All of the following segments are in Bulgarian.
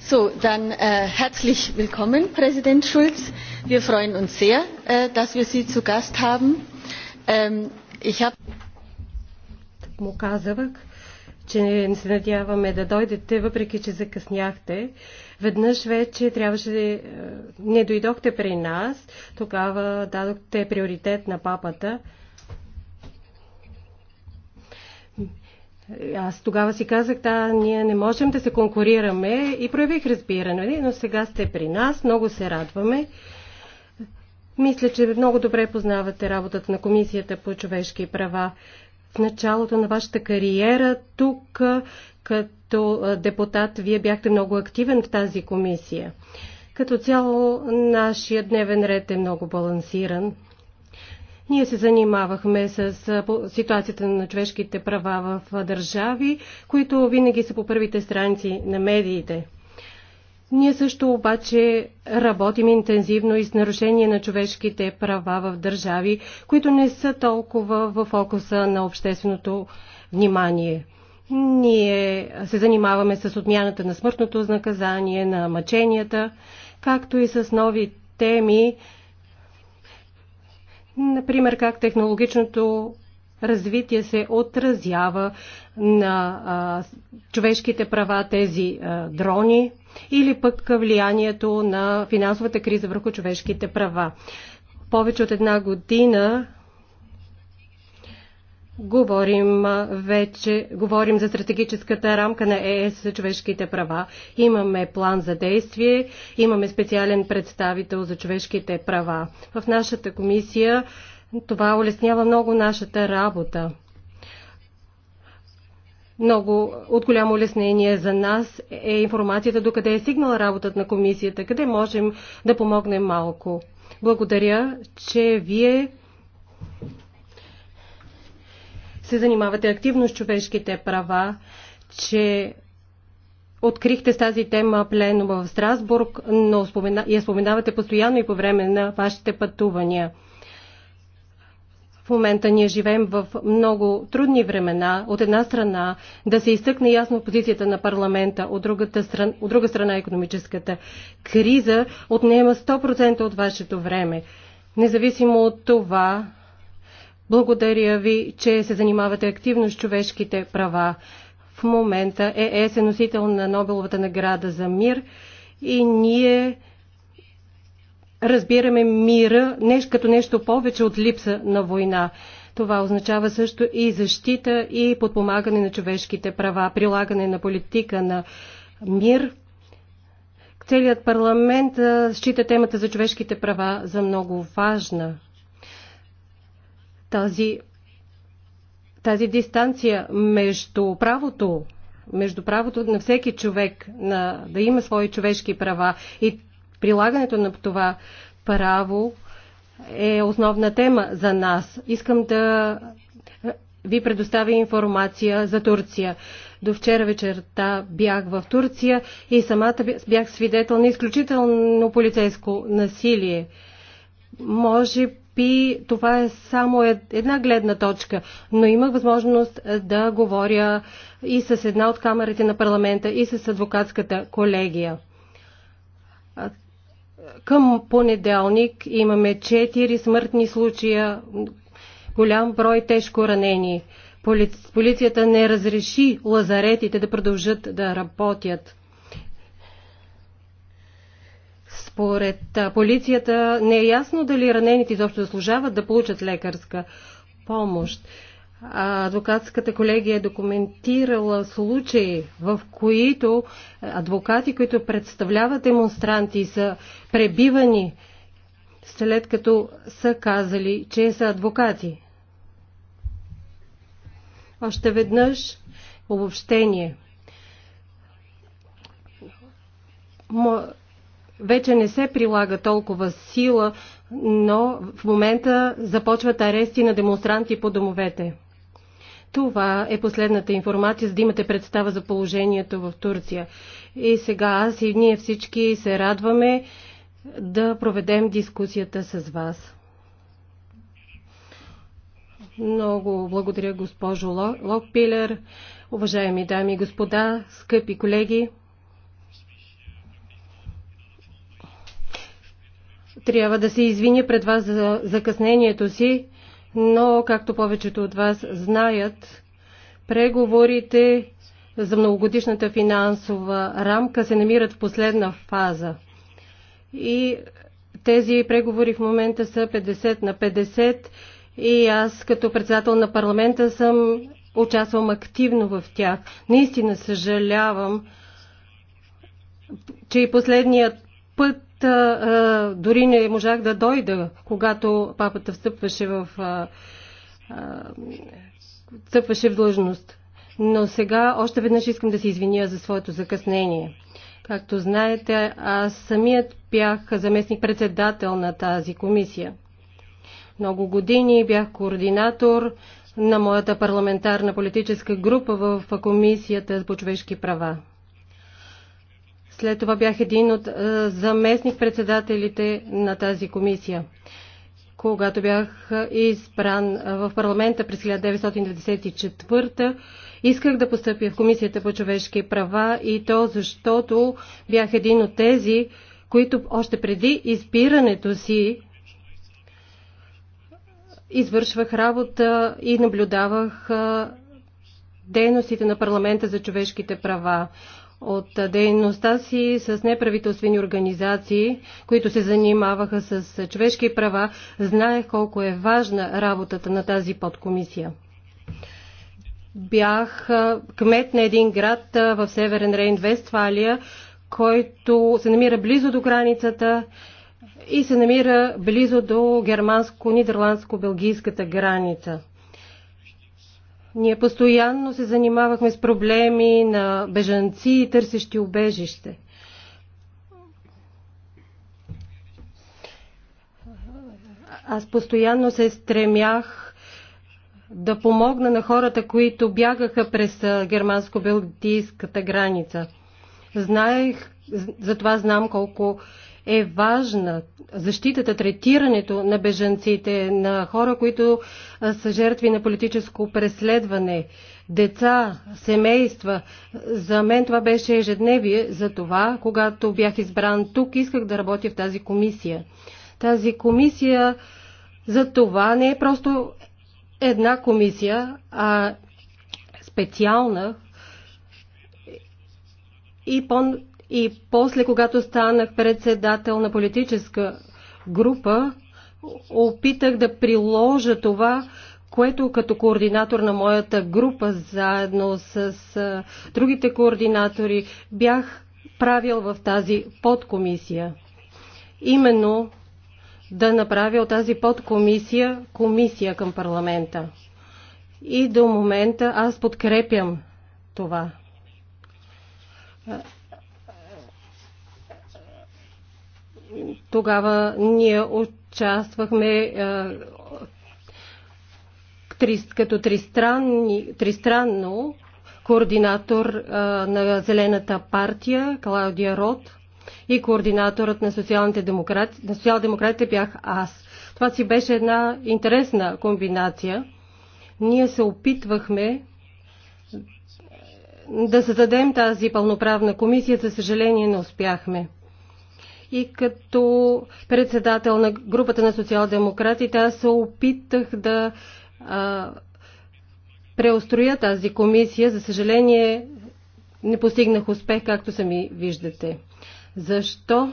so, dann äh, herzlich willkommen, Präsident Schulz. Wir freuen uns sehr, äh, dass wir Sie zu Gast haben. Ähm, ich habe му казах, че не се надяваме да дойдете, въпреки че закъсняхте. Веднъж вече трябваше да... Е, не дойдохте при нас, тогава дадохте приоритет на папата. Аз тогава си казах, да, ние не можем да се конкурираме и проявих разбиране, нали? но сега сте при нас, много се радваме. Мисля, че много добре познавате работата на Комисията по човешки права. В началото на вашата кариера тук, като депутат, вие бяхте много активен в тази комисия. Като цяло, нашия дневен ред е много балансиран. Ние се занимавахме с ситуацията на човешките права в държави, които винаги са по първите страници на медиите. Ние също обаче работим интензивно и с нарушение на човешките права в държави, които не са толкова в фокуса на общественото внимание. Ние се занимаваме с отмяната на смъртното наказание, на мъченията, както и с нови теми, Например, как технологичното развитие се отразява на а, човешките права тези а, дрони или пък влиянието на финансовата криза върху човешките права. Повече от една година Говорим вече, говорим за стратегическата рамка на ЕС за човешките права. Имаме план за действие, имаме специален представител за човешките права. В нашата комисия това улеснява много нашата работа. Много от голямо улеснение за нас е информацията до къде е стигнала работата на комисията, къде можем да помогнем малко. Благодаря, че вие се занимавате активно с човешките права, че открихте с тази тема плено в Страсбург, но спомена, я споменавате постоянно и по време на вашите пътувания. В момента ние живеем в много трудни времена. От една страна да се изтъкне ясно позицията на парламента, от, другата стран... от друга страна економическата криза отнема 100% от вашето време. Независимо от това, благодаря ви, че се занимавате активно с човешките права. В момента ЕС е носител на Нобеловата награда за мир и ние разбираме мира нещо като нещо повече от липса на война. Това означава също и защита и подпомагане на човешките права, прилагане на политика на мир. Целият парламент счита темата за човешките права за много важна. Тази, тази дистанция между правото, между правото на всеки човек на, да има свои човешки права и прилагането на това право е основна тема за нас. Искам да ви предоставя информация за Турция. До вчера вечерта бях в Турция и самата бях свидетел на изключително полицейско насилие. Може принципи това е само е една гледна точка, но имах възможност е, да говоря и с една от камерите на парламента, и с адвокатската колегия. Към понеделник имаме 4 смъртни случая, голям брой тежко ранени. Полицията не разреши лазаретите да продължат да работят. Според полицията не е ясно дали ранените изобщо заслужават да получат лекарска помощ. Адвокатската колегия е документирала случаи, в които адвокати, които представляват демонстранти, са пребивани след като са казали, че са адвокати. Още веднъж обобщение вече не се прилага толкова сила, но в момента започват арести на демонстранти по домовете. Това е последната информация, за да имате представа за положението в Турция. И сега аз и ние всички се радваме да проведем дискусията с вас. Много благодаря, госпожо Локпилер, уважаеми дами и господа, скъпи колеги. Трябва да се извиня пред вас за закъснението си, но, както повечето от вас знаят, преговорите за многогодишната финансова рамка се намират в последна фаза. И тези преговори в момента са 50 на 50 и аз като председател на парламента съм участвам активно в тях. Наистина съжалявам, че и последният път Та, дори не можах да дойда, когато папата встъпваше в, встъпваше в длъжност. Но сега още веднъж искам да се извиня за своето закъснение. Както знаете, аз самият бях заместник-председател на тази комисия. Много години бях координатор на моята парламентарна политическа група в Комисията по човешки права. След това бях един от е, заместник-председателите на тази комисия. Когато бях е, избран е, в парламента през 1994 исках да постъпя в Комисията по човешки права и то защото бях един от тези, които още преди избирането си извършвах работа и наблюдавах дейностите на парламента за човешките права от дейността си с неправителствени организации, които се занимаваха с човешки права, знаех колко е важна работата на тази подкомисия. Бях кмет на един град в Северен Рейн, Вестфалия, който се намира близо до границата и се намира близо до германско-нидерландско-белгийската граница – ние постоянно се занимавахме с проблеми на бежанци и търсещи убежище. Аз постоянно се стремях да помогна на хората, които бягаха през германско-белгийската граница. Знаех, затова знам колко е важна. Защитата, третирането на бежанците, на хора, които са жертви на политическо преследване, деца, семейства. За мен това беше ежедневие. За това, когато бях избран тук, исках да работя в тази комисия. Тази комисия за това не е просто една комисия, а специална и по и после, когато станах председател на политическа група, опитах да приложа това, което като координатор на моята група, заедно с другите координатори, бях правил в тази подкомисия. Именно да направя от тази подкомисия комисия към парламента. И до момента аз подкрепям това. тогава ние участвахме е, като тристранно координатор е, на Зелената партия Клаудия Рот и координаторът на социалните демократи, на социал-демократите бях аз. Това си беше една интересна комбинация. Ние се опитвахме да създадем тази пълноправна комисия, за съжаление не успяхме и като председател на групата на социал-демократите аз се опитах да а, преустроя тази комисия. За съжаление не постигнах успех, както сами виждате. Защо?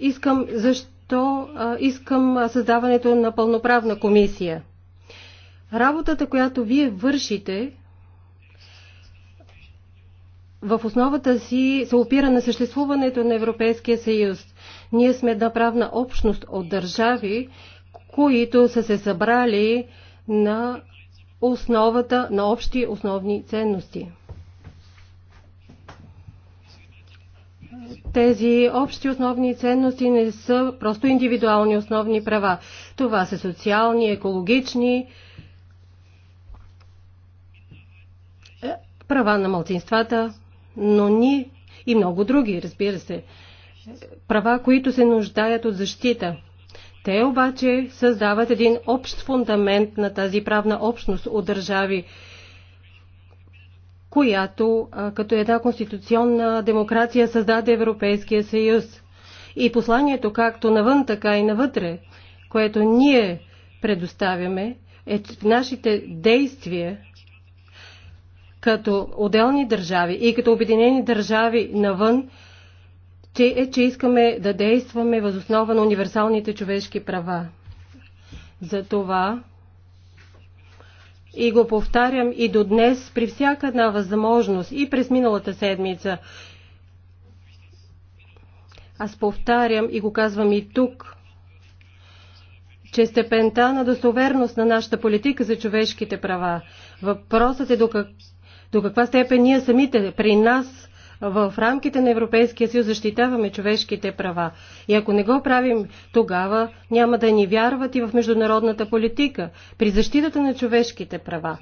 Искам, защо а, искам създаването на пълноправна комисия? Работата, която вие вършите, в основата си се опира на съществуването на Европейския съюз. Ние сме една правна общност от държави, които са се събрали на основата на общи основни ценности. Тези общи основни ценности не са просто индивидуални основни права. Това са социални, екологични, е, права на мълцинствата, но ни и много други, разбира се. Права, които се нуждаят от защита. Те обаче създават един общ фундамент на тази правна общност от държави, която като една конституционна демокрация създаде Европейския съюз. И посланието както навън, така и навътре, което ние предоставяме, е, че в нашите действия като отделни държави и като обединени държави навън, че, е, че искаме да действаме възоснова на универсалните човешки права. За това и го повтарям и до днес при всяка една възможност и през миналата седмица. Аз повтарям и го казвам и тук, че степента на достоверност на нашата политика за човешките права. Въпросът е до, как, до каква степен ние самите при нас в рамките на Европейския съюз защитаваме човешките права. И ако не го правим, тогава няма да ни вярват и в международната политика при защитата на човешките права.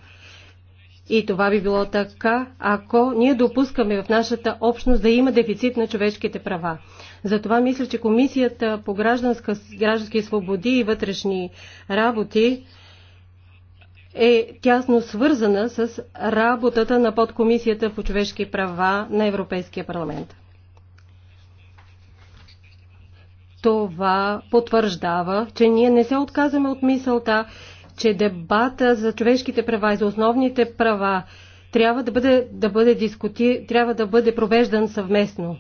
И това би било така, ако ние допускаме в нашата общност да има дефицит на човешките права. Затова мисля, че Комисията по граждански свободи и вътрешни работи е тясно свързана с работата на подкомисията по човешки права на Европейския парламент. Това потвърждава, че ние не се отказваме от мисълта, че дебата за човешките права и за основните права трябва да бъде, да бъде дискути, трябва да бъде провеждан съвместно.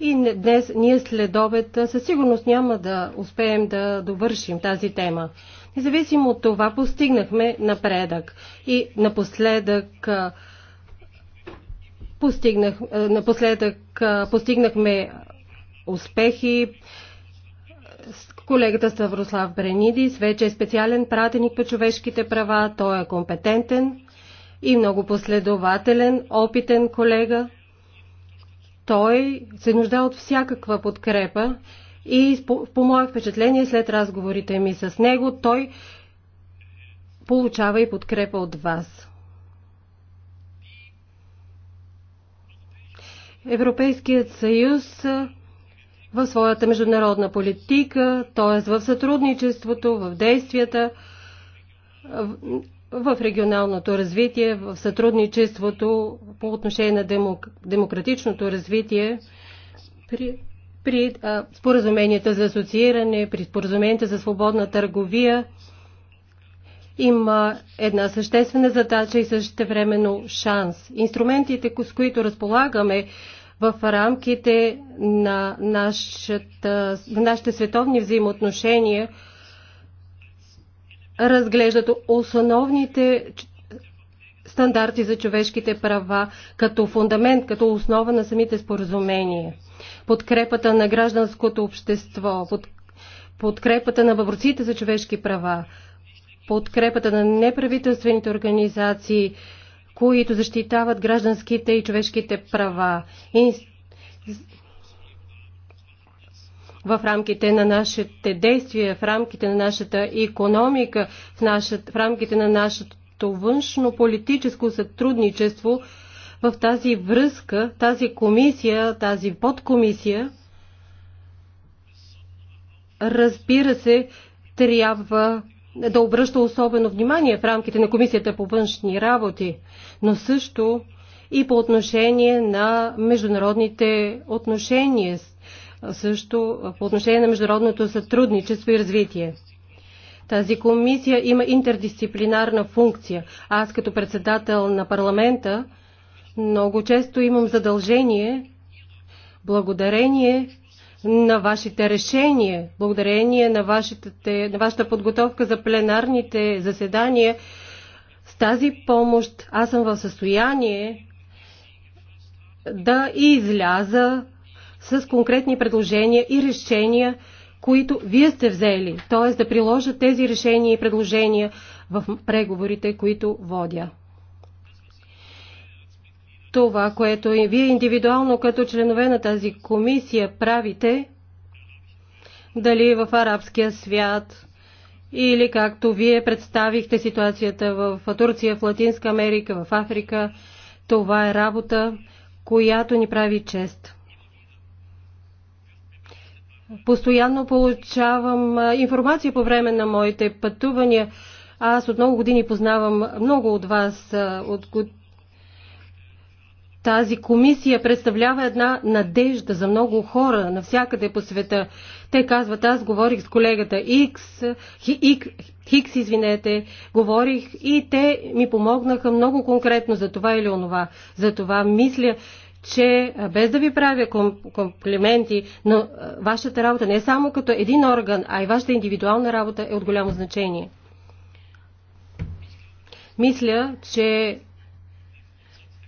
И днес ние след обед със сигурност няма да успеем да довършим тази тема. Независимо от това, постигнахме напредък. И напоследък постигнах, напоследък постигнахме успехи. Колегата Ставрослав Бренидис вече е специален пратеник по човешките права. Той е компетентен и много последователен, опитен колега. Той се нужда от всякаква подкрепа и по, по мое впечатление след разговорите ми с него, той получава и подкрепа от вас. Европейският съюз в своята международна политика, т.е. в сътрудничеството, в действията, в регионалното развитие, в сътрудничеството по отношение на демократичното развитие, при при а, споразуменията за асоцииране, при споразуменията за свободна търговия има една съществена задача и същевременно шанс. Инструментите, с които разполагаме в рамките на, нашата, на нашите световни взаимоотношения, разглеждат основните стандарти за човешките права като фундамент, като основа на самите споразумения. Подкрепата на гражданското общество, под, подкрепата на въпросите за човешки права, подкрепата на неправителствените организации, които защитават гражданските и човешките права. И в рамките на нашите действия, в рамките на нашата економика, в, нашата, в рамките на нашата нашето външно политическо сътрудничество в тази връзка, тази комисия, тази подкомисия, разбира се, трябва да обръща особено внимание в рамките на Комисията по външни работи, но също и по отношение на международните отношения, също по отношение на международното сътрудничество и развитие. Тази комисия има интердисциплинарна функция. Аз като председател на парламента много често имам задължение, благодарение на вашите решения, благодарение на, вашата, на вашата подготовка за пленарните заседания. С тази помощ аз съм в състояние да изляза с конкретни предложения и решения които вие сте взели, т.е. да приложат тези решения и предложения в преговорите, които водя. Това, което и вие индивидуално като членове на тази комисия правите, дали в арабския свят или както вие представихте ситуацията в Турция, в Латинска Америка, в Африка, това е работа, която ни прави чест. Постоянно получавам информация по време на моите пътувания. Аз от много години познавам много от вас. От... Тази комисия представлява една надежда за много хора навсякъде по света. Те казват, аз говорих с колегата Икс, Хикс, извинете, говорих и те ми помогнаха много конкретно за това или онова. За това мисля, че без да ви правя комплименти, но вашата работа не е само като един орган, а и вашата индивидуална работа е от голямо значение. Мисля, че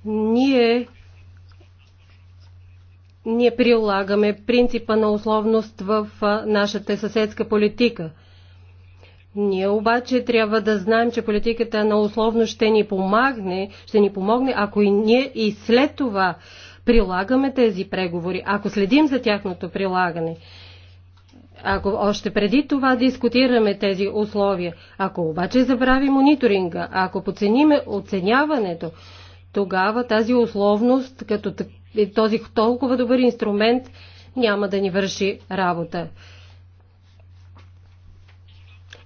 ние ние прилагаме принципа на условност в нашата съседска политика. Ние обаче трябва да знаем, че политиката на условно ще ни помогне, ще ни помогне, ако и ние и след това прилагаме тези преговори, ако следим за тяхното прилагане, ако още преди това дискутираме тези условия, ако обаче забрави мониторинга, ако подцениме оценяването, тогава тази условност, като е, този толкова добър инструмент, няма да ни върши работа.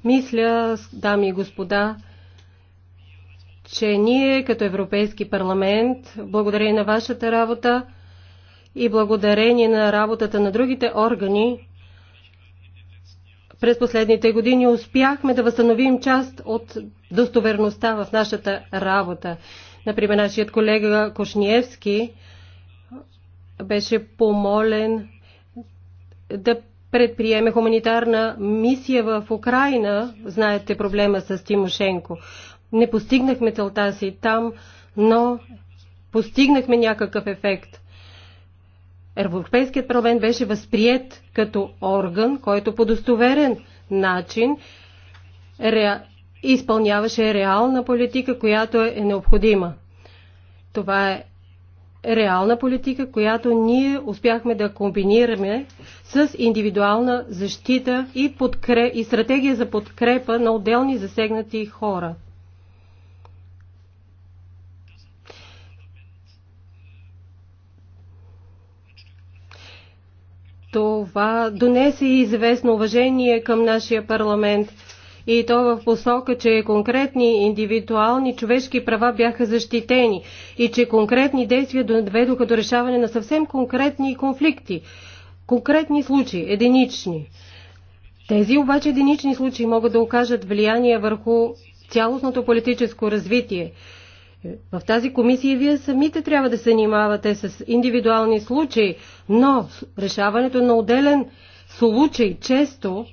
Мисля, дами и господа, че ние като Европейски парламент, благодарение на вашата работа и благодарение на работата на другите органи, през последните години успяхме да възстановим част от достоверността в нашата работа. Например, нашият колега Кошниевски беше помолен да предприеме хуманитарна мисия в Украина. Знаете проблема с Тимошенко. Не постигнахме целта си там, но постигнахме някакъв ефект. Европейският парламент беше възприят като орган, който по достоверен начин ре... изпълняваше реална политика, която е необходима. Това е реална политика, която ние успяхме да комбинираме с индивидуална защита и, подкреп, и стратегия за подкрепа на отделни засегнати хора. Това донесе и известно уважение към нашия парламент – и то в посока, че конкретни индивидуални човешки права бяха защитени и че конкретни действия доведоха до решаване на съвсем конкретни конфликти, конкретни случаи, единични. Тези обаче единични случаи могат да окажат влияние върху цялостното политическо развитие. В тази комисия вие самите трябва да се занимавате с индивидуални случаи, но решаването на отделен случай често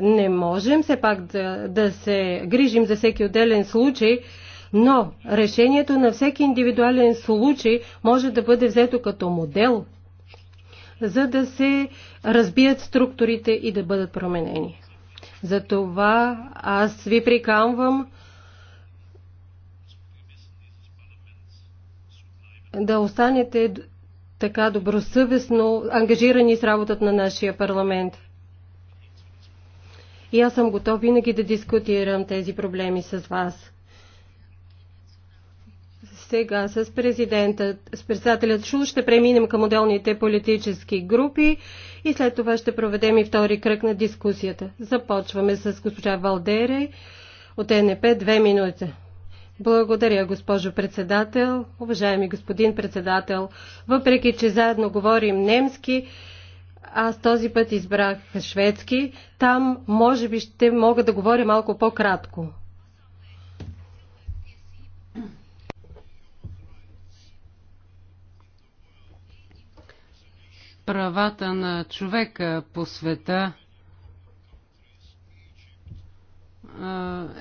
не можем все пак да, да се грижим за всеки отделен случай, но решението на всеки индивидуален случай може да бъде взето като модел, за да се разбият структурите и да бъдат променени. Затова аз ви приканвам да останете така добросъвестно ангажирани с работата на нашия парламент – и аз съм готов винаги да дискутирам тези проблеми с вас. Сега с президентът, с председателят Шул ще преминем към отделните политически групи и след това ще проведем и втори кръг на дискусията. Започваме с госпожа Валдере от НП две минути. Благодаря, госпожо председател. Уважаеми господин председател, въпреки че заедно говорим немски, аз този път избрах шведски. Там може би ще мога да говоря малко по-кратко. Правата на човека по света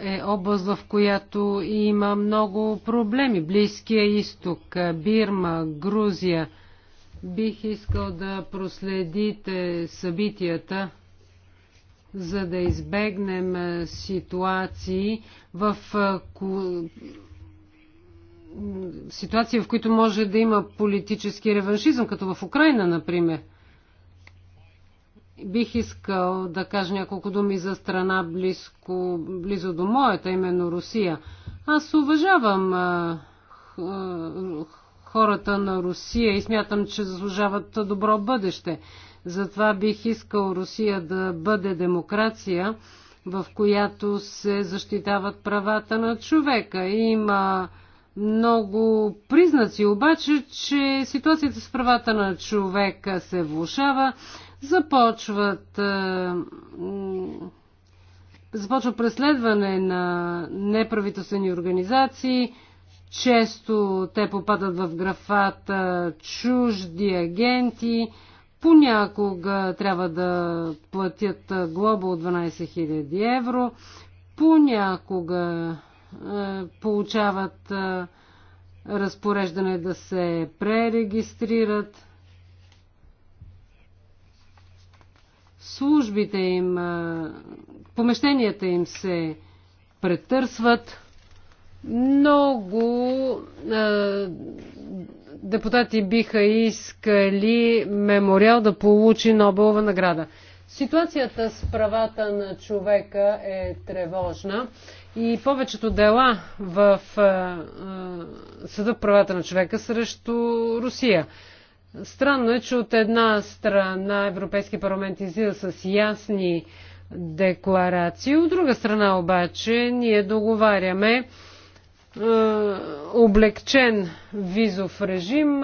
е област, в която има много проблеми. Близкия изток, Бирма, Грузия – Бих искал да проследите събитията, за да избегнем ситуации, в ситуации, в които може да има политически реваншизъм, като в Украина, например. Бих искал да кажа няколко думи за страна близко, близо до моята, именно Русия. Аз уважавам хората на Русия и смятам, че заслужават добро бъдеще. Затова бих искал Русия да бъде демокрация, в която се защитават правата на човека. Има много признаци обаче, че ситуацията с правата на човека се влушава. Започват е, започва преследване на неправителствени организации, често те попадат в графата чужди агенти. Понякога трябва да платят глоба от 12 000 евро. Понякога е, получават е, разпореждане да се пререгистрират. Службите им, е, помещенията им се претърсват. Много а, депутати биха искали мемориал да получи Нобелова награда. Ситуацията с правата на човека е тревожна и повечето дела в а, а, Съда правата на човека срещу Русия. Странно е, че от една страна Европейски парламент излиза с ясни декларации, от друга страна обаче ние договаряме е, облегчен визов режим,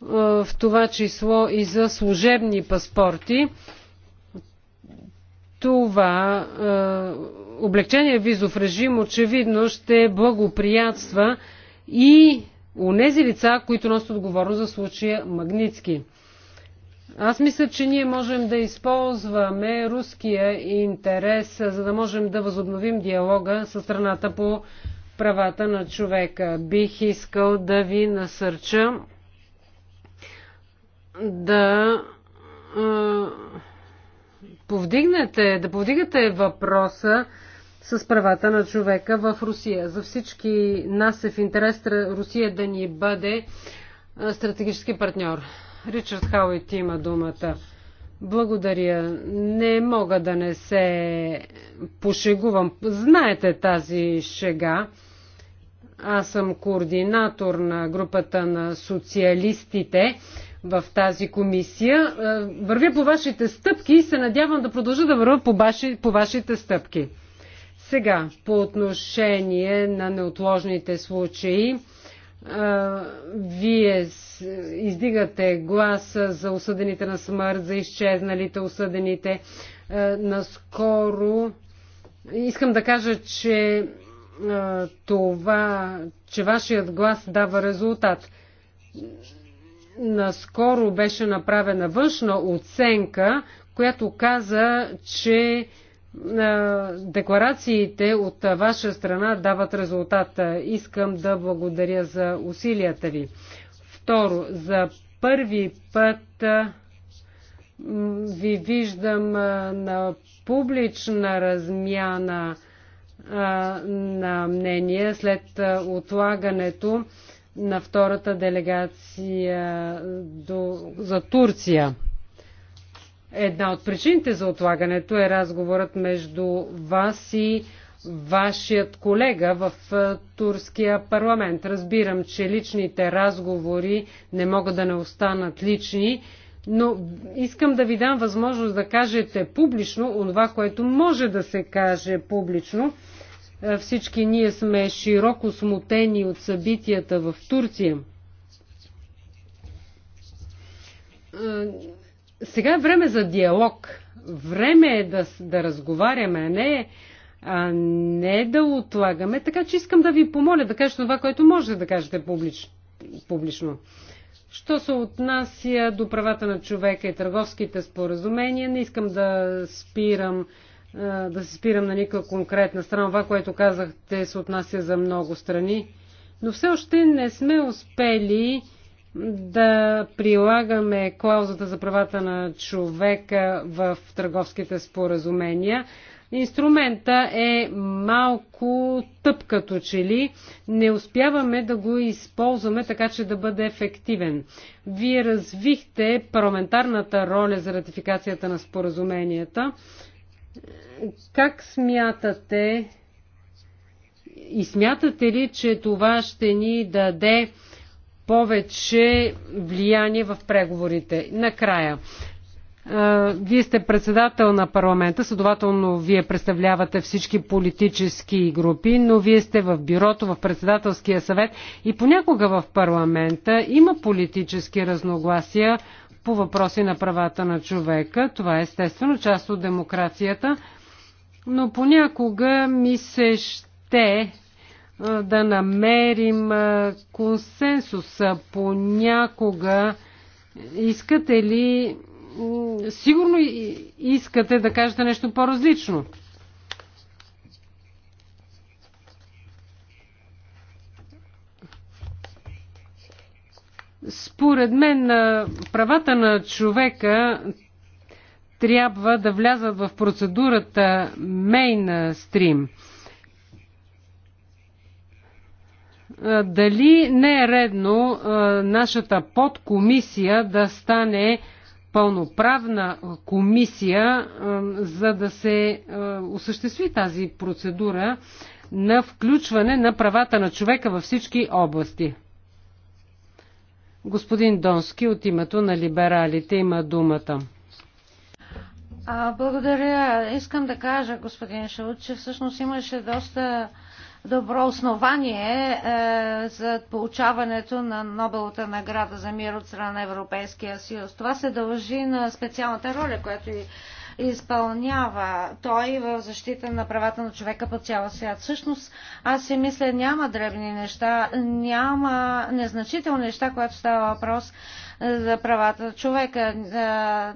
в това число и за служебни паспорти. Това е, облегчение визов режим очевидно ще благоприятства и у нези лица, които носят отговорност за случая Магницки. Аз мисля, че ние можем да използваме руския интерес, за да можем да възобновим диалога с страната по правата на човека. Бих искал да ви насърча да повдигнете, да повдигате въпроса с правата на човека в Русия. За всички нас е в интерес Русия да ни бъде стратегически партньор. Ричард Хауит има думата. Благодаря. Не мога да не се пошегувам. Знаете тази шега. Аз съм координатор на групата на социалистите в тази комисия. Е, вървя по вашите стъпки и се надявам да продължа да вървя по, ваши, по вашите стъпки. Сега, по отношение на неотложните случаи, е, вие издигате гласа за осъдените на смърт, за изчезналите осъдените. Е, наскоро искам да кажа, че това, че вашият глас дава резултат. Наскоро беше направена външна оценка, която каза, че декларациите от ваша страна дават резултат. Искам да благодаря за усилията ви. Второ, за първи път ви виждам на публична размяна на мнение след отлагането на втората делегация до, за Турция. Една от причините за отлагането е разговорът между вас и вашият колега в турския парламент. Разбирам, че личните разговори не могат да не останат лични, но искам да ви дам възможност да кажете публично това, което може да се каже публично е, всички ние сме широко смутени от събитията в Турция. Е, сега е време за диалог. Време е да, да разговаряме, а не, а не да отлагаме. Така че искам да ви помоля да кажете това, което можете да кажете публич, публично. Що се отнася до правата на човека и търговските споразумения, не искам да спирам да се спирам на никаква конкретна страна. Това, което казахте, се отнася за много страни. Но все още не сме успели да прилагаме клаузата за правата на човека в търговските споразумения. Инструмента е малко тъп като че ли. Не успяваме да го използваме така, че да бъде ефективен. Вие развихте парламентарната роля за ратификацията на споразуменията. Как смятате и смятате ли, че това ще ни даде повече влияние в преговорите? Накрая. Вие сте председател на парламента, следователно вие представлявате всички политически групи, но вие сте в бюрото, в председателския съвет и понякога в парламента има политически разногласия по въпроси на правата на човека. Това е естествено част от демокрацията, но понякога ми се ще да намерим консенсус. Понякога искате ли, сигурно искате да кажете нещо по-различно. Според мен правата на човека трябва да влязат в процедурата мейнстрим. Дали не е редно нашата подкомисия да стане пълноправна комисия, за да се осъществи тази процедура на включване на правата на човека във всички области? Господин Донски от името на либералите има думата. А, благодаря. Искам да кажа, господин Шаут, че всъщност имаше доста добро основание е, за получаването на Нобелата награда за мир от страна на Европейския съюз. Това се дължи на специалната роля, която и изпълнява той в защита на правата на човека по цял свят. Всъщност, аз си мисля, няма дребни неща, няма незначителни неща, когато става въпрос за правата на човека.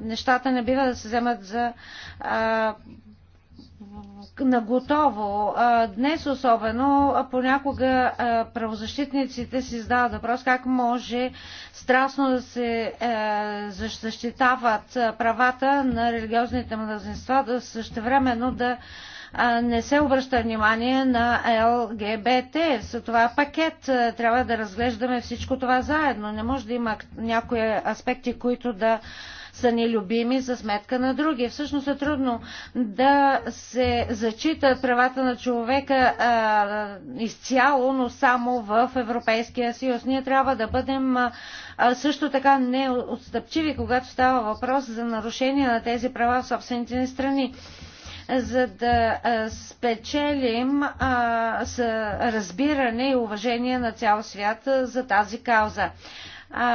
Нещата не бива да се вземат за на готово. Днес особено понякога правозащитниците си задават въпрос как може страстно да се е, защитават правата на религиозните младенства, да същевременно да не се обръща внимание на ЛГБТ. За това пакет трябва да разглеждаме всичко това заедно. Не може да има някои аспекти, които да са нелюбими за сметка на други. Всъщност е трудно да се зачитат правата на човека а, изцяло, но само в Европейския съюз. Ние трябва да бъдем а, също така неотстъпчиви, когато става въпрос за нарушение на тези права в собствените ни страни за да спечелим а, с разбиране и уважение на цял свят за тази кауза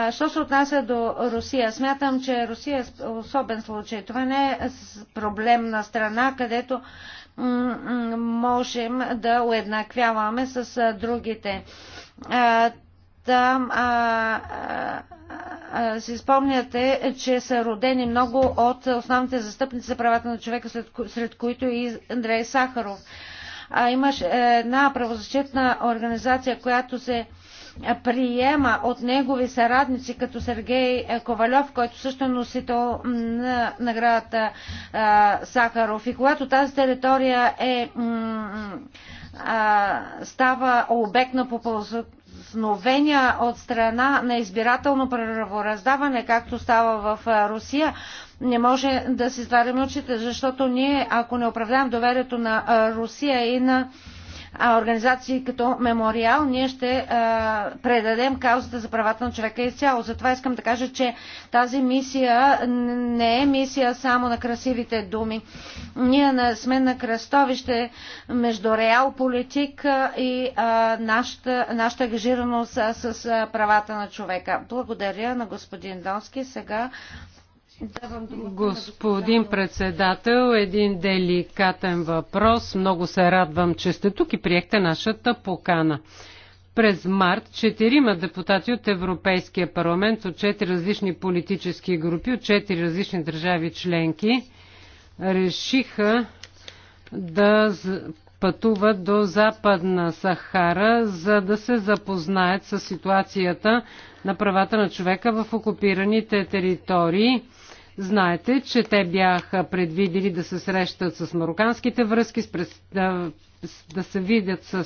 що се отнася до Русия? Смятам, че Русия е особен случай. Това не е проблемна страна, където можем да уеднаквяваме с другите. А, там а, а, си спомняте, че са родени много от основните застъпници за правата на човека, сред, сред които и Андрей Сахаров. А, имаш е, една правозащитна организация, която се а, приема от негови съратници като Сергей е, Ковалев, който също е носител на наградата Сахаров. И когато тази територия е, става обект на попълзновения от страна на избирателно правораздаване, както става в Русия, не може да си затваряме очите, защото ние, ако не оправдаем доверието на Русия и на а, организации като Мемориал, ние ще а, предадем каузата за правата на човека изцяло. Затова искам да кажа, че тази мисия не е мисия само на красивите думи. Ние на, сме на кръстовище между реал политика и а, нашата, нашата с, с правата на човека. Благодаря на господин Донски. Сега Господин председател, един деликатен въпрос. Много се радвам, че сте тук и приехте нашата покана. През март четирима депутати от Европейския парламент от четири различни политически групи, от четири различни държави членки решиха да пътуват до Западна Сахара, за да се запознаят с ситуацията на правата на човека в окупираните територии. Знаете, че те бяха предвидели да се срещат с мароканските връзки, да се видят с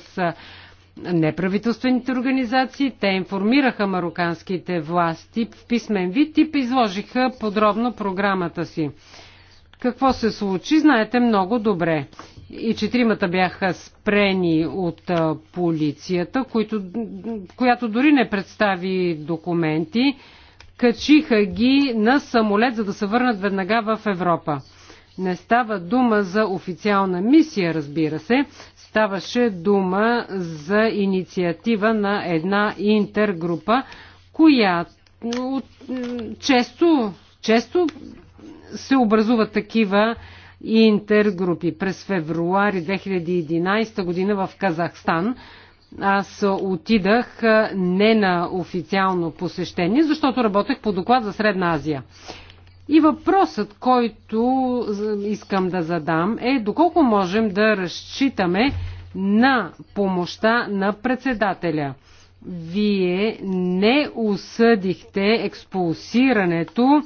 неправителствените организации. Те информираха мароканските власти в писмен вид и изложиха подробно програмата си. Какво се случи, знаете много добре. И четиримата бяха спрени от полицията, която дори не представи документи качиха ги на самолет, за да се върнат веднага в Европа. Не става дума за официална мисия, разбира се, ставаше дума за инициатива на една интергрупа, която често, често се образуват такива интергрупи. През февруари 2011 година в Казахстан аз отидах не на официално посещение, защото работех по доклад за Средна Азия. И въпросът, който искам да задам е доколко можем да разчитаме на помощта на председателя. Вие не осъдихте експулсирането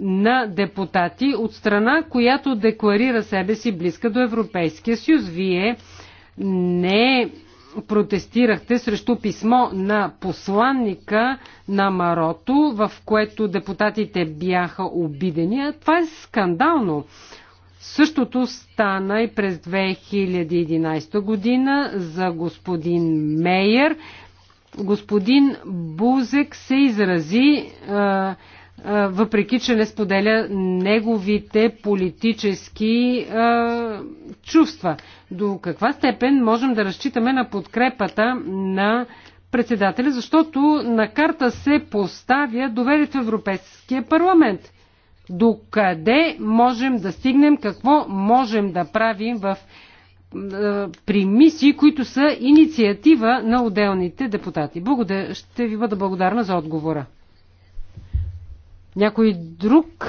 на депутати от страна, която декларира себе си близка до Европейския съюз. Вие не протестирахте срещу писмо на посланника на Марото, в което депутатите бяха обидени. Това е скандално. Същото стана и през 2011 година за господин Мейер. Господин Бузек се изрази. Е, въпреки че не споделя неговите политически е, чувства. До каква степен можем да разчитаме на подкрепата на председателя, защото на карта се поставя доверието в Европейския парламент. До къде можем да стигнем, какво можем да правим в при мисии, които са инициатива на отделните депутати. Благодаря, ще ви бъда благодарна за отговора. Някой друг?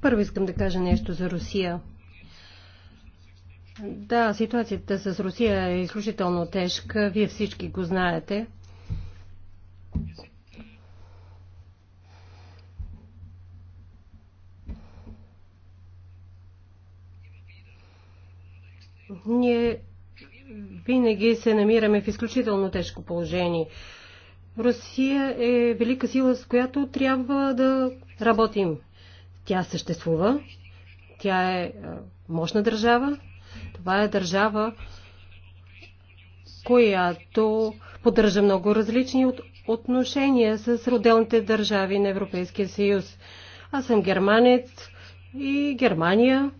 Първо искам да кажа нещо за Русия. Да, ситуацията с Русия е изключително тежка. Вие всички го знаете. Ние винаги се намираме в изключително тежко положение. Русия е велика сила, с която трябва да работим. Тя съществува, тя е, е мощна държава, това е държава, която поддържа много различни отношения с роделните държави на Европейския съюз. Аз съм германец и Германия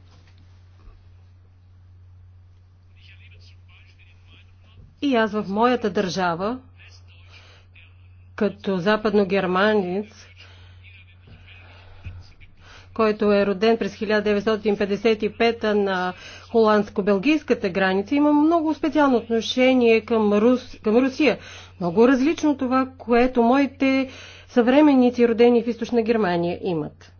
И аз в моята държава, като западногерманец, който е роден през 1955 на холандско-белгийската граница, има много специално отношение към, Рус, към Русия. Много различно това, което моите съвременници, родени в източна Германия, имат.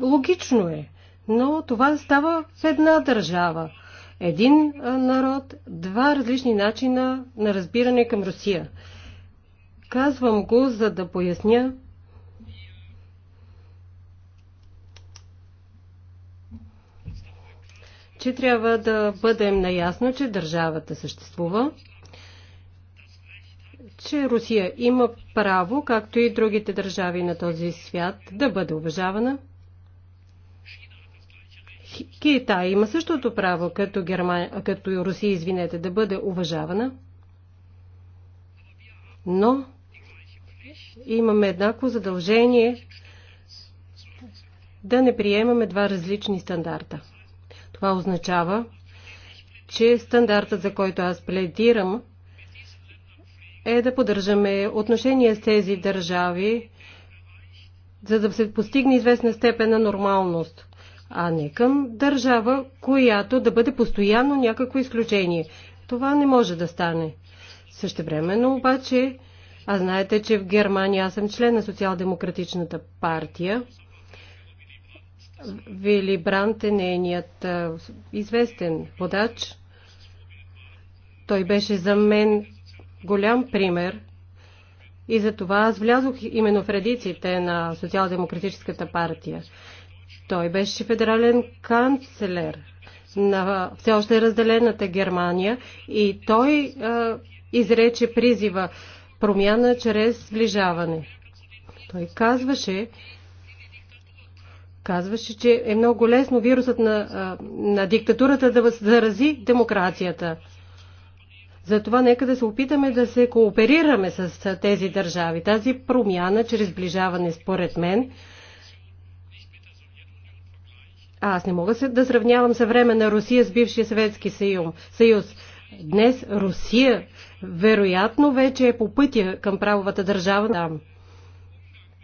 Логично е, но това става в една държава един народ, два различни начина на разбиране към Русия. Казвам го, за да поясня, че трябва да бъдем наясно, че държавата съществува, че Русия има право, както и другите държави на този свят, да бъде уважавана – Китай има същото право като, Германия като Русия, извинете, да бъде уважавана, но имаме еднакво задължение да не приемаме два различни стандарта. Това означава, че стандартът, за който аз пледирам, е да поддържаме отношения с тези държави, за да се постигне известна степен на нормалност а не към държава, която да бъде постоянно някакво изключение. Това не може да стане. Същевременно обаче, а знаете, че в Германия аз съм член на Социал-демократичната партия, Вили Брант е нейният известен подач, Той беше за мен голям пример и за това аз влязох именно в редиците на Социал-демократическата партия. Той беше федерален канцлер на все още е разделената Германия и той а, изрече призива промяна чрез сближаване. Той казваше, казваше, че е много лесно вирусът на, на диктатурата да зарази демокрацията. Затова нека да се опитаме да се кооперираме с тези държави. Тази промяна чрез сближаване, според мен, аз не мога да сравнявам съвременна Русия с бившия Съветски съюз. Днес Русия вероятно вече е по пътя към правовата държава там.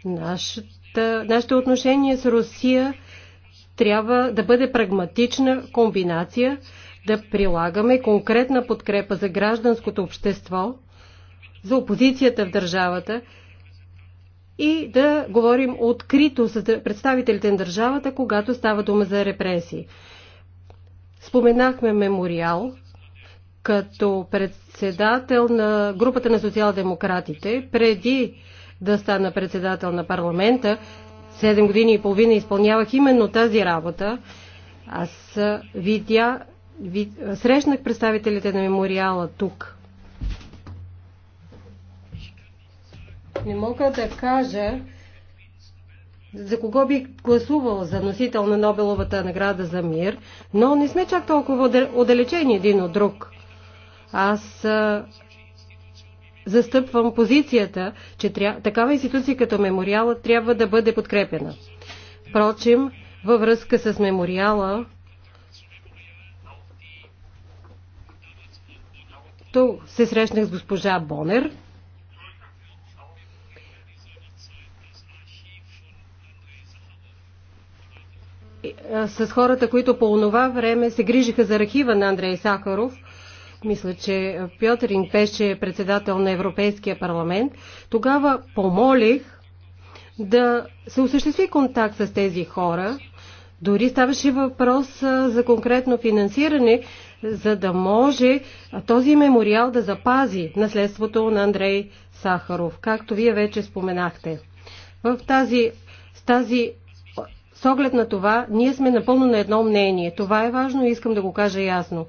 Нашата, нашето отношение с Русия трябва да бъде прагматична комбинация, да прилагаме конкретна подкрепа за гражданското общество, за опозицията в държавата и да говорим открито с представителите на държавата, когато става дума за репресии. Споменахме мемориал, като председател на групата на социал-демократите, преди да стана председател на парламента, 7 години и половина изпълнявах именно тази работа. Аз видя, ви, срещнах представителите на мемориала тук Не мога да кажа за кого би гласувал за носител на Нобеловата награда за мир, но не сме чак толкова отдалечени един от друг. Аз застъпвам позицията, че тря... такава институция като мемориала трябва да бъде подкрепена. Впрочем, във връзка с мемориала, то се срещнах с госпожа Бонер, с хората, които по онова време се грижиха за архива на Андрей Сахаров. Мисля, че Пьотеринг беше е председател на Европейския парламент. Тогава помолих да се осъществи контакт с тези хора. Дори ставаше въпрос за конкретно финансиране, за да може този мемориал да запази наследството на Андрей Сахаров, както вие вече споменахте. В тази, с тази с оглед на това, ние сме напълно на едно мнение. Това е важно и искам да го кажа ясно.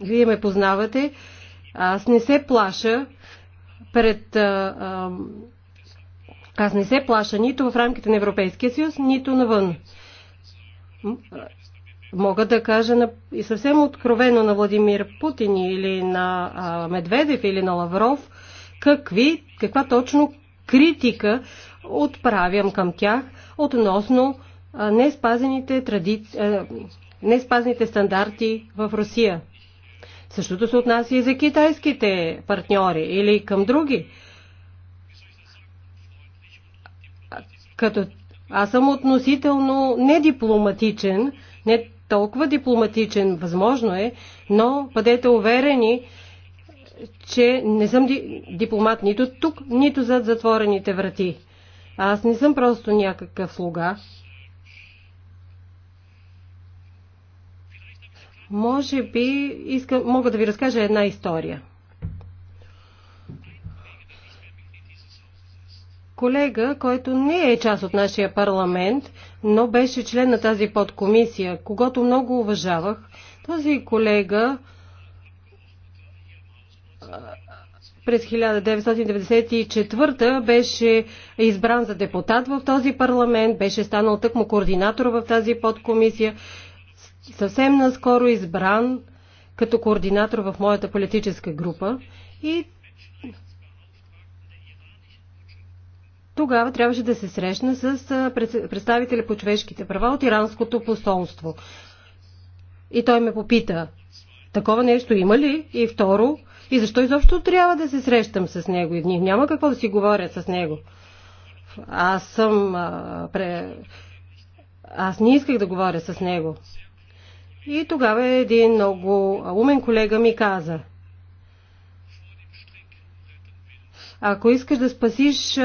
Вие ме познавате. Аз не се плаша пред. А, а, аз не се плаша нито в рамките на Европейския съюз, нито навън. Мога да кажа на, и съвсем откровено на Владимир Путин или на а, Медведев или на Лавров какви, каква точно критика отправям към тях относно неспазените, тради... неспазените стандарти в Русия. Същото се отнася и за китайските партньори или към други. Като аз съм относително недипломатичен, не толкова дипломатичен, възможно е, но бъдете уверени, че не съм дипломат нито тук, нито зад затворените врати. Аз не съм просто някакъв слуга. Може би искам, мога да ви разкажа една история. колега, който не е част от нашия парламент, но беше член на тази подкомисия, когато много уважавах. Този колега през 1994 беше избран за депутат в този парламент, беше станал тъкмо координатор в тази подкомисия, съвсем наскоро избран като координатор в моята политическа група и тогава трябваше да се срещна с представители по човешките права от иранското посолство. И той ме попита, такова нещо има ли? И второ, и защо изобщо трябва да се срещам с него и дни? Няма какво да си говоря с него. Аз съм... А, пре... Аз не исках да говоря с него. И тогава един много умен колега ми каза. Ако искаш да спасиш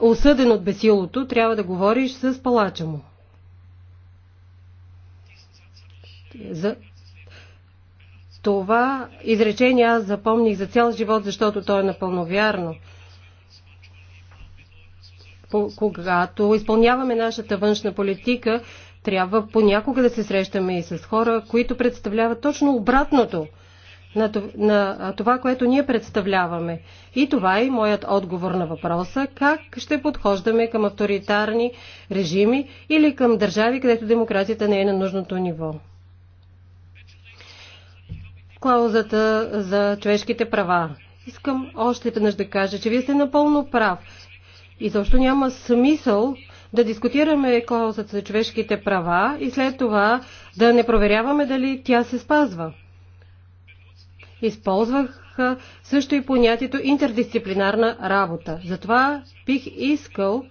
осъден от бесилото, трябва да говориш с палача му. За това изречение аз запомних за цял живот, защото то е напълно вярно. Когато изпълняваме нашата външна политика, трябва понякога да се срещаме и с хора, които представляват точно обратното на това, което ние представляваме. И това е моят отговор на въпроса как ще подхождаме към авторитарни режими или към държави, където демокрацията не е на нужното ниво клаузата за човешките права. Искам още веднъж да кажа, че вие сте напълно прав. И защо няма смисъл да дискутираме клаузата за човешките права и след това да не проверяваме дали тя се спазва. Използвах също и понятието интердисциплинарна работа. Затова бих искал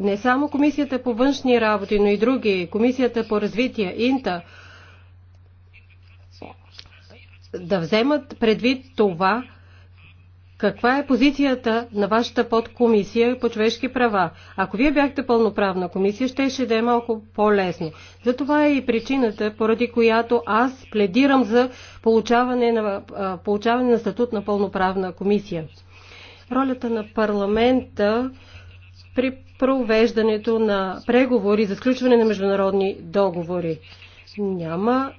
не само Комисията по външни работи, но и други, Комисията по развитие, Инта, да вземат предвид това, каква е позицията на вашата подкомисия по човешки права? Ако вие бяхте пълноправна комисия, ще ще да е малко по-лесно. Затова е и причината, поради която аз пледирам за получаване на, получаване на статут на пълноправна комисия. Ролята на парламента при провеждането на преговори за сключване на международни договори. Няма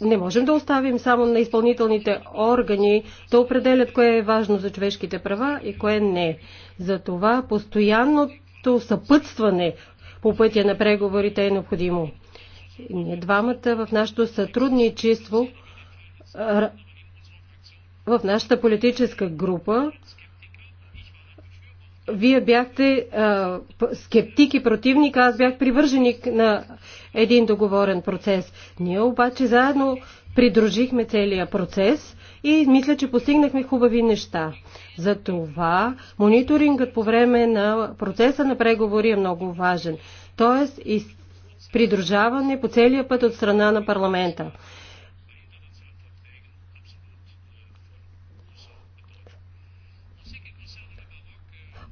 не можем да оставим само на изпълнителните органи да определят кое е важно за човешките права и кое не. Затова постоянното съпътстване по пътя на преговорите е необходимо. Ние двамата в нашето сътрудничество в нашата политическа група вие бяхте а, скептик и противник, аз бях привърженик на един договорен процес. Ние обаче заедно придружихме целия процес и мисля, че постигнахме хубави неща. Затова мониторингът по време на процеса на преговори е много важен. Тоест, и придружаване по целия път от страна на парламента.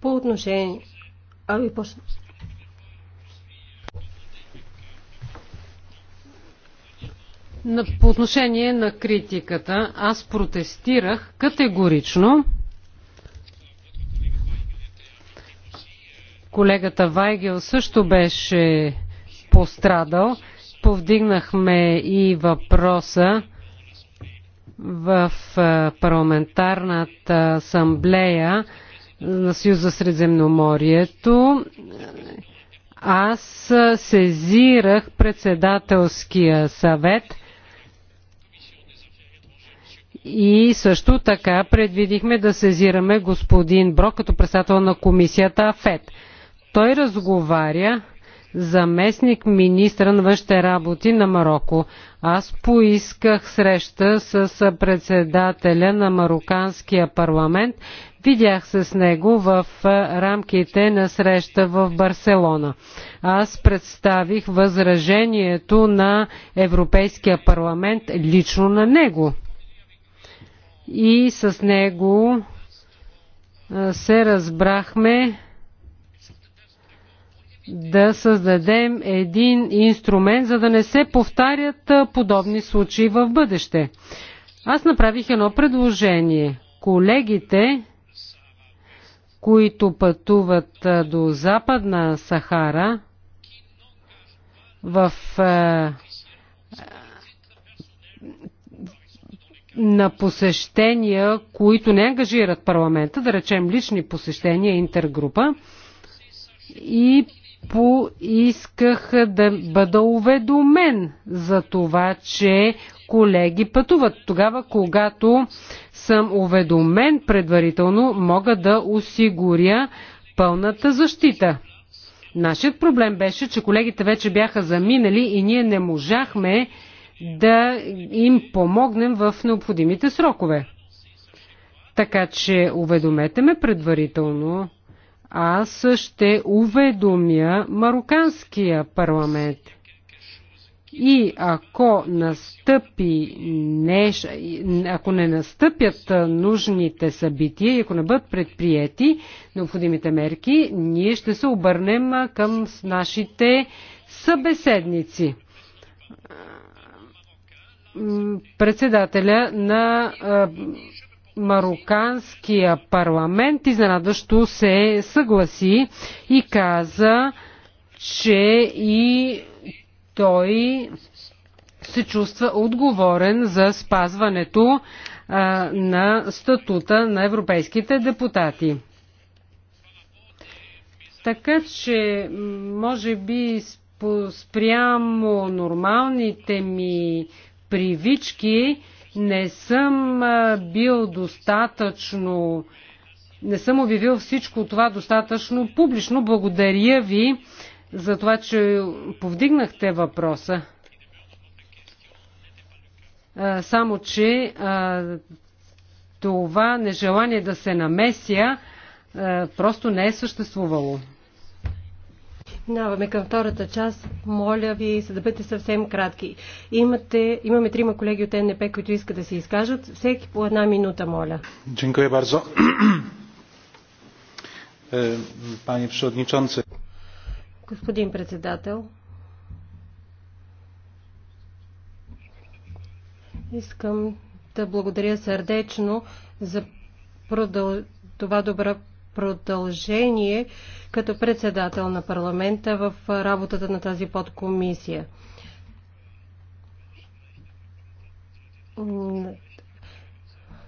По отношение... Ами, почна. По отношение на критиката, аз протестирах категорично. Колегата Вайгел също беше пострадал. Повдигнахме и въпроса в парламентарната асамблея на Съюз за Средземноморието, аз сезирах председателския съвет и също така предвидихме да сезираме господин Брок като председател на комисията АФЕД. Той разговаря заместник министра на външните работи на Марокко. Аз поисках среща с председателя на Мароканския парламент Видях с него в рамките на среща в Барселона. Аз представих възражението на Европейския парламент лично на него. И с него се разбрахме да създадем един инструмент, за да не се повтарят подобни случаи в бъдеще. Аз направих едно предложение. Колегите които пътуват до Западна Сахара в на посещения, които не ангажират парламента, да речем лични посещения, интергрупа, и поисках да бъда уведомен за това, че колеги пътуват. Тогава, когато съм уведомен предварително, мога да осигуря пълната защита. Нашият проблем беше, че колегите вече бяха заминали и ние не можахме да им помогнем в необходимите срокове. Така че уведомете ме предварително. Аз ще уведомя Мароканския парламент. И ако настъпи неш... ако не настъпят нужните събития и ако не бъдат предприяти необходимите мерки, ние ще се обърнем към нашите събеседници. Председателя на мароканския парламент изненадващо се съгласи и каза, че и той се чувства отговорен за спазването а, на статута на европейските депутати. Така че, може би, спрямо нормалните ми привички, не съм бил достатъчно, не съм обявил всичко това достатъчно публично. Благодаря ви за това, че повдигнахте въпроса. Само, че това нежелание да се намеся просто не е съществувало. Наваме към втората част. Моля ви се да бъдете съвсем кратки. Имате, имаме трима колеги от НП, които искат да се изкажат. Всеки по една минута, моля. Dziękuję bardzo. Panie Господин председател, искам да благодаря сърдечно за продъл... това добро продължение като председател на парламента в работата на тази подкомисия.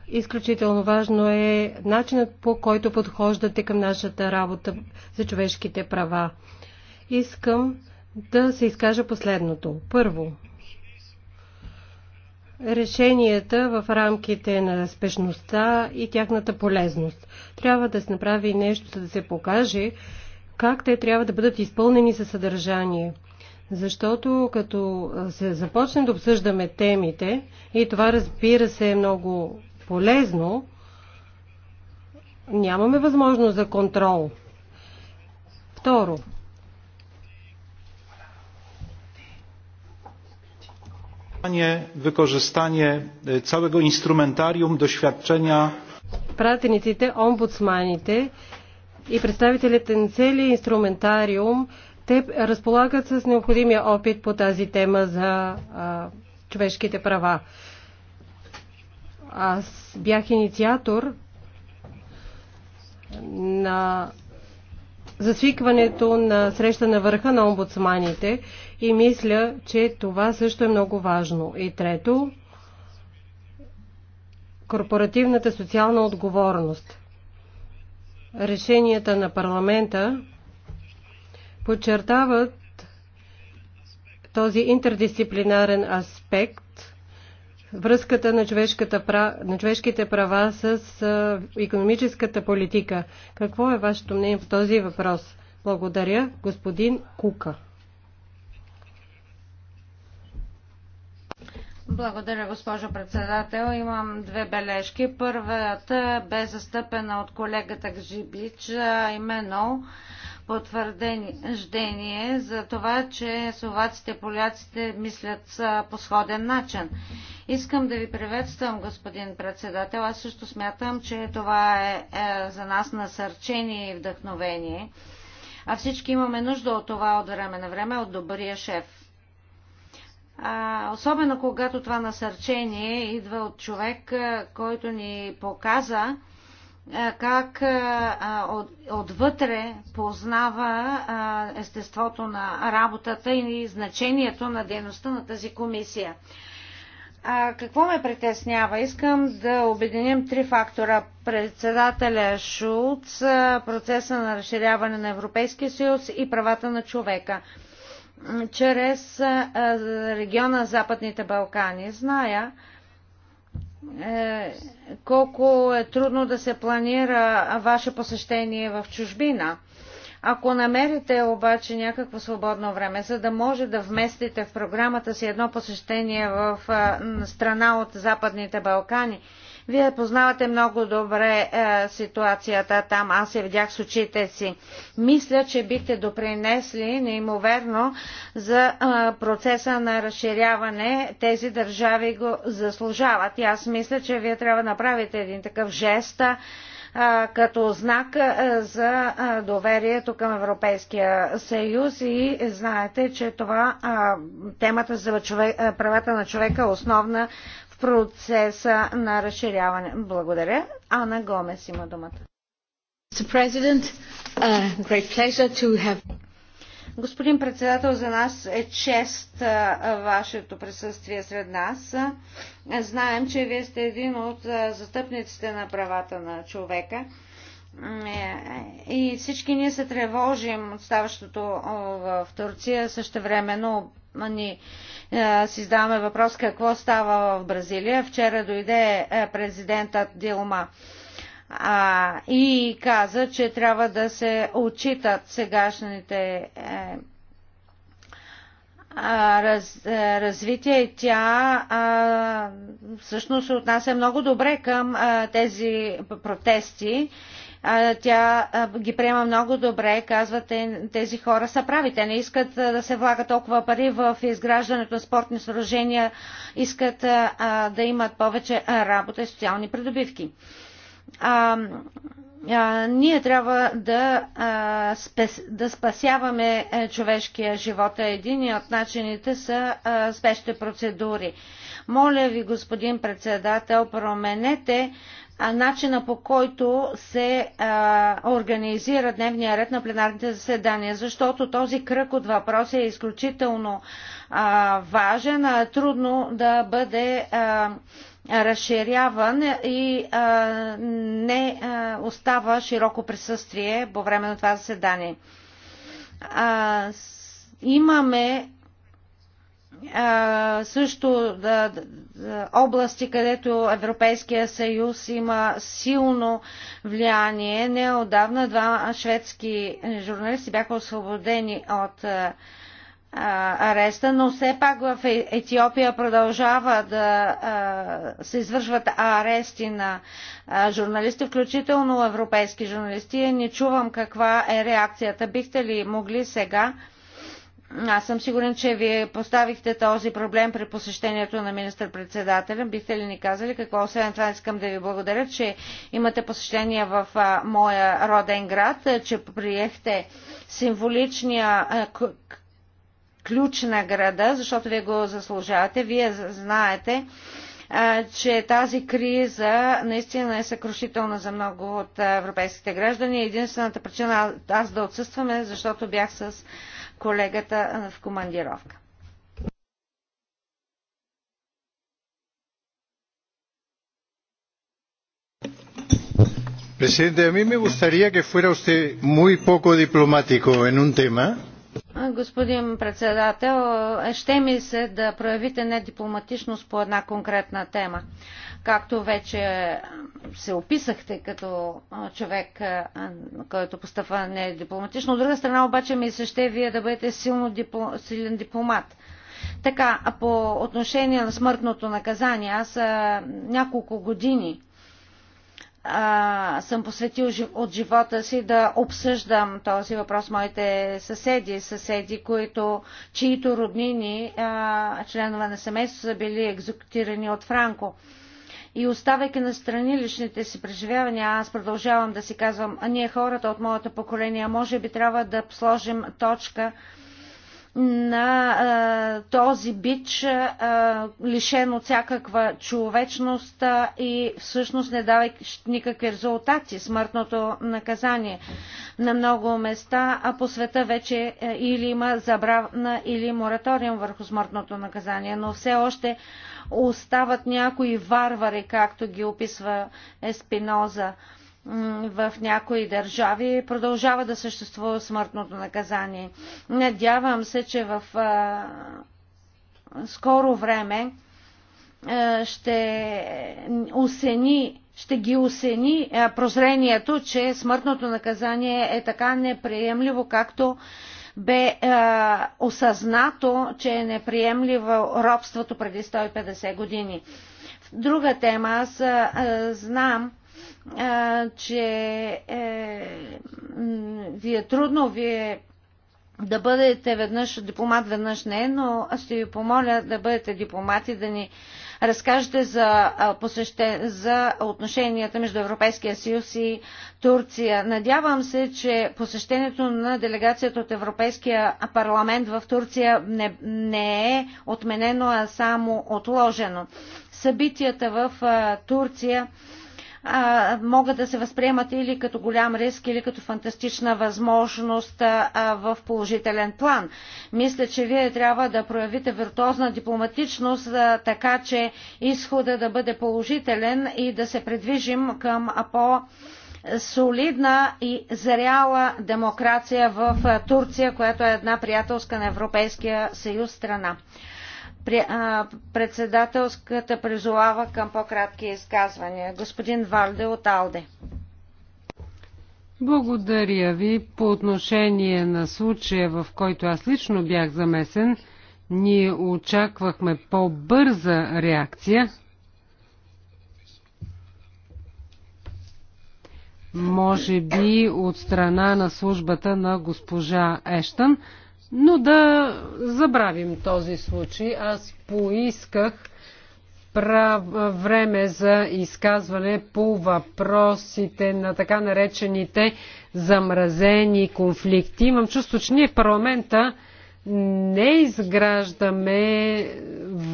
Изключително важно е начинът по който подхождате към нашата работа за човешките права. Искам да се изкажа последното. Първо, решенията в рамките на спешността и тяхната полезност. Трябва да се направи нещо, за да се покаже как те трябва да бъдат изпълнени със съдържание. Защото като се започне да обсъждаме темите, и това разбира се е много полезно, нямаме възможност за контрол. Второ, wykorzystanie e, całego instrumentarium doświadczenia. Пратениците, омбудсманите и представителите на целия инструментариум, те разполагат с необходимия опит по тази тема за а, човешките права. Аз бях инициатор на за свикването на среща на върха на омбудсманите и мисля, че това също е много важно. И трето, корпоративната социална отговорност. Решенията на парламента подчертават този интердисциплинарен аспект връзката на, на човешките права с економическата политика. Какво е вашето мнение в този въпрос? Благодаря, господин Кука. Благодаря, госпожо председател. Имам две бележки. Първата бе застъпена от колегата Гжибич, именно потвърждение за това, че словаците и поляците мислят по сходен начин. Искам да ви приветствам, господин председател. Аз също смятам, че това е, е за нас насърчение и вдъхновение. А всички имаме нужда от това от време на време, от добрия шеф. А, особено когато това насърчение идва от човек, който ни показа, как от, отвътре познава естеството на работата и значението на дейността на тази комисия. А, какво ме притеснява? Искам да обединим три фактора. Председателя Шулц, процеса на разширяване на Европейския съюз и правата на човека чрез региона Западните Балкани. Зная, е, колко е трудно да се планира ваше посещение в чужбина. Ако намерите обаче някакво свободно време, за да може да вместите в програмата си едно посещение в е, страна от Западните Балкани, вие познавате много добре е, ситуацията там. Аз я видях с очите си. Мисля, че бихте допринесли неимоверно за е, процеса на разширяване. Тези държави го заслужават. И аз мисля, че вие трябва да направите един такъв жест е, като знак е, за е, доверието към Европейския съюз и знаете, че това темата за човек, правата на човека е основна процеса на разширяване. Благодаря. Ана Гомес има думата. Uh, Господин председател, за нас е чест uh, вашето присъствие сред нас. Знаем, че вие сте един от uh, застъпниците на правата на човека е, е, и всички ние се тревожим от ставащото в Турция. Също времено ни е, си задаваме въпрос какво става в Бразилия. Вчера дойде президентът Дилма а, и каза, че трябва да се отчитат сегашните е, раз, развитие и тя а, всъщност се отнася много добре към а, тези протести тя ги приема много добре, казват тези хора са прави. Те не искат да се влага толкова пари в изграждането на спортни съоръжения, искат да имат повече работа и социални придобивки а, ние трябва да, а, спес, да спасяваме а, е, човешкия живот. Един от начините са спешните процедури. Моля ви, господин председател, променете начина по който се а, организира дневния ред на пленарните заседания, защото този кръг от въпроси е изключително а, важен, а е трудно да бъде а, разширяван и а, не а, остава широко присъствие по време на това заседание. А, имаме също да, да, области, където Европейския съюз има силно влияние. Неодавна два шведски журналисти бяха освободени от а, ареста, но все пак в е- Етиопия продължава да се извършват арести на журналисти, включително европейски журналисти. Не чувам каква е реакцията. Бихте ли могли сега аз съм сигурен, че вие поставихте този проблем при посещението на министър-председателя. Бихте ли ни казали какво? Освен това искам да ви благодаря, че имате посещение в а, моя роден град, че приехте символичния а, ключ на града, защото вие го заслужавате. Вие знаете, че тази криза наистина е съкрушителна за много от европейските граждани. Единствената причина аз да отсъстваме, е защото бях с колегата в командировка. Presidente, a mí me gustaría que fuera usted muy poco diplomático en un tema Господин председател, ще ми се да проявите недипломатичност по една конкретна тема. Както вече се описахте като човек, който постъпва недипломатично. От друга страна обаче ми се ще вие да бъдете силно дипло... силен дипломат. Така, по отношение на смъртното наказание, аз няколко години съм посветил от живота си да обсъждам този въпрос моите съседи, съседи, които, чието роднини, а, членове на семейство, са били екзекутирани от Франко. И оставяйки на страни личните си преживявания, аз продължавам да си казвам, а ние хората от моето поколение, може би трябва да сложим точка на а, този бич, а, лишен от всякаква човечност а, и всъщност не дава никакви резултати. Смъртното наказание на много места, а по света вече а, е, или има забравна или мораториум върху смъртното наказание, но все още остават някои варвари, както ги описва Еспиноза. А, в някои държави продължава да съществува смъртното наказание. Надявам се, че в скоро време ще усени, ще ги осени прозрението, че смъртното наказание е така неприемливо, както бе а, осъзнато, че е неприемливо робството преди 150 години. Друга тема, аз а, знам, че е, ви е трудно, вие да бъдете веднъж дипломат, веднъж не, но аз ще ви помоля да бъдете дипломати, да ни разкажете за, посеще, за отношенията между Европейския съюз и Турция. Надявам се, че посещението на делегацията от Европейския парламент в Турция не, не е отменено, а само отложено. Събитията в Турция а, могат да се възприемат или като голям риск, или като фантастична възможност а, в положителен план. Мисля, че вие трябва да проявите виртуозна дипломатичност, а, така че изхода да бъде положителен и да се предвижим към по- солидна и зряла демокрация в Турция, която е една приятелска на Европейския съюз страна председателската призовава към по-кратки изказвания. Господин Валде от Алде. Благодаря ви. По отношение на случая, в който аз лично бях замесен, ние очаквахме по-бърза реакция. Може би от страна на службата на госпожа Ештън, но да забравим този случай. Аз поисках време за изказване по въпросите на така наречените замразени конфликти. Имам чувство, че ние в парламента не изграждаме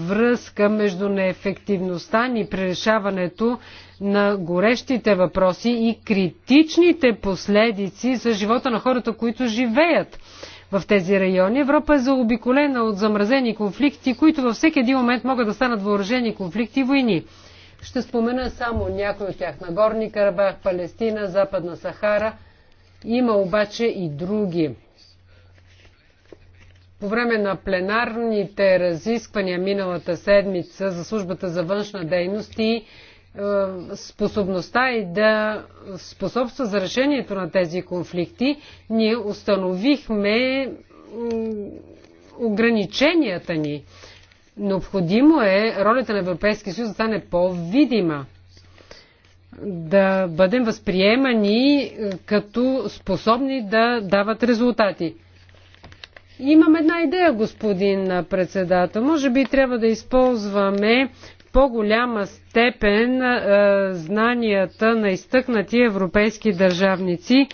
връзка между неефективността ни при решаването на горещите въпроси и критичните последици за живота на хората, които живеят в тези райони. Европа е заобиколена от замразени конфликти, които във всеки един момент могат да станат въоръжени конфликти и войни. Ще спомена само някои от тях. Нагорни Карабах, Палестина, Западна Сахара. Има обаче и други. По време на пленарните разисквания миналата седмица за службата за външна дейност и е, способността и да способства за решението на тези конфликти, ние установихме ограниченията ни. Необходимо е ролята на Европейския съюз да стане по-видима, да бъдем възприемани е, като способни да дават резултати. Имам една идея, господин председател. Може би трябва да използваме по-голяма степен знанията на изтъкнати европейски държавници,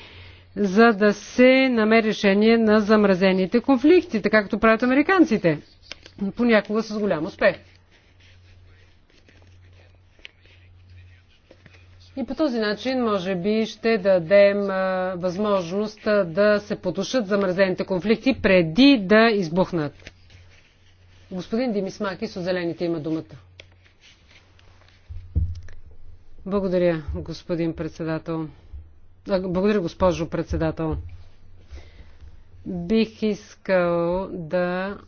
за да се намери решение на замразените конфликти, така както правят американците. Понякога с голям успех. И по този начин, може би, ще дадем а, възможност а, да се потушат замразените конфликти преди да избухнат. Господин Димисмакис от Зелените има думата. Благодаря, господин председател. Благодаря, госпожо председател. Бих искал да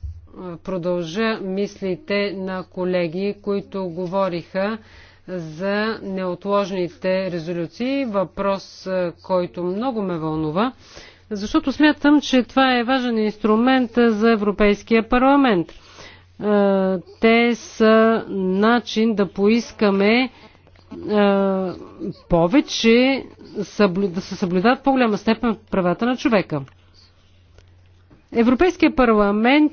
продължа мислите на колеги, които говориха за неотложните резолюции. Въпрос, който много ме вълнува, защото смятам, че това е важен инструмент за Европейския парламент. Те са начин да поискаме е, повече да се съблюдават по-голяма степен правата на човека. Европейския парламент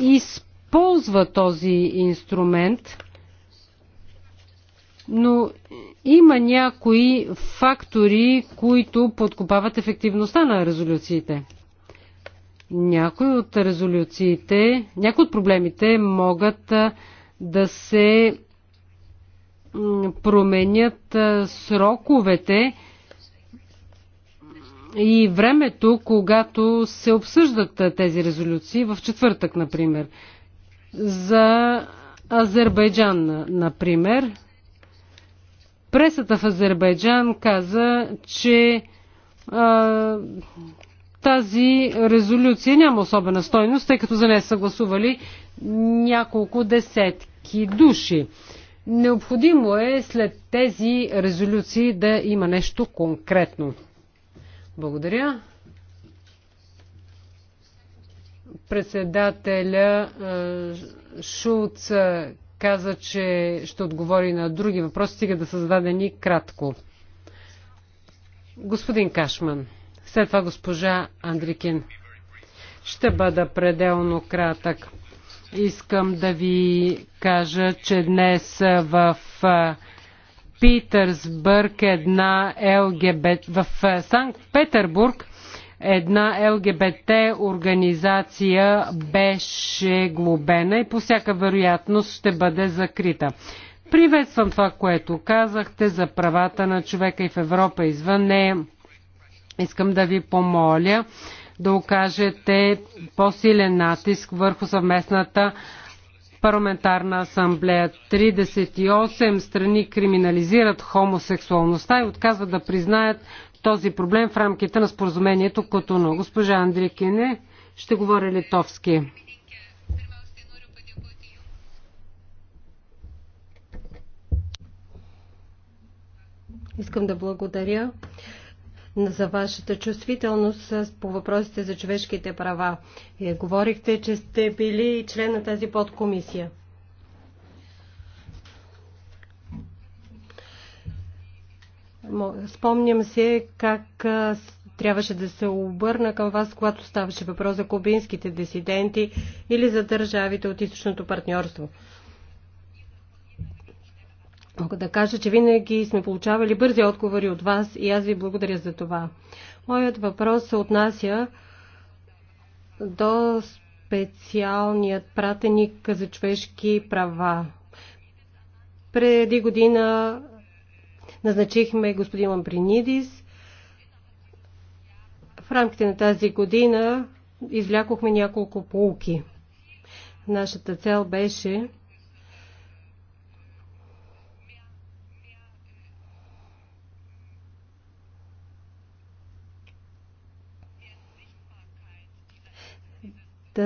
използва този инструмент, но има някои фактори, които подкопават ефективността на резолюциите. Някои от резолюциите, някои от проблемите могат да се променят сроковете и времето, когато се обсъждат тези резолюции, в четвъртък, например. За Азербайджан, например, пресата в Азербайджан каза, че а, тази резолюция няма особена стойност, тъй като за нея са гласували няколко десетки души. Необходимо е след тези резолюции да има нещо конкретно. Благодаря. Председателя Шулц каза, че ще отговори на други въпроси, стига да са зададени кратко. Господин Кашман, след това госпожа Андрикин. Ще бъда пределно кратък. Искам да ви кажа, че днес в Питърсбърг една ЛГБТ, в Санкт Петербург една ЛГБТ организация беше глобена и по всяка вероятност ще бъде закрита. Приветствам това, което казахте за правата на човека и в Европа извън нея. Искам да ви помоля да окажете по-силен натиск върху съвместната парламентарна асамблея. 38 страни криминализират хомосексуалността и отказват да признаят този проблем в рамките на споразумението Котуно. Госпожа Андрикине ще говори литовски. Искам да благодаря за вашата чувствителност по въпросите за човешките права. Вие говорихте, че сте били член на тази подкомисия. Спомням се как трябваше да се обърна към вас, когато ставаше въпрос за кубинските дисиденти или за държавите от източното партньорство. Мога да кажа, че винаги сме получавали бързи отговори от вас и аз ви благодаря за това. Моят въпрос се отнася до специалният пратеник за човешки права. Преди година назначихме господин Ламбринидис. В рамките на тази година извлякохме няколко полуки. Нашата цел беше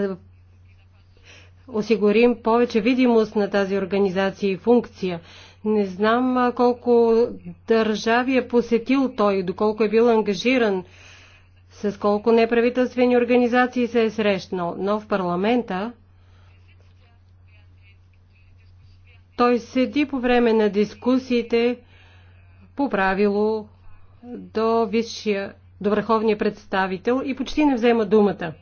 да осигурим повече видимост на тази организация и функция. Не знам колко държави е посетил той, доколко е бил ангажиран, с колко неправителствени организации се е срещнал, но в парламента той седи по време на дискусиите по правило до висшия, до върховния представител и почти не взема думата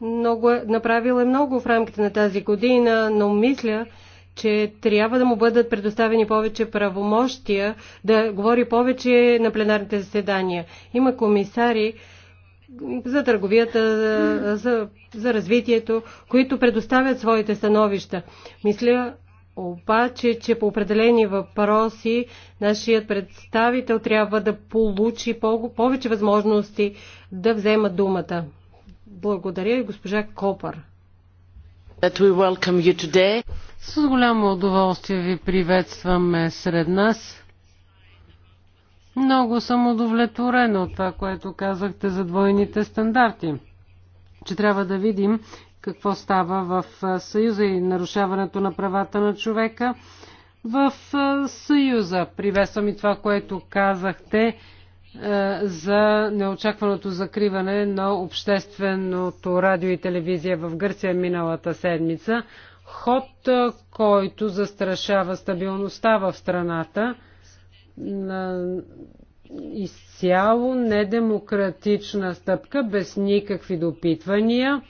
много е, направил е много в рамките на тази година, но мисля, че трябва да му бъдат предоставени повече правомощия, да говори повече на пленарните заседания. Има комисари за търговията, за, за, за развитието, които предоставят своите становища. Мисля обаче, че по определени въпроси нашият представител трябва да получи повече възможности да взема думата. Благодаря и госпожа Копър. С голямо удоволствие ви приветстваме сред нас. Много съм удовлетворена от това, което казахте за двойните стандарти, че трябва да видим какво става в Съюза и нарушаването на правата на човека в Съюза. Приветствам и това, което казахте е, за неочакваното закриване на общественото радио и телевизия в Гърция миналата седмица. Ход, е, който застрашава стабилността в страната, изцяло недемократична стъпка, без никакви допитвания.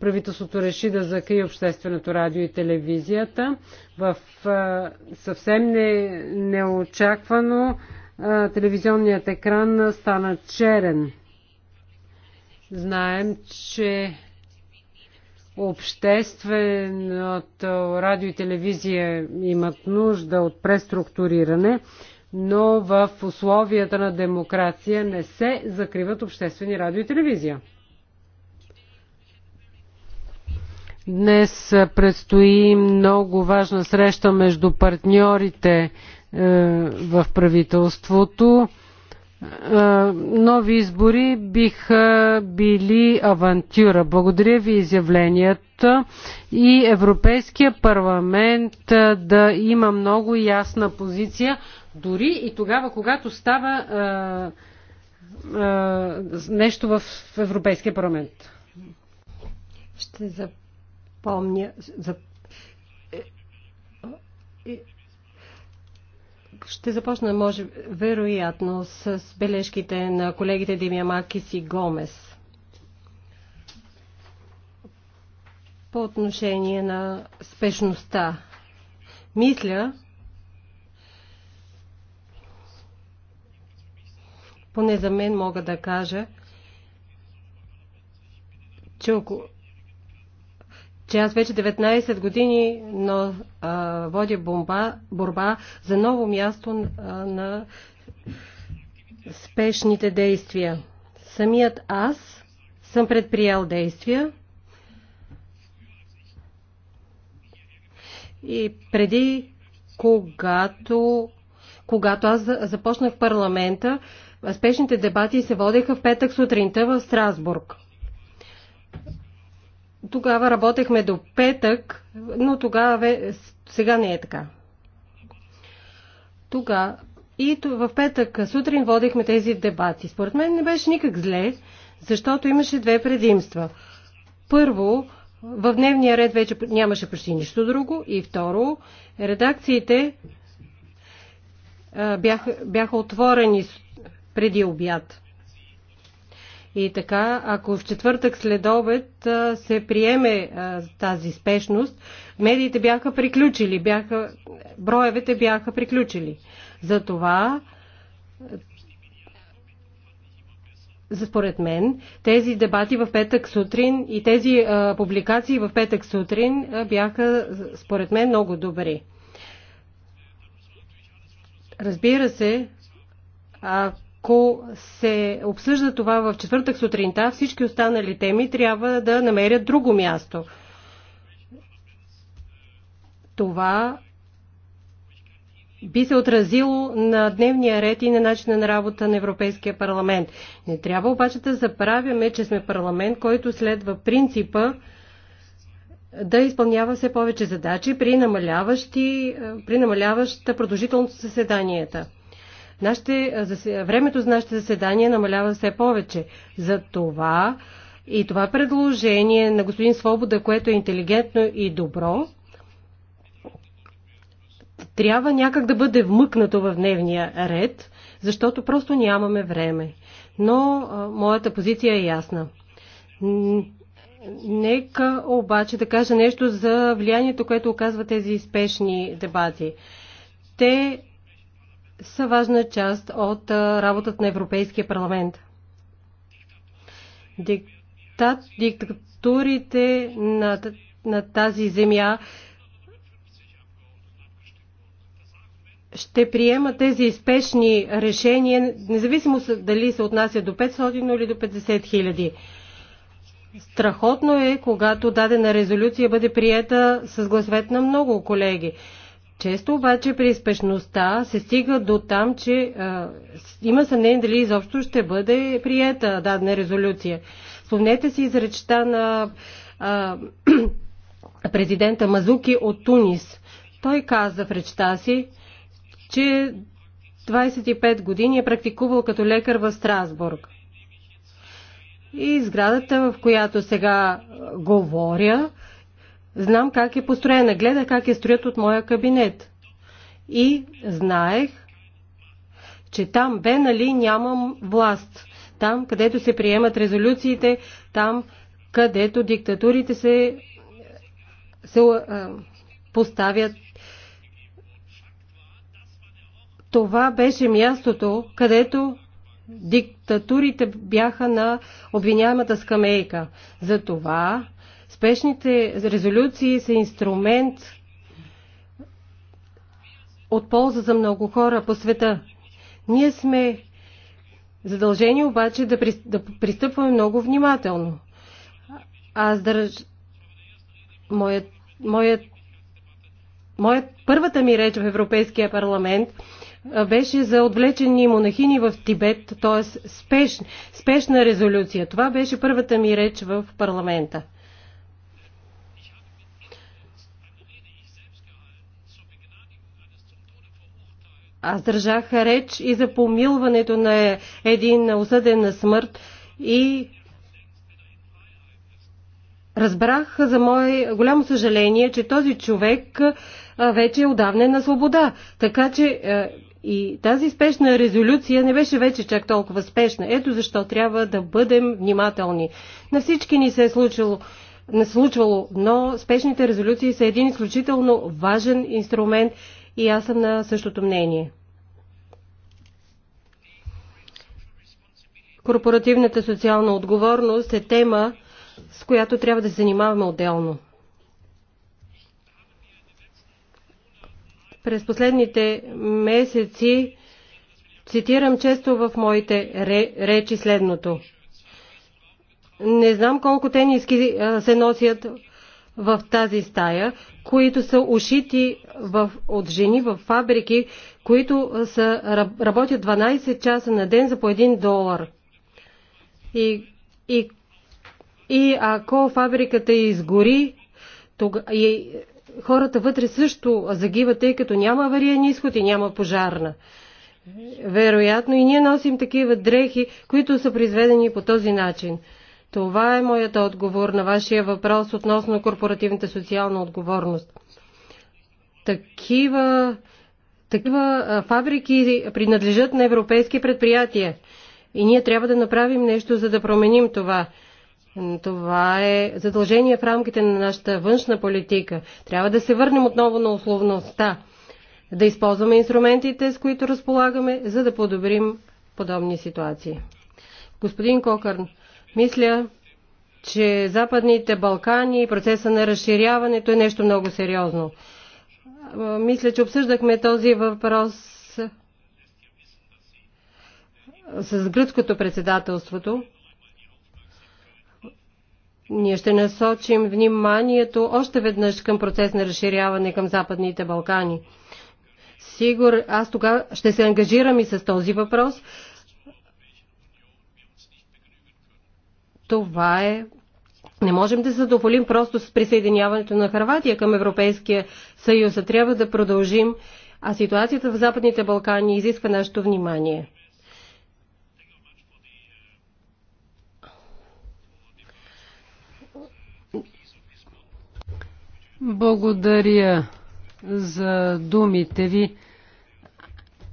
Правителството реши да закрие общественото радио и телевизията в е, съвсем не, неочаквано телевизионният екран стана черен. Знаем, че общественото радио и телевизия имат нужда от преструктуриране, но в условията на демокрация не се закриват обществени радио и телевизия. Днес предстои много важна среща между партньорите е, в правителството. Е, нови избори биха били авантюра. Благодаря ви изявленията и Европейския парламент е, да има много ясна позиция, дори и тогава, когато става нещо в Европейския парламент. Ще запомня. За... Ще започна, може, вероятно, с бележките на колегите Демия Макис и Гомес. По отношение на спешността. Мисля, поне за мен мога да кажа, че около че аз вече 19 години но, а, водя бомба, борба за ново място а, на спешните действия. Самият аз съм предприял действия и преди когато, когато аз започнах парламента, спешните дебати се водеха в петък сутринта в Страсбург. Тогава работехме до петък, но тогава сега не е така. Тога и в петък сутрин водихме тези дебати. Според мен не беше никак зле, защото имаше две предимства. Първо, в дневния ред вече нямаше почти нищо друго. И второ, редакциите бяха, бяха отворени преди обяд. И така, ако в четвъртък след обед се приеме тази спешност, медиите бяха приключили, бяха, броевете бяха приключили. Затова, според мен, тези дебати в петък сутрин и тези публикации в петък сутрин бяха, според мен, много добри. Разбира се, ако ако се обсъжда това в четвъртък сутринта, всички останали теми трябва да намерят друго място. Това би се отразило на дневния ред и на начина на работа на Европейския парламент. Не трябва обаче да забравяме, че сме парламент, който следва принципа да изпълнява все повече задачи при, намаляващи, при намаляваща продължителност на заседанията. Нашите, времето за нашите заседания намалява все повече. За това и това предложение на господин Свобода, което е интелигентно и добро, трябва някак да бъде вмъкнато в дневния ред, защото просто нямаме време. Но а, моята позиция е ясна. Нека обаче да кажа нещо за влиянието, което оказва тези спешни дебати. Те са важна част от работата на Европейския парламент. Диктат, диктатурите на, на тази земя ще приема тези спешни решения, независимо дали се отнася до 500 или до 50 хиляди. Страхотно е, когато дадена резолюция бъде приета с гласовете на много колеги. Често обаче при спешността се стига до там, че а, има съмнение дали изобщо ще бъде приета дадена резолюция. Спомнете си изречта на а, президента Мазуки от Тунис. Той каза в речта си, че 25 години е практикувал като лекар в Страсбург. И сградата, в която сега говоря, Знам как е построена. Гледах как е строят от моя кабинет. И знаех, че там бе, нали, нямам власт. Там, където се приемат резолюциите, там, където диктатурите се, се а, поставят. Това беше мястото, където диктатурите бяха на обвиняемата скамейка. Затова Спешните резолюции са инструмент от полза за много хора по света. Ние сме задължени обаче да, при, да пристъпваме много внимателно. Аз държ... Моят, моят, моят първата ми реч в Европейския парламент беше за отвлечени монахини в Тибет, т.е. Спеш, спешна резолюция. Това беше първата ми реч в парламента. Аз държах реч и за помилването на един осъден на смърт и разбрах за мое голямо съжаление, че този човек вече е отдавна на свобода. Така че и тази спешна резолюция не беше вече чак толкова спешна. Ето защо трябва да бъдем внимателни. На всички ни се е случило, не случвало, но спешните резолюции са един изключително важен инструмент и аз съм на същото мнение. Корпоративната социална отговорност е тема, с която трябва да се занимаваме отделно. През последните месеци цитирам често в моите речи следното. Не знам колко тениски се носят в тази стая, които са ушити в, от жени в фабрики, които са, работят 12 часа на ден за по 1 долар. И, и, и ако фабриката изгори, тога, и хората вътре също загиват, тъй като няма авариен изход и няма пожарна. Вероятно и ние носим такива дрехи, които са произведени по този начин. Това е моят отговор на вашия въпрос относно корпоративната социална отговорност. Такива, такива фабрики принадлежат на европейски предприятия и ние трябва да направим нещо, за да променим това. Това е задължение в рамките на нашата външна политика. Трябва да се върнем отново на условността, да използваме инструментите, с които разполагаме, за да подобрим подобни ситуации. Господин Кокърн, мисля, че Западните Балкани и процеса на разширяването е нещо много сериозно. Мисля, че обсъждахме този въпрос с гръцкото председателството. Ние ще насочим вниманието още веднъж към процес на разширяване към Западните Балкани. Сигур, аз тогава ще се ангажирам и с този въпрос Това е не можем да задоволим просто с присъединяването на Харватия към Европейския съюз, а трябва да продължим, а ситуацията в Западните Балкани изисква нашето внимание. Благодаря за думите ви.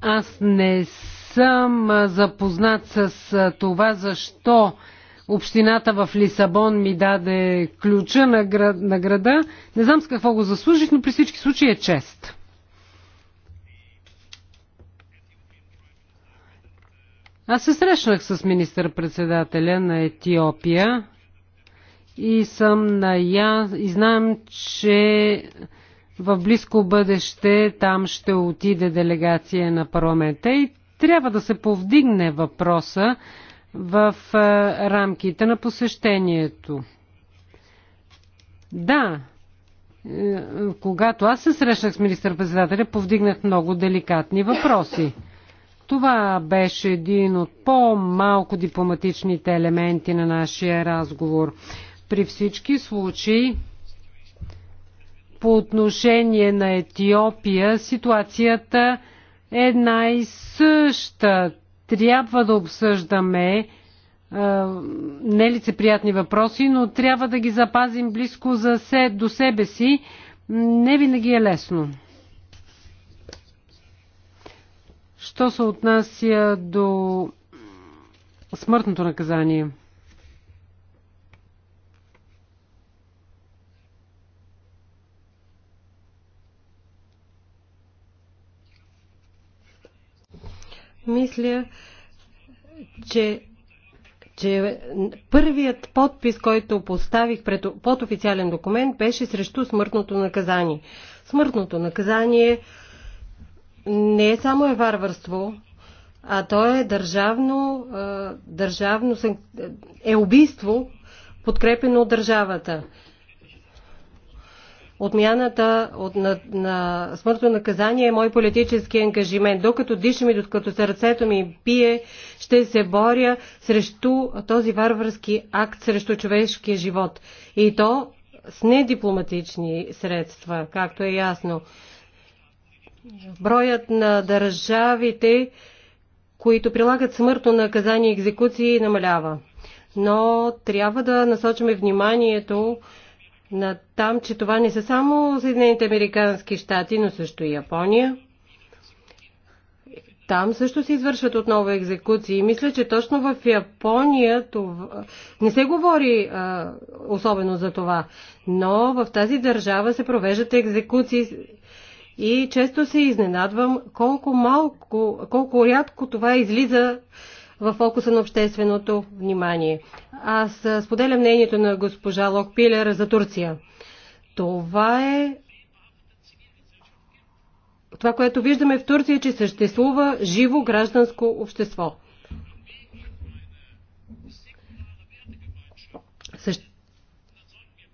Аз не съм запознат с това, защо Общината в Лисабон ми даде ключа на, град, на града. Не знам с какво го заслужих, но при всички случаи е чест. Аз се срещнах с министър-председателя на Етиопия и съм я и знам, че в близко бъдеще там ще отиде делегация на парламента и трябва да се повдигне въпроса в рамките на посещението. Да, е, когато аз се срещнах с министър-председателя, повдигнах много деликатни въпроси. Това беше един от по-малко дипломатичните елементи на нашия разговор. При всички случаи, по отношение на Етиопия, ситуацията е най съща. Трябва да обсъждаме е, нелицеприятни въпроси, но трябва да ги запазим близко за се, до себе си. Не винаги е лесно. Що се отнася до смъртното наказание? Мисля, че, че първият подпис, който поставих пред, под официален документ, беше срещу смъртното наказание. Смъртното наказание не е само е варварство, а то е държавно, държавно е убийство, подкрепено от държавата. Отмяната от, на, на смъртно наказание е мой политически ангажимент. Докато дишам и докато сърцето ми пие, ще се боря срещу този варварски акт срещу човешкия живот. И то с недипломатични средства, както е ясно. Броят на държавите, които прилагат смъртно наказание и екзекуции, намалява. Но трябва да насочим вниманието на там, че това не са само Съединените Американски щати, но също и Япония. Там също се извършват отново екзекуции. Мисля, че точно в Япония това... не се говори а, особено за това, но в тази държава се провеждат екзекуции и често се изненадвам колко малко, колко рядко това излиза в фокуса на общественото внимание. Аз споделям мнението на госпожа Локпилер за Турция. Това е това, което виждаме в Турция, че съществува живо гражданско общество.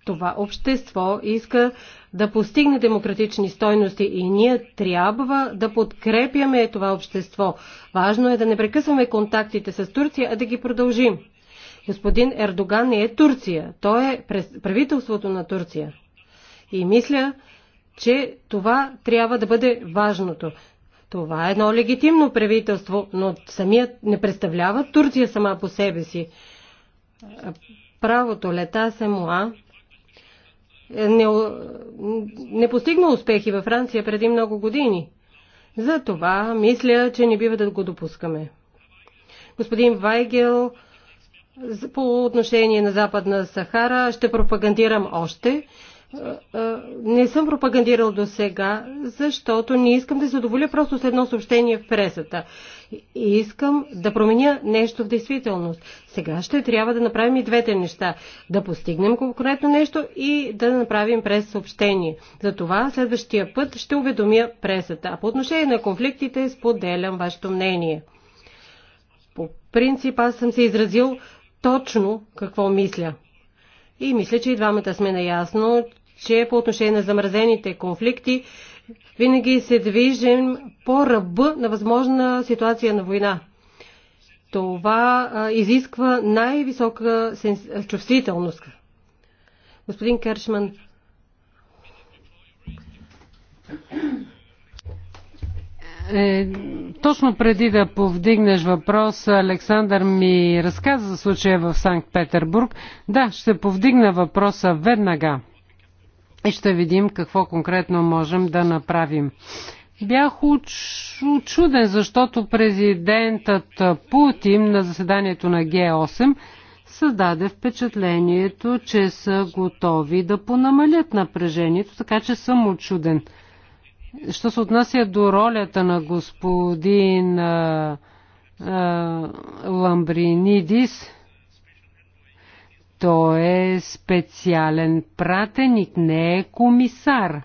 Това общество иска да постигне демократични стойности и ние трябва да подкрепяме това общество. Важно е да не прекъсваме контактите с Турция, а да ги продължим. Господин Ердоган не е Турция, той е правителството на Турция. И мисля, че това трябва да бъде важното. Това е едно легитимно правителство, но самият не представлява Турция сама по себе си. Правото лета се муа не, не постигна успехи във Франция преди много години. Затова мисля, че не бива да го допускаме. Господин Вайгел, по отношение на Западна Сахара ще пропагандирам още, е, е, не съм пропагандирал до сега, защото не искам да се задоволя просто с едно съобщение в пресата. И искам да променя нещо в действителност. Сега ще трябва да направим и двете неща. Да постигнем конкретно нещо и да направим прес съобщение. За това следващия път ще уведомя пресата. А по отношение на конфликтите споделям вашето мнение. По принцип аз съм се изразил точно какво мисля. И мисля, че и двамата сме наясно, че по отношение на замразените конфликти винаги се движим по ръба на възможна ситуация на война. Това а, изисква най-висока сенс... чувствителност. Господин Кершман, е, точно преди да повдигнеш въпрос, Александър ми разказа за случая в Санкт Петербург. Да, ще повдигна въпроса веднага и ще видим какво конкретно можем да направим. Бях очуден, защото президентът Путин на заседанието на Г8 създаде впечатлението, че са готови да понамалят напрежението, така че съм очуден. Що се отнася до ролята на господин а, а, Ламбринидис, той е специален пратеник, не е комисар.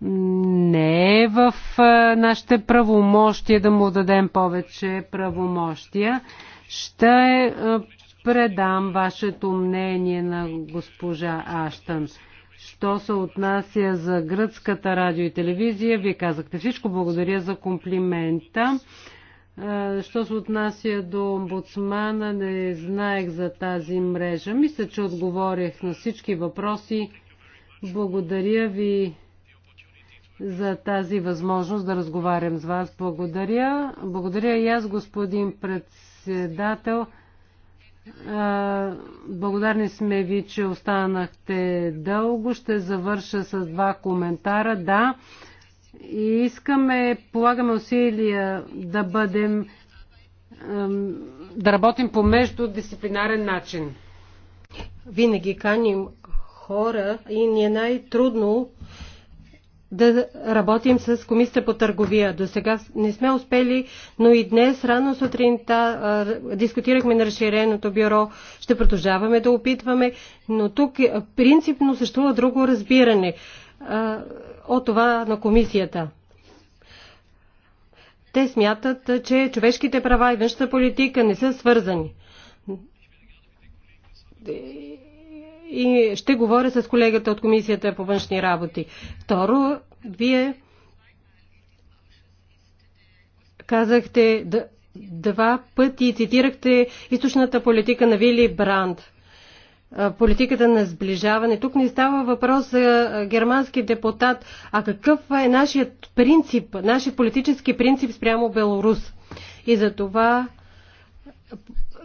Не е в а, нашите правомощия да му дадем повече правомощия. Ще а, предам вашето мнение на госпожа Аштън. Що се отнася за гръцката радио и телевизия, вие казахте всичко. Благодаря за комплимента. Е, що се отнася до омбудсмана, не знаех за тази мрежа. Мисля, че отговорих на всички въпроси. Благодаря ви за тази възможност да разговарям с вас. Благодаря. Благодаря и аз, господин председател. Благодарни сме ви, че останахте дълго. Ще завърша с два коментара. Да, и искаме, полагаме усилия да бъдем, да работим по междудисциплинарен начин. Винаги каним хора и ни е най-трудно да работим с Комисията по търговия. До сега не сме успели, но и днес, рано сутринта, дискутирахме на разширеното бюро. Ще продължаваме да опитваме, но тук е, принципно съществува друго разбиране от това на Комисията. Те смятат, че човешките права и външната политика не са свързани и ще говоря с колегата от Комисията по външни работи. Второ, вие казахте два пъти и цитирахте източната политика на Вили Бранд. Политиката на сближаване. Тук не става въпрос за германски депутат, а какъв е нашият принцип, нашият политически принцип спрямо Беларус. И за това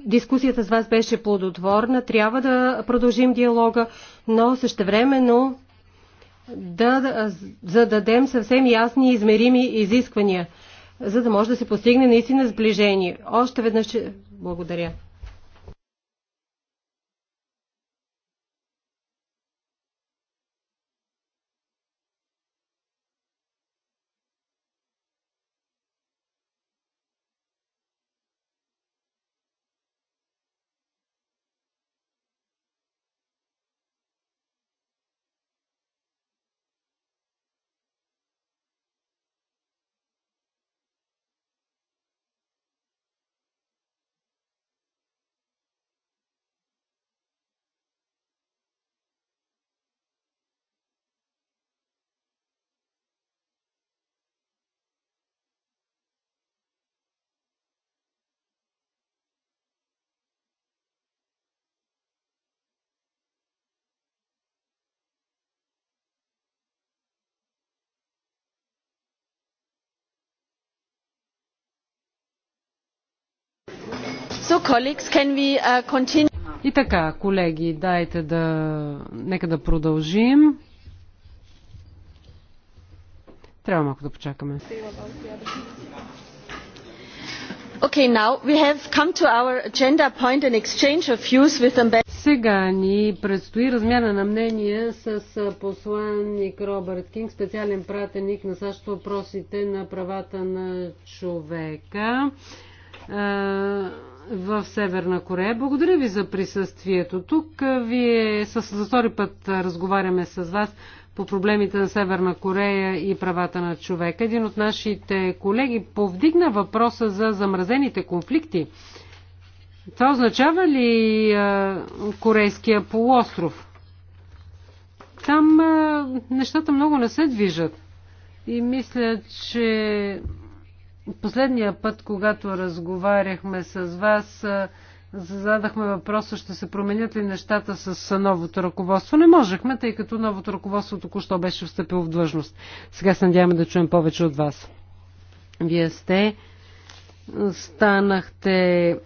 Дискусията с вас беше плодотворна. Трябва да продължим диалога, но същевременно да зададем съвсем ясни и измерими изисквания, за да може да се постигне наистина сближение. Още веднъж благодаря. Uh, И така, колеги, дайте да... Нека да продължим. Трябва малко да почакаме. Okay, now we have come to our agenda point exchange of views with ambassador. Сега ни предстои размяна на мнения с посланник Робърт Кинг, специален пратеник на САЩ въпросите на правата на човека в Северна Корея. Благодаря ви за присъствието тук. Вие с, за втори път разговаряме с вас по проблемите на Северна Корея и правата на човека. Един от нашите колеги повдигна въпроса за замразените конфликти. Това означава ли а, Корейския полуостров? Там а, нещата много не се движат. И мисля, че Последния път, когато разговаряхме с вас, зададахме въпроса, ще се променят ли нещата с новото ръководство. Не можехме, тъй като новото ръководство току-що беше встъпило в длъжност. Сега се надяваме да чуем повече от вас. Вие сте станахте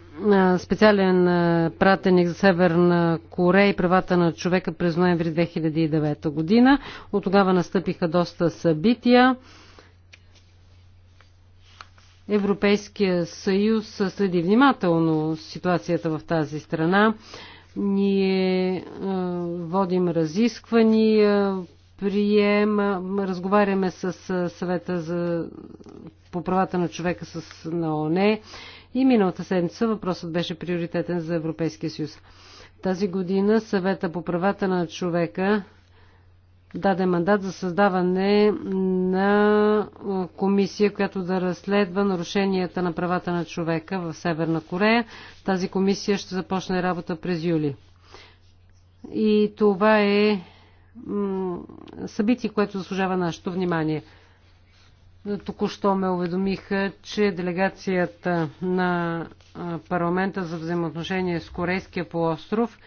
специален пратеник за Северна Корея и правата на човека през ноември 2009 година. От тогава настъпиха доста събития. Европейския съюз следи внимателно ситуацията в тази страна. Ние водим разисквания, приема, разговаряме с съвета за, по правата на човека с на ОНЕ и миналата седмица въпросът беше приоритетен за Европейския съюз. Тази година съвета по правата на човека даде мандат за създаване на комисия, която да разследва нарушенията на правата на човека в Северна Корея. Тази комисия ще започне работа през юли. И това е събитие, което заслужава нашето внимание. Току-що ме уведомиха, че делегацията на парламента за взаимоотношение с Корейския полуостров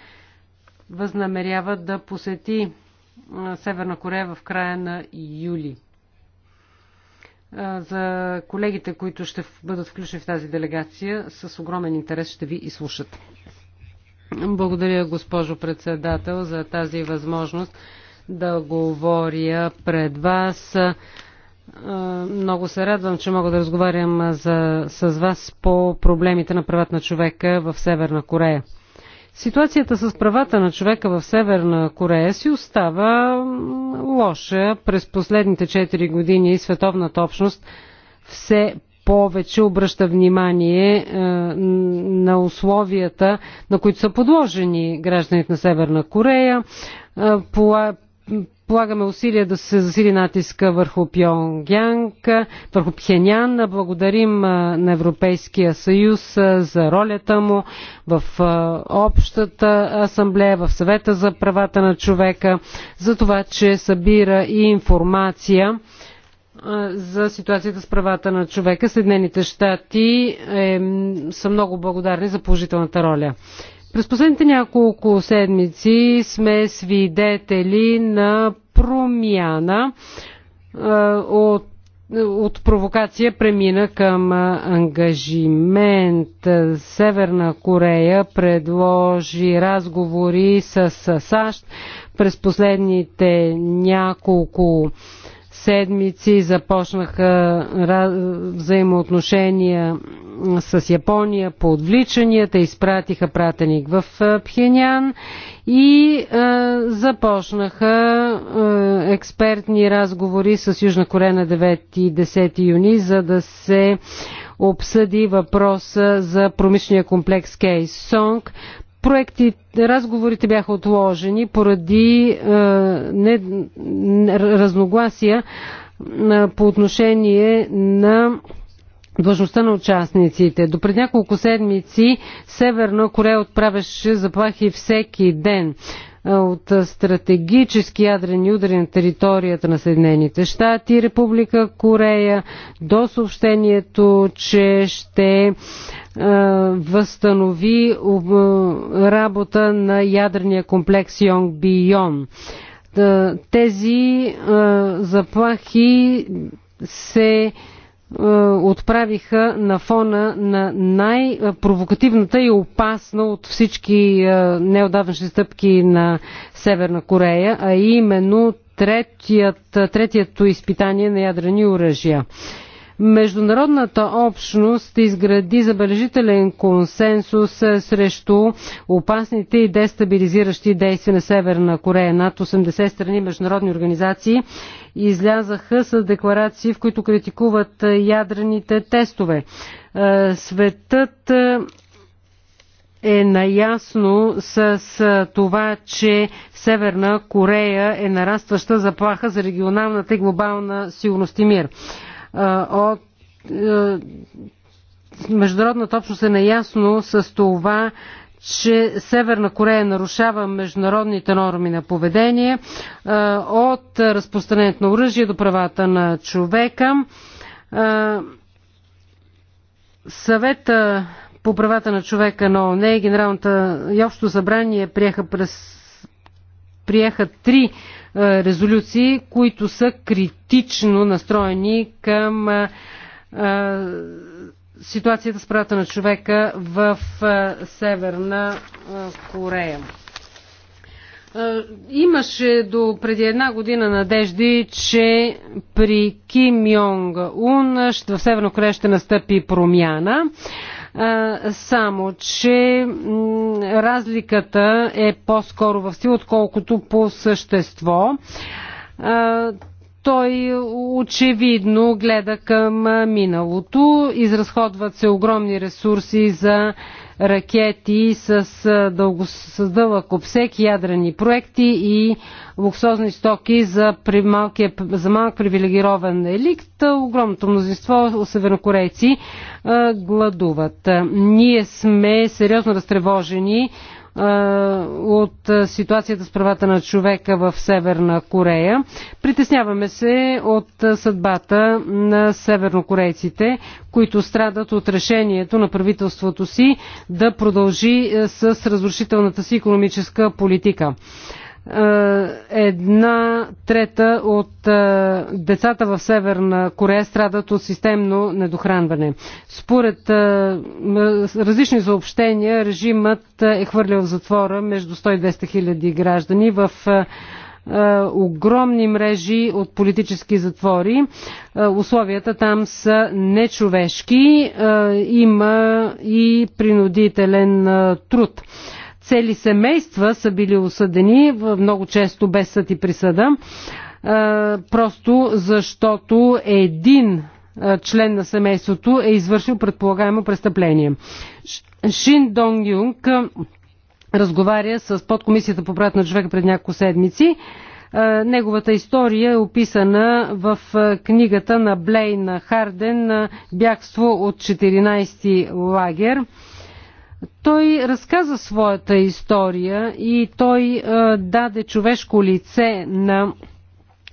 възнамерява да посети Северна Корея в края на юли. За колегите, които ще бъдат включени в тази делегация, с огромен интерес ще ви изслушат. Благодаря, госпожо председател, за тази възможност да говоря пред вас. Много се радвам, че мога да разговарям за, с вас по проблемите на правата на човека в Северна Корея. Ситуацията с правата на човека в Северна Корея си остава лоша. През последните 4 години световната общност все повече обръща внимание е, на условията, на които са подложени гражданите на Северна Корея. Е, Полагаме усилия да се засили натиска върху Пьонгянг, върху Пхенян. Благодарим на Европейския съюз за ролята му в общата асамблея, в съвета за правата на човека, за това, че събира и информация за ситуацията с правата на човека. Съединените щати е, са много благодарни за положителната роля. През последните няколко седмици сме свидетели на промяна от от провокация премина към ангажимент. Северна Корея предложи разговори с САЩ през последните няколко седмици започнаха взаимоотношения с Япония по отвличанията, изпратиха пратеник в Пхенян и започнаха експертни разговори с Южна Корея на 9 и 10 юни, за да се обсъди въпроса за промишления комплекс Сонг. Проекти, разговорите бяха отложени поради е, не, разногласия е, по отношение на длъжността на участниците. До пред няколко седмици Северна Корея отправяше заплахи всеки ден от стратегически ядрени удари на територията на Съединените щати и Република Корея до съобщението, че ще възстанови работа на ядрения комплекс Йонг Бион. Тези заплахи се е, отправиха на фона на най-провокативната и опасна от всички е, неодавнашни стъпки на Северна Корея, а именно третият, третието изпитание на ядрени оръжия. Международната общност изгради забележителен консенсус е, срещу опасните и дестабилизиращи действия на Северна Корея. Над 80 страни международни организации излязаха с декларации, в които критикуват е, ядрените тестове. Е, светът е наясно с това, че Северна Корея е нарастваща заплаха за регионалната и глобална сигурност и мир от международната общност е наясно с това, че Северна Корея нарушава международните норми на поведение от разпространението на оръжие до правата на човека. Съвета по правата на човека на ОНЕ и Генералната и общо събрание приеха през приеха три е, резолюции, които са критично настроени към е, е, ситуацията с правата на човека в Северна Корея. Имаше до преди една година надежди, че при Ким Йонг Ун в Северна Корея ще настъпи промяна само че разликата е по-скоро в сил, отколкото по същество. Той очевидно гледа към миналото, изразходват се огромни ресурси за ракети с, дълго, с дълъг обсек, ядрени проекти и луксозни стоки за, при малкия, за малък привилегирован елит. Огромното мнозинство севернокорейци гладуват. Ние сме сериозно разтревожени от ситуацията с правата на човека в Северна Корея. Притесняваме се от съдбата на севернокорейците, които страдат от решението на правителството си да продължи с разрушителната си економическа политика. Е, една трета от е, децата в Северна Корея страдат от системно недохранване. Според е, различни съобщения, режимът е хвърлял в затвора между 100 и 200 хиляди граждани в огромни мрежи от политически затвори. Условията там са нечовешки. Има и принудителен труд Цели семейства са били осъдени, много често без съд и присъда, просто защото един член на семейството е извършил предполагаемо престъпление. Шин Донг Юнг разговаря с подкомисията по правата на човека пред няколко седмици. Неговата история е описана в книгата на Блейн Харден «Бягство от 14 лагер». Той разказа своята история и той а, е, даде човешко лице на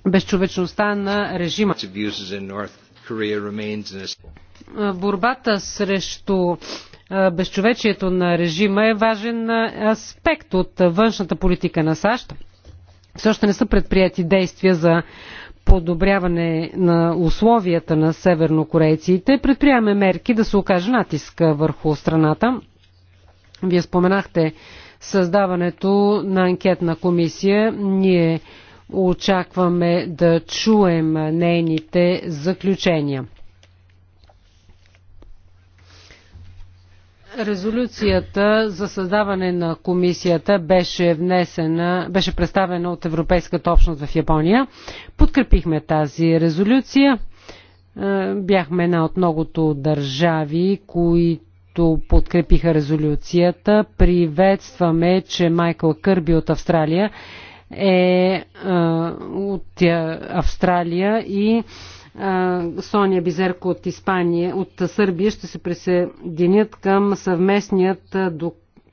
безчовечността на режима. Е, борбата срещу е, безчовечието на режима е важен аспект от външната политика на САЩ. Все още не са предприяти действия за подобряване на условията на севернокорейците. Предприемаме мерки да се окаже натиск върху страната. Вие споменахте създаването на анкетна комисия. Ние очакваме да чуем нейните заключения. Резолюцията за създаване на комисията беше внесена, беше представена от Европейската общност в Япония. Подкрепихме тази резолюция. Е, бяхме една от многото държави, които които подкрепиха резолюцията. Приветстваме, че Майкъл Кърби от Австралия е, е от Австралия и е, Соня Бизерко от Испания, от Сърбия ще се присъединят към съвместният е,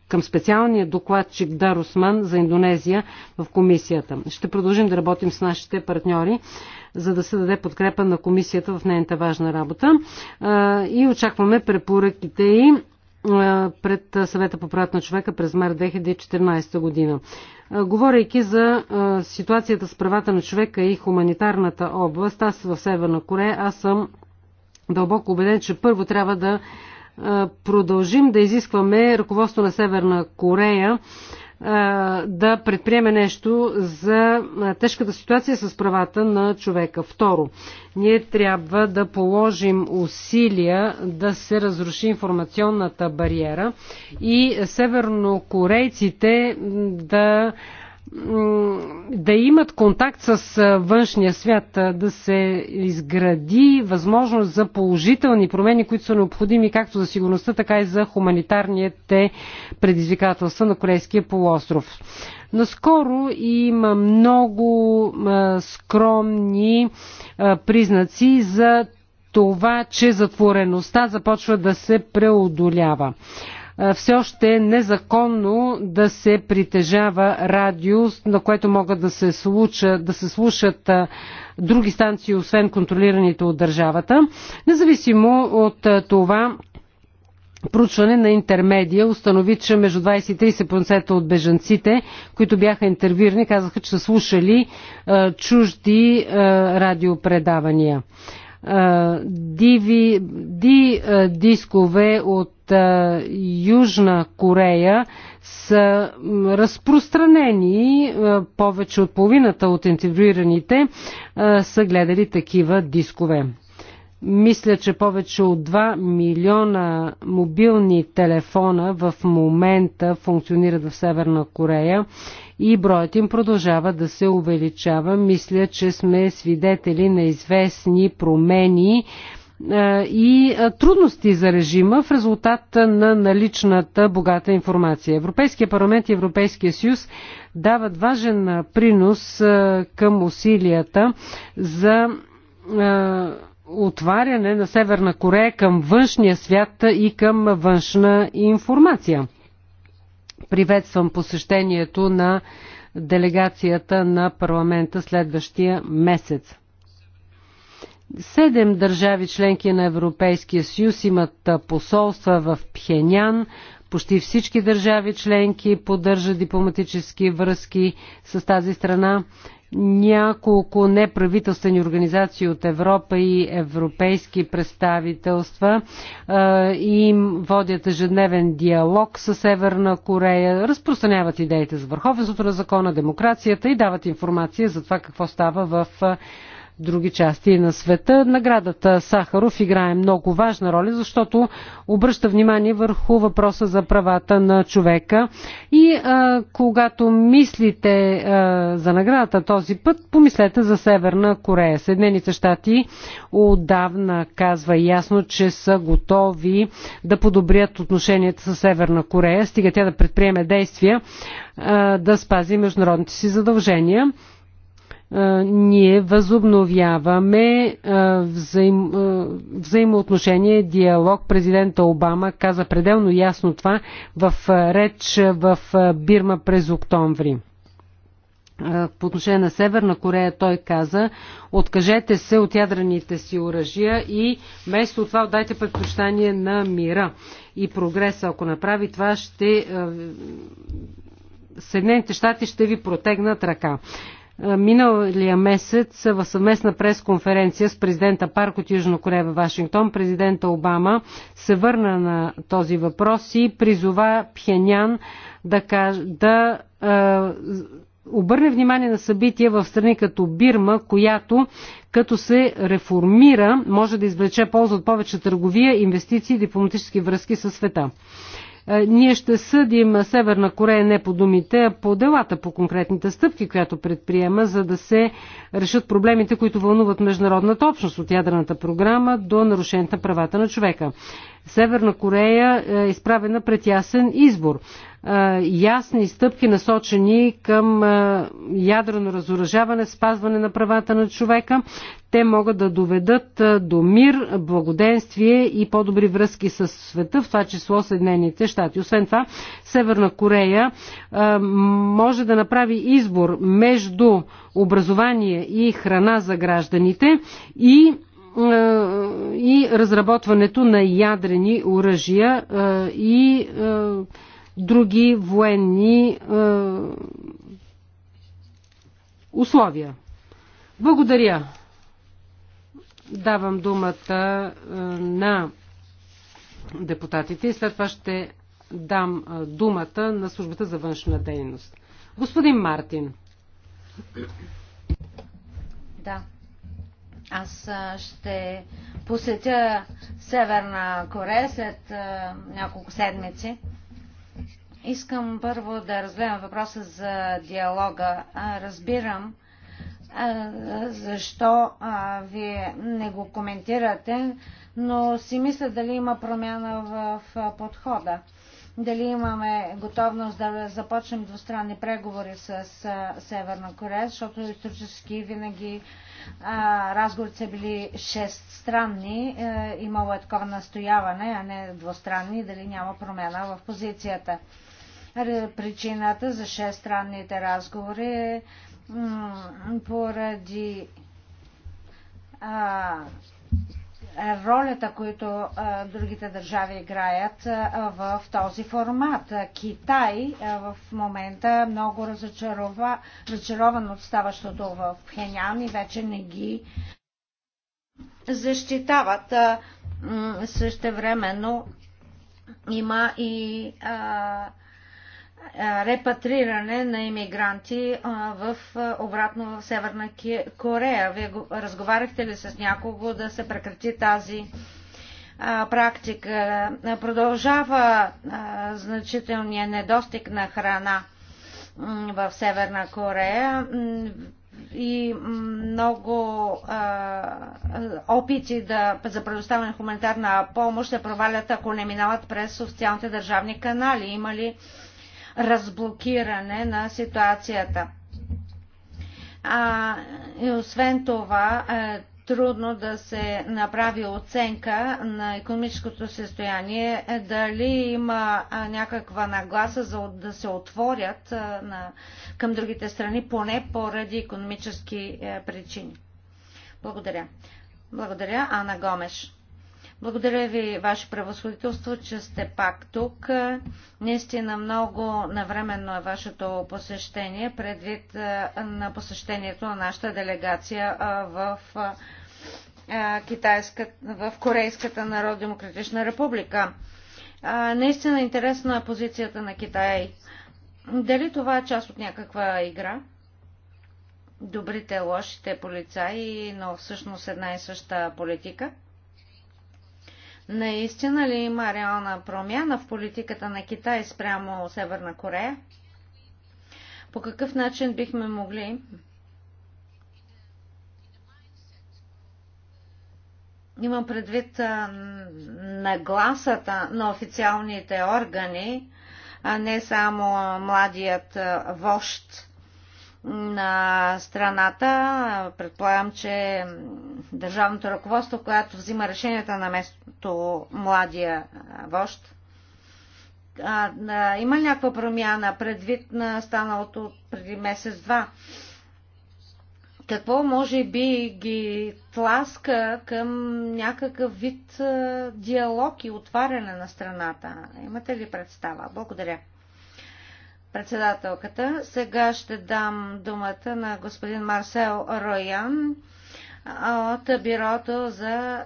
към специалния докладчик Дарусман за Индонезия в комисията. Ще продължим да работим с нашите партньори за да се даде подкрепа на комисията в нейната важна работа. И очакваме препоръките и пред съвета по правата на човека през март 2014 година. Говорейки за ситуацията с правата на човека и хуманитарната област, аз в Северна Корея, аз съм дълбоко убеден, че първо трябва да продължим да изискваме ръководство на Северна Корея да предприеме нещо за тежката ситуация с правата на човека. Второ, ние трябва да положим усилия да се разруши информационната бариера и севернокорейците да да имат контакт с външния свят, да се изгради възможност за положителни промени, които са необходими както за сигурността, така и за хуманитарните предизвикателства на Корейския полуостров. Наскоро има много скромни признаци за това, че затвореността започва да се преодолява все още е незаконно да се притежава радио, на което могат да се, случа, да се слушат други станции, освен контролираните от държавата. Независимо от това, проучване на интермедия установи, че между 20 и 30% от бежанците, които бяха интервюирани, казаха, че са слушали е, чужди е, радиопредавания диви, ди дискове от Южна Корея са разпространени. Повече от половината от интегрираните са гледали такива дискове. Мисля, че повече от 2 милиона мобилни телефона в момента функционират в Северна Корея и броят им продължава да се увеличава. Мисля, че сме свидетели на известни промени и трудности за режима в резултат на наличната богата информация. Европейския парламент и Европейския съюз дават важен принос към усилията за отваряне на Северна Корея към външния свят и към външна информация приветствам посещението на делегацията на парламента следващия месец. Седем държави членки на Европейския съюз имат посолства в Пхенян. Почти всички държави членки поддържат дипломатически връзки с тази страна няколко неправителствени организации от Европа и европейски представителства и им водят ежедневен диалог с Северна Корея, разпространяват идеите за върховенството на закона, демокрацията и дават информация за това какво става в други части на света. Наградата Сахаров играе много важна роля, защото обръща внимание върху въпроса за правата на човека. И а, когато мислите а, за наградата този път, помислете за Северна Корея. Съединените щати отдавна казва ясно, че са готови да подобрят отношенията с Северна Корея, стига тя да предприеме действия а, да спази международните си задължения ние възобновяваме взаим, взаимоотношение, диалог. Президента Обама каза пределно ясно това в реч в Бирма през октомври. По отношение на Северна Корея той каза, откажете се от ядрените си оръжия и вместо това отдайте предпочитание на мира и прогреса. Ако направи това, ще Съединените щати ще ви протегнат ръка. Е, миналия месец в съвместна пресконференция с президента Парк от Южно Корея в Вашингтон, президента Обама се върна на този въпрос и призова Пхенян да, каж... да е, обърне внимание на събития в страни като Бирма, която като се реформира може да извлече полза от повече търговия, инвестиции и дипломатически връзки със света. Е, ние ще съдим Северна Корея не по думите, а по делата, по конкретните стъпки, която предприема, за да се решат проблемите, които вълнуват международната общност от ядрената програма до нарушената на правата на човека. Северна Корея е изправена пред ясен избор ясни стъпки насочени към ядрено разоръжаване, спазване на правата на човека. Те могат да доведат до мир, благоденствие и по-добри връзки с света, в това число Съединените щати. Освен това, Северна Корея може да направи избор между образование и храна за гражданите и и разработването на ядрени оръжия и други военни е, условия. Благодаря. Давам думата е, на депутатите и след това ще дам е, думата на службата за външна дейност. Господин Мартин. Да. Аз е, ще посетя Северна Корея след е, няколко седмици. Искам първо да разгледам въпроса за диалога. Разбирам защо вие не го коментирате, но си мисля дали има промяна в подхода. Дали имаме готовност да започнем двустранни преговори с Северна Корея, защото исторически винаги разговорите са били шестстранни, е, имало е такова настояване, а не двустранни, дали няма промяна в позицията. Причината за шестранните разговори е поради а, ролята, които а, другите държави играят а, в този формат. Китай а, в момента много разочарова, разочарован от ставащото в Пхенян и вече не ги защитават. А, същевременно има и а, репатриране на иммигранти в, обратно в Северна Корея. Вие разговаряхте ли с някого да се прекрати тази практика? Продължава значителния недостиг на храна в Северна Корея и много а, опити да, за предоставяне хуманитарна помощ се провалят, ако не минават през официалните държавни канали. Има ли а, разблокиране на ситуацията. А, и освен това, е трудно да се направи оценка на економическото състояние, е, дали има е, някаква нагласа за да се отворят е, на, към другите страни, поне поради економически причини. Благодаря. Благодаря, Ана Гомеш. Благодаря ви, Ваше превъзходителство, че сте пак тук. Наистина много навременно е Вашето посещение, предвид на посещението на нашата делегация в Китайска, в Корейската народно-демократична република. Наистина интересна е позицията на Китай. Дали това е част от някаква игра? Добрите, лошите полицаи, но всъщност една и съща политика – Наистина ли има реална промяна в политиката на Китай спрямо Северна Корея? По какъв начин бихме могли имам предвид нагласата на официалните органи, а не само младият вожд на страната. Предполагам, че държавното ръководство, което взима решенията на местото младия вожд, има ли някаква промяна предвид на станалото преди месец-два? Какво може би ги тласка към някакъв вид диалог и отваряне на страната? Имате ли представа? Благодаря председателката. Сега ще дам думата на господин Марсел Роян от Бюрото за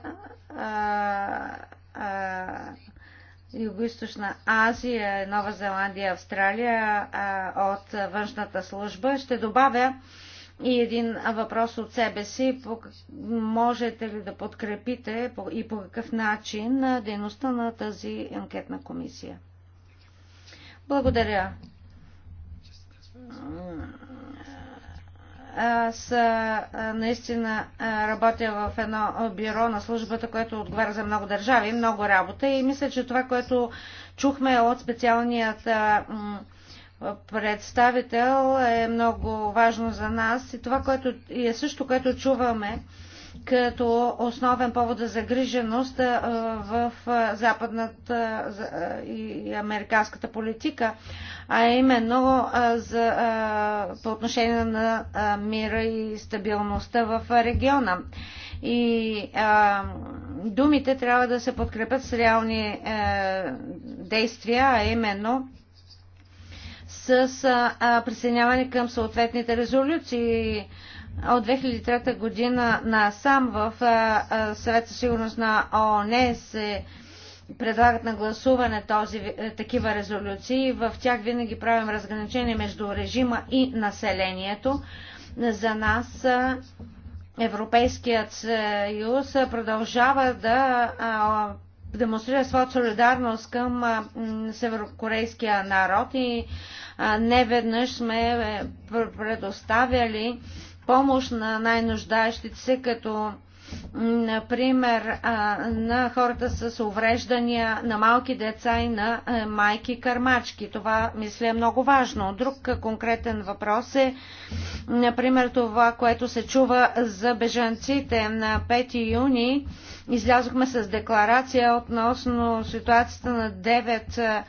Юго-Источна Азия, Нова Зеландия, Австралия а, от външната служба. Ще добавя и един въпрос от себе си. Можете ли да подкрепите и по какъв начин дейността на тази анкетна комисия? Благодаря, аз наистина работя в едно бюро на службата, което отговаря за много държави, много работа и мисля, че това, което чухме от специалният представител е много важно за нас и това, което и е също, което чуваме като основен повод за загриженост в западната и американската политика, а именно за, по отношение на мира и стабилността в региона. И а, думите трябва да се подкрепят с реални е, действия, а именно с а, присъединяване към съответните резолюции от 2003 година насам в Съвета сигурност на ООН се предлагат на гласуване този, е, такива резолюции. В тях винаги правим разграничение между режима и населението. За нас Европейският съюз продължава да демонстрира своята солидарност към северокорейския народ и неведнъж сме е, предоставяли помощ на най-нуждаещите се, като например на хората с увреждания, на малки деца и на майки кърмачки. Това, мисля, е много важно. Друг конкретен въпрос е, например, това, което се чува за бежанците. На 5 юни излязохме с декларация относно ситуацията на 9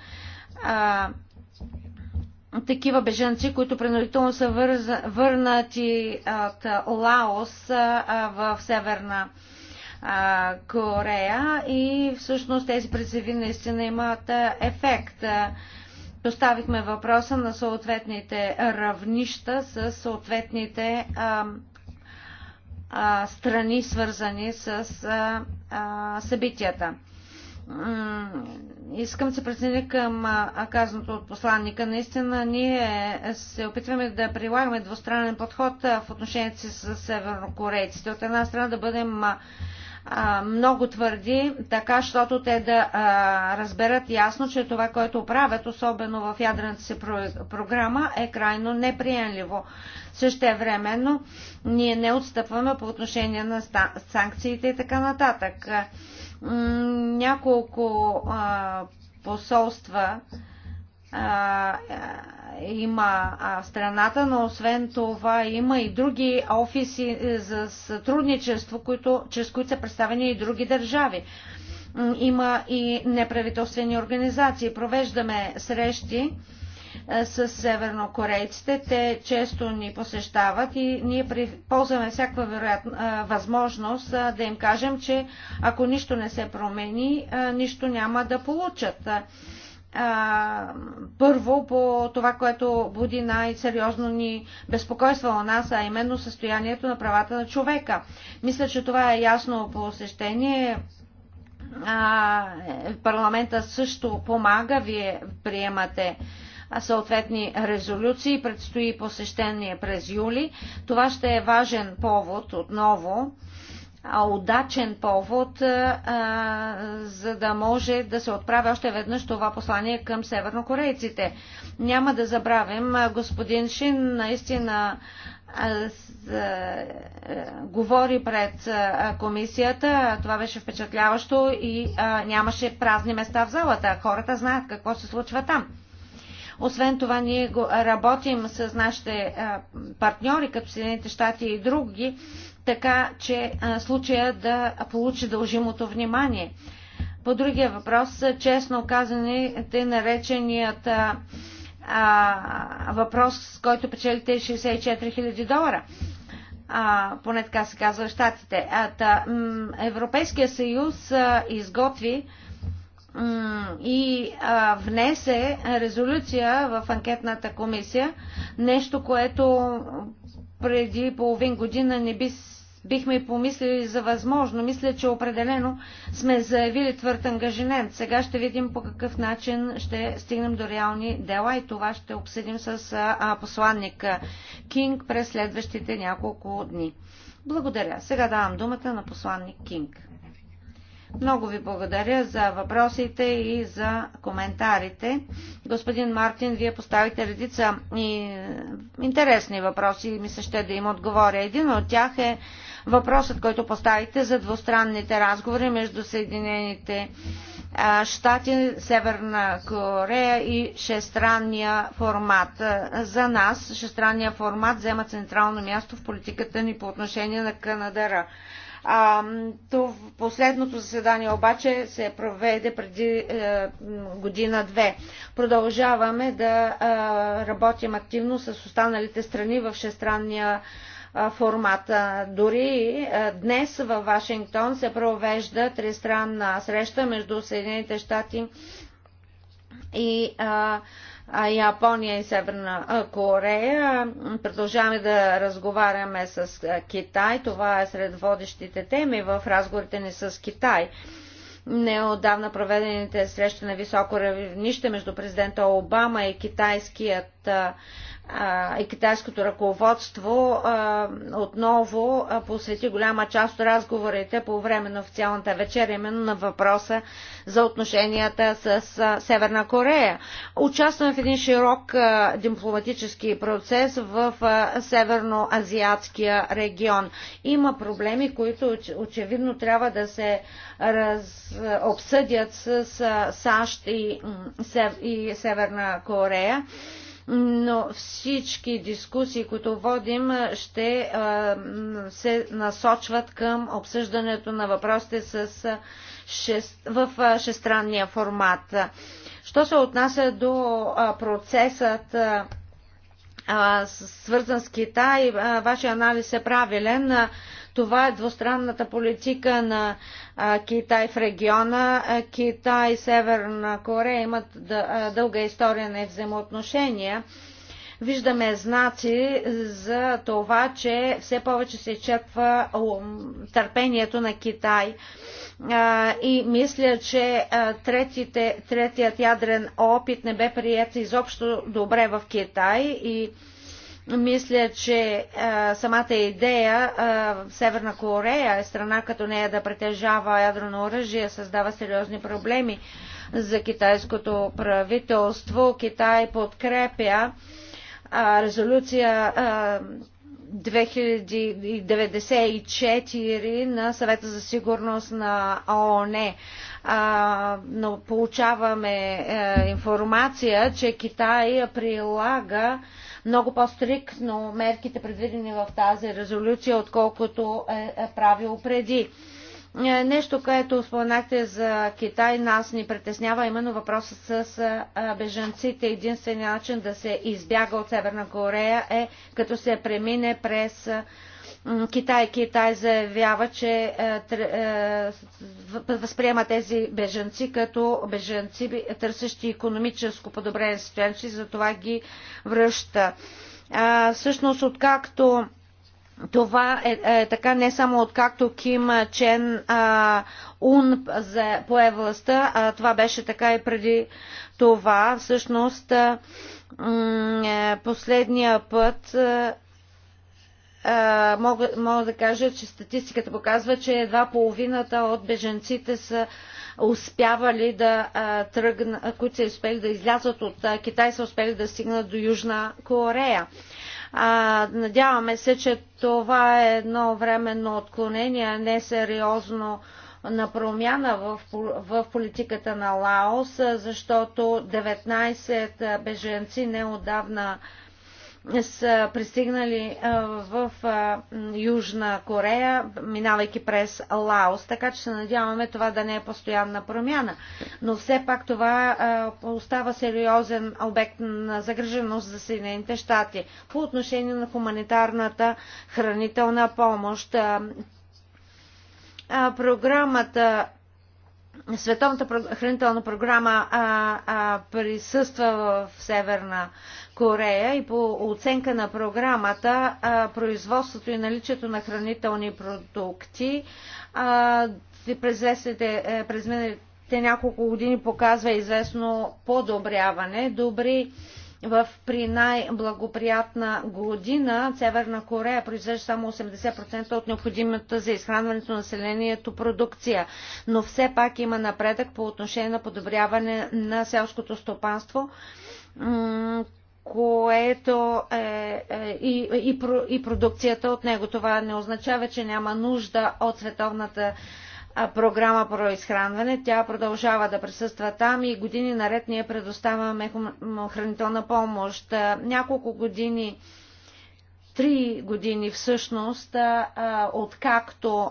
такива беженци, които принудително са върза, върнати от Лаос в Северна Корея и всъщност тези призиви наистина имат ефект. Поставихме въпроса на съответните равнища с съответните а, а, страни, свързани с а, събитията искам да се присъединя към казаното от посланника. Наистина ние се опитваме да прилагаме двустранен подход в отношението си с севернокорейците. От една страна да бъдем много твърди, така, защото те да разберат ясно, че това, което правят, особено в ядрената си програма, е крайно неприемливо. Същевременно ние не отстъпваме по отношение на санкциите и така нататък няколко а, посолства а, има в страната, но освен това има и други офиси е, за сътрудничество, които, чрез които са представени и други държави. Има и неправителствени организации. Провеждаме срещи с севернокорейците. Те често ни посещават и ние ползваме всякаква вероятна възможност да им кажем, че ако нищо не се промени, нищо няма да получат първо по това, което буди най-сериозно ни безпокойство у нас, а именно състоянието на правата на човека. Мисля, че това е ясно посещение. усещение. парламента също помага, вие приемате съответни резолюции. Предстои посещение през юли. Това ще е важен повод отново удачен повод, за да може да се отправи още веднъж това послание към севернокорейците. Няма да забравим, господин Шин наистина говори пред комисията, това беше впечатляващо и нямаше празни места в залата. Хората знаят какво се случва там. Освен това, ние го работим с нашите партньори, като Съединените щати и други, така че случая да получи дължимото внимание. По другия въпрос, честно казани, те нареченият а, а, въпрос, с който печелите 64 000 долара. А, поне така се казва в Штатите. Европейския съюз а, изготви а, и а, внесе резолюция в анкетната комисия, нещо, което преди половин година не би, бихме помислили за възможно. Мисля, че определено сме заявили твърд ангажимент. Сега ще видим по какъв начин ще стигнем до реални дела и това ще обсъдим с а, посланник Кинг през следващите няколко дни. Благодаря. Сега давам думата на посланник Кинг. Много ви благодаря за въпросите и за коментарите. Господин Мартин, вие поставите редица и е, интересни въпроси и ми се ще да им отговоря. Един от тях е въпросът, който поставите за двустранните разговори между Съединените Штати, Северна Корея и шестранния формат. За нас шестранния формат взема централно място в политиката ни по отношение на Канадара. А, то в последното заседание обаче се проведе преди е, година-две. Продължаваме да е, работим активно с останалите страни в шестранния е, формат. Дори е, днес във Вашингтон се провежда тристранна среща между Съединените щати и а, е, Япония и Северна Корея. Продължаваме да разговаряме с Китай. Това е сред водещите теми в разговорите ни с Китай. Неодавна проведените срещи на високо равнище между президента Обама и китайският китайското ръководство отново посвети голяма част от разговорите по време на официалната вечер, именно на въпроса за отношенията с Северна Корея. Участваме в един широк дипломатически процес в Северноазиатския регион. Има проблеми, които очевидно трябва да се раз... обсъдят с САЩ и Северна Корея но всички дискусии, които водим, ще се насочват към обсъждането на въпросите с в шестранния формат. Що се отнася до процесът свързан с Китай, вашия анализ е правилен. Това е двустранната политика на Китай в региона. Китай и Северна Корея имат дълга история на взаимоотношения. Виждаме знаци за това, че все повече се изчерпва търпението на Китай и мисля, че третите, третият ядрен опит не бе прият изобщо добре в Китай и мисля, че а, самата идея а, Северна Корея, е страна като нея да притежава ядрено оръжие, създава сериозни проблеми за китайското правителство. Китай подкрепя а, резолюция а, 2094 на съвета за сигурност на ООН. А, но получаваме а, е, информация, че Китай прилага много по-стриктно мерките предвидени в тази резолюция, отколкото е, е правил преди. Е, нещо, което споменахте за Китай, нас ни притеснява именно въпросът с е, бежанците. Единственият начин да се избяга от Северна Корея е като се премине през Китай. Китай заявява, че е, е, възприема тези бежанци като бежанци, търсещи економическо подобрение на ситуация, за това ги връща. Всъщност, откакто това е, е така не само откакто Ким Чен а, Ун за, пое властта, а това беше така и преди това. Всъщност, а, е, последния път а, мога, мога да кажа, че статистиката показва, че едва половината от беженците са успявали да тръгнат, които са успели да излязат от Китай, са успели да стигнат до Южна Корея. А, надяваме се, че това е едно временно отклонение, не сериозно на промяна в, в политиката на Лаос, защото 19 беженци неодавна отдавна са пристигнали в Южна Корея, минавайки през Лаос, така че се надяваме това да не е постоянна промяна. Но все пак това остава сериозен обект на загриженост за Съединените щати по отношение на хуманитарната хранителна помощ. Програмата Световната хранителна програма а, а, присъства в Северна Корея и по оценка на програмата производството и наличието на хранителни продукти през, лесните, е, през миналите няколко години показва известно подобряване. Добри в при най-благоприятна година Северна Корея произвежда само 80% от необходимата за изхранването на населението продукция, но все пак има напредък по отношение на подобряване на селското стопанство което е, е, и, и, и продукцията от него. Това не означава, че няма нужда от световната програма про изхранване. Тя продължава да присъства там и години наред ние предоставяме хранителна помощ. Няколко години, три години всъщност, откакто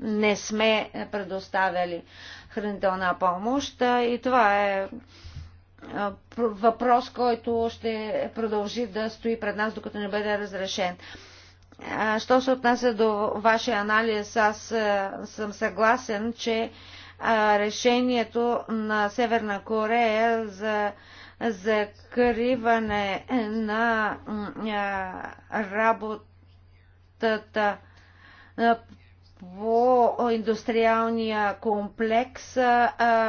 не сме предоставяли хранителна помощ и това е въпрос, който ще продължи да стои пред нас, докато не бъде разрешен. Що се отнася до вашия анализ, аз съм съгласен, че решението на Северна Корея за закриване на работата по индустриалния комплекс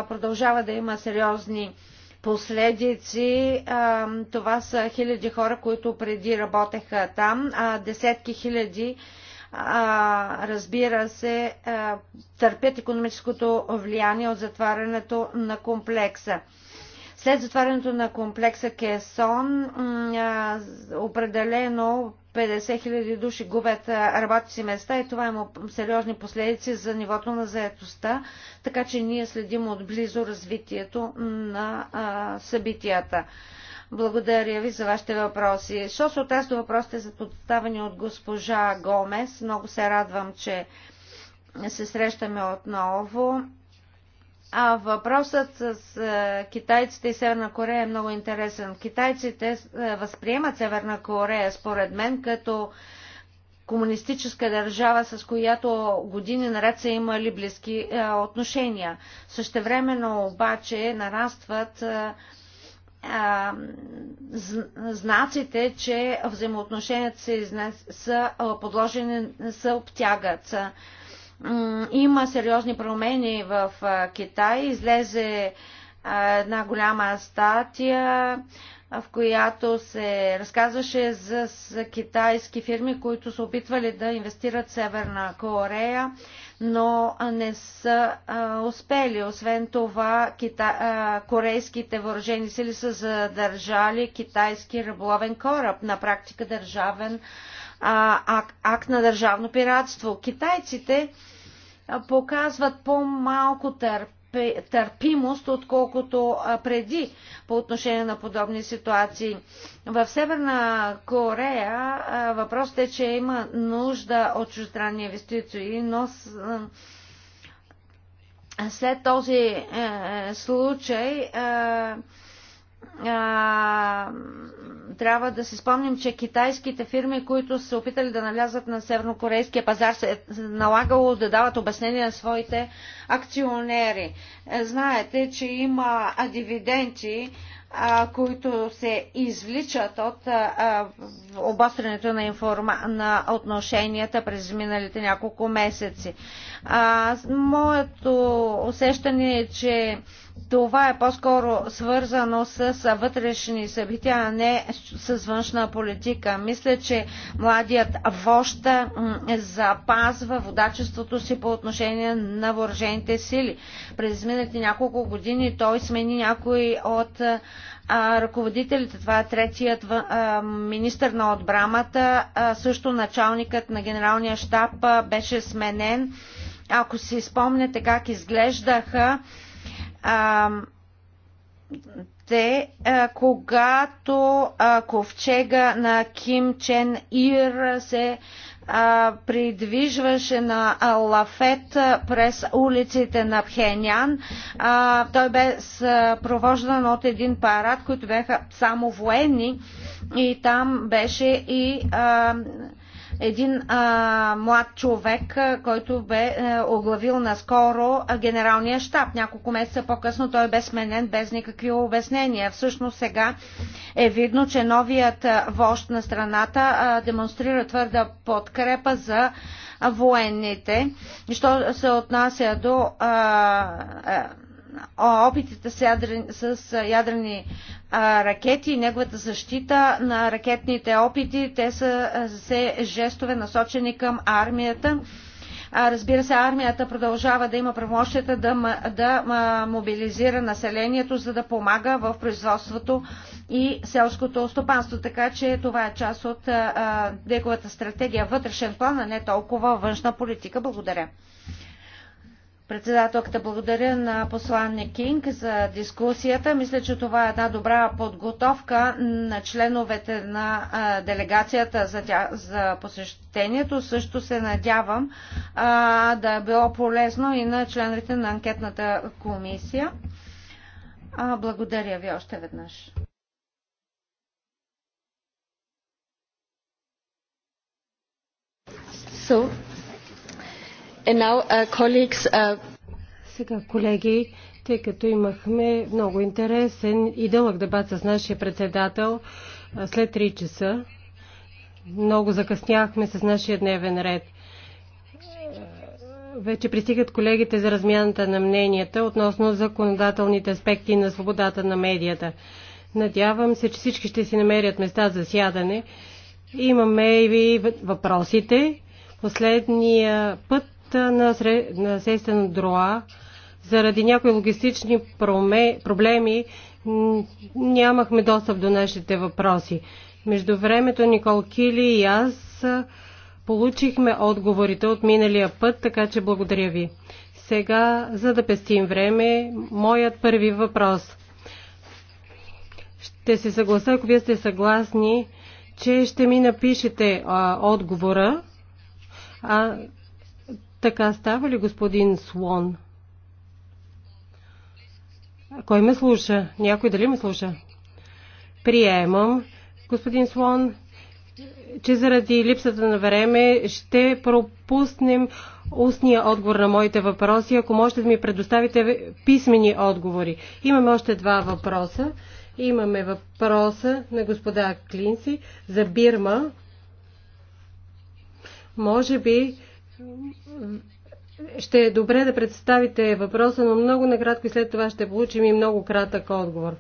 продължава да има сериозни последици. Това са хиляди хора, които преди работеха там, а десетки хиляди а, разбира се, а, търпят економическото влияние от затварянето на комплекса. След затварянето на комплекса Кесон, определено 50 хиляди души губят работни си места и това има сериозни последици за нивото на заетостта, така че ние следим отблизо развитието на събитията. Благодаря ви за вашите въпроси. Що се отнася до въпросите за подставени от госпожа Гомес, много се радвам, че се срещаме отново. А въпросът с китайците и Северна Корея е много интересен. Китайците възприемат Северна Корея, според мен, като комунистическа държава, с която години наред са имали близки е, отношения. Същевременно обаче нарастват знаците, че взаимоотношенията са, са подложени, са обтягат има сериозни промени в Китай. Излезе една голяма статия, в която се разказваше за китайски фирми, които са опитвали да инвестират в Северна Корея, но не са успели. Освен това, кита... корейските въоръжени сили са задържали китайски риболовен кораб, на практика държавен кораб а, ак, акт на държавно пиратство. Китайците показват по-малко търпи, търпимост, отколкото преди по отношение на подобни ситуации. В Северна Корея въпросът е, че има нужда от чуждестранни инвестиции, но след този е, е, случай е, а, трябва да си спомним, че китайските фирми, които са опитали да навлязат на севернокорейския пазар, се е налагало да дават обяснение на своите акционери. Е, знаете, че има дивиденти, а, които се извличат от а, обострянето на, информа... на отношенията през миналите няколко месеци. А, моето усещане е, че това е по-скоро свързано с вътрешни събития, а не с външна политика. Мисля, че младият вожда запазва водачеството си по отношение на въоръжените сили. През изминалите няколко години той смени някой от а, ръководителите. Това е третият а, министр на отбрамата, а, също началникът на генералния щаб беше сменен. Ако си спомняте как изглеждаха а, те, а, когато а, ковчега на Ким Чен Ир се а, придвижваше на лафет през улиците на Пхенян. А, той бе провождан от един парад, които бяха само военни и там беше и а, един а, млад човек, а, който бе а, е, оглавил наскоро а, генералния щаб. Няколко месеца по-късно той е бе сменен без никакви обяснения. Всъщност сега е видно, че новият вожд на страната а, демонстрира твърда подкрепа за военните. и Що се отнася до а, а, опитите с ядрени, с ядрени ракети и неговата защита на ракетните опити. Те са се жестове насочени към армията. Разбира се, армията продължава да има правомощията да, да мобилизира населението, за да помага в производството и селското стопанство. Така че това е част от неговата стратегия, вътрешен план, а не толкова външна политика. Благодаря. Председателката благодаря на посланник Кинг за дискусията. Мисля, че това е една добра подготовка на членовете на делегацията за, тя, за посещението. Също се надявам а, да е било полезно и на членовете на анкетната комисия. А, благодаря ви още веднъж. So, Uh, uh, Сега, колеги, тъй като имахме много интересен и дълъг дебат с нашия председател след 3 часа, много закъсняхме с нашия дневен ред. Вече пристигат колегите за размяната на мненията относно законодателните аспекти на свободата на медията. Надявам се, че всички ще си намерят места за сядане. Имаме и въпросите. Последния път среща на, сре... на сесията на Дроа заради някои логистични проме... проблеми нямахме достъп до нашите въпроси. Между времето Никол Кили и аз получихме отговорите от миналия път, така че благодаря ви. Сега, за да пестим време, моят първи въпрос. Ще се съгласа, ако вие сте съгласни, че ще ми напишете а, отговора, а, така става ли, господин Слон? Кой ме слуша? Някой дали ме слуша? Приемам, господин Слон, че заради липсата на време ще пропуснем устния отговор на моите въпроси, ако можете да ми предоставите писмени отговори. Имаме още два въпроса. Имаме въпроса на господа Клинси за Бирма. Може би ще е добре да представите въпроса, но много накратко и след това ще получим и много кратък отговор.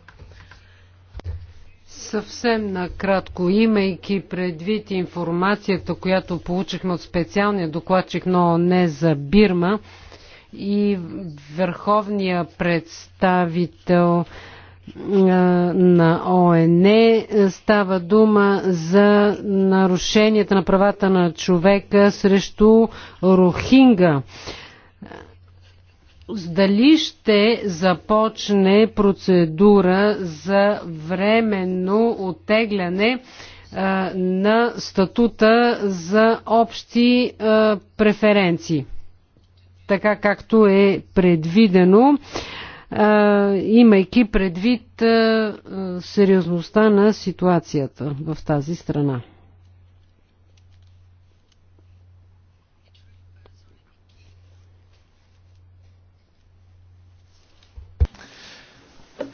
Съвсем накратко, имайки предвид информацията, която получихме от специалния докладчик на ОНЕ за Бирма и върховния представител на ОН става дума за нарушенията на правата на човека срещу Рохинга. Дали ще започне процедура за временно оттегляне на статута за общи преференции, така както е предвидено имайки предвид сериозността на ситуацията в тази страна.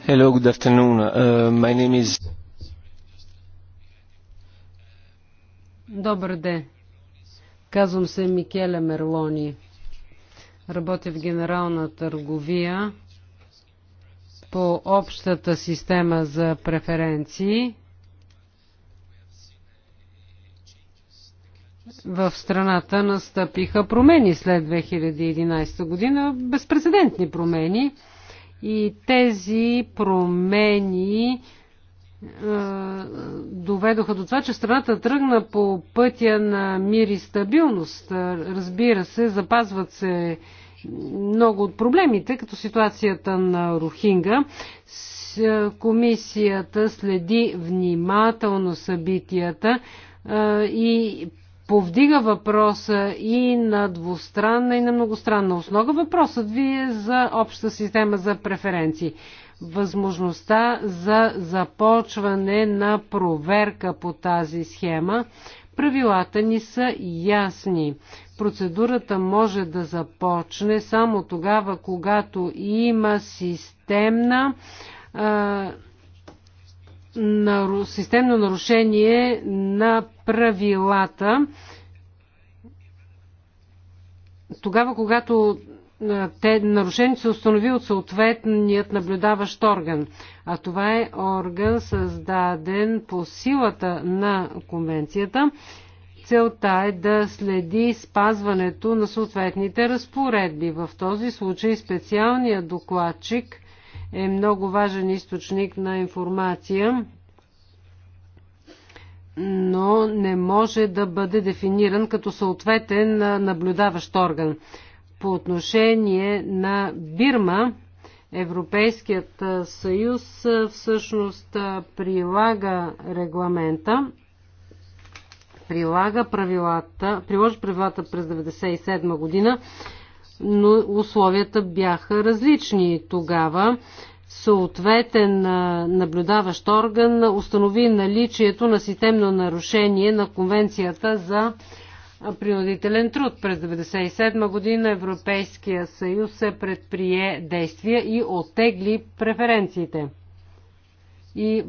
Hello, good afternoon. Uh, my name is... Добър ден. Казвам се Микеле Мерлони. Работя в генерална търговия по общата система за преференции. В страната настъпиха промени след 2011 година, безпредседентни промени. И тези промени доведоха до това, че страната тръгна по пътя на мир и стабилност. Разбира се, запазват се много от проблемите, като ситуацията на Рухинга, е, Комисията следи внимателно събитията е, и повдига въпроса и на двустранна и на многостранна основа. Въпросът ви е за обща система за преференции. Възможността за започване на проверка по тази схема. Правилата ни са ясни процедурата може да започне само тогава, когато има системна системно нарушение на правилата, тогава когато те, нарушението се установи от съответният наблюдаващ орган. А това е орган създаден по силата на конвенцията целта е да следи спазването на съответните разпоредби. В този случай специалният докладчик е много важен източник на информация, но не може да бъде дефиниран като съответен наблюдаващ орган. По отношение на Бирма, Европейският съюз всъщност прилага регламента прилага правилата, приложи правилата през 1997 година, но условията бяха различни тогава. Съответен наблюдаващ орган установи наличието на системно нарушение на Конвенцията за принудителен труд. През 1997 година Европейския съюз се предприе действия и оттегли преференциите. И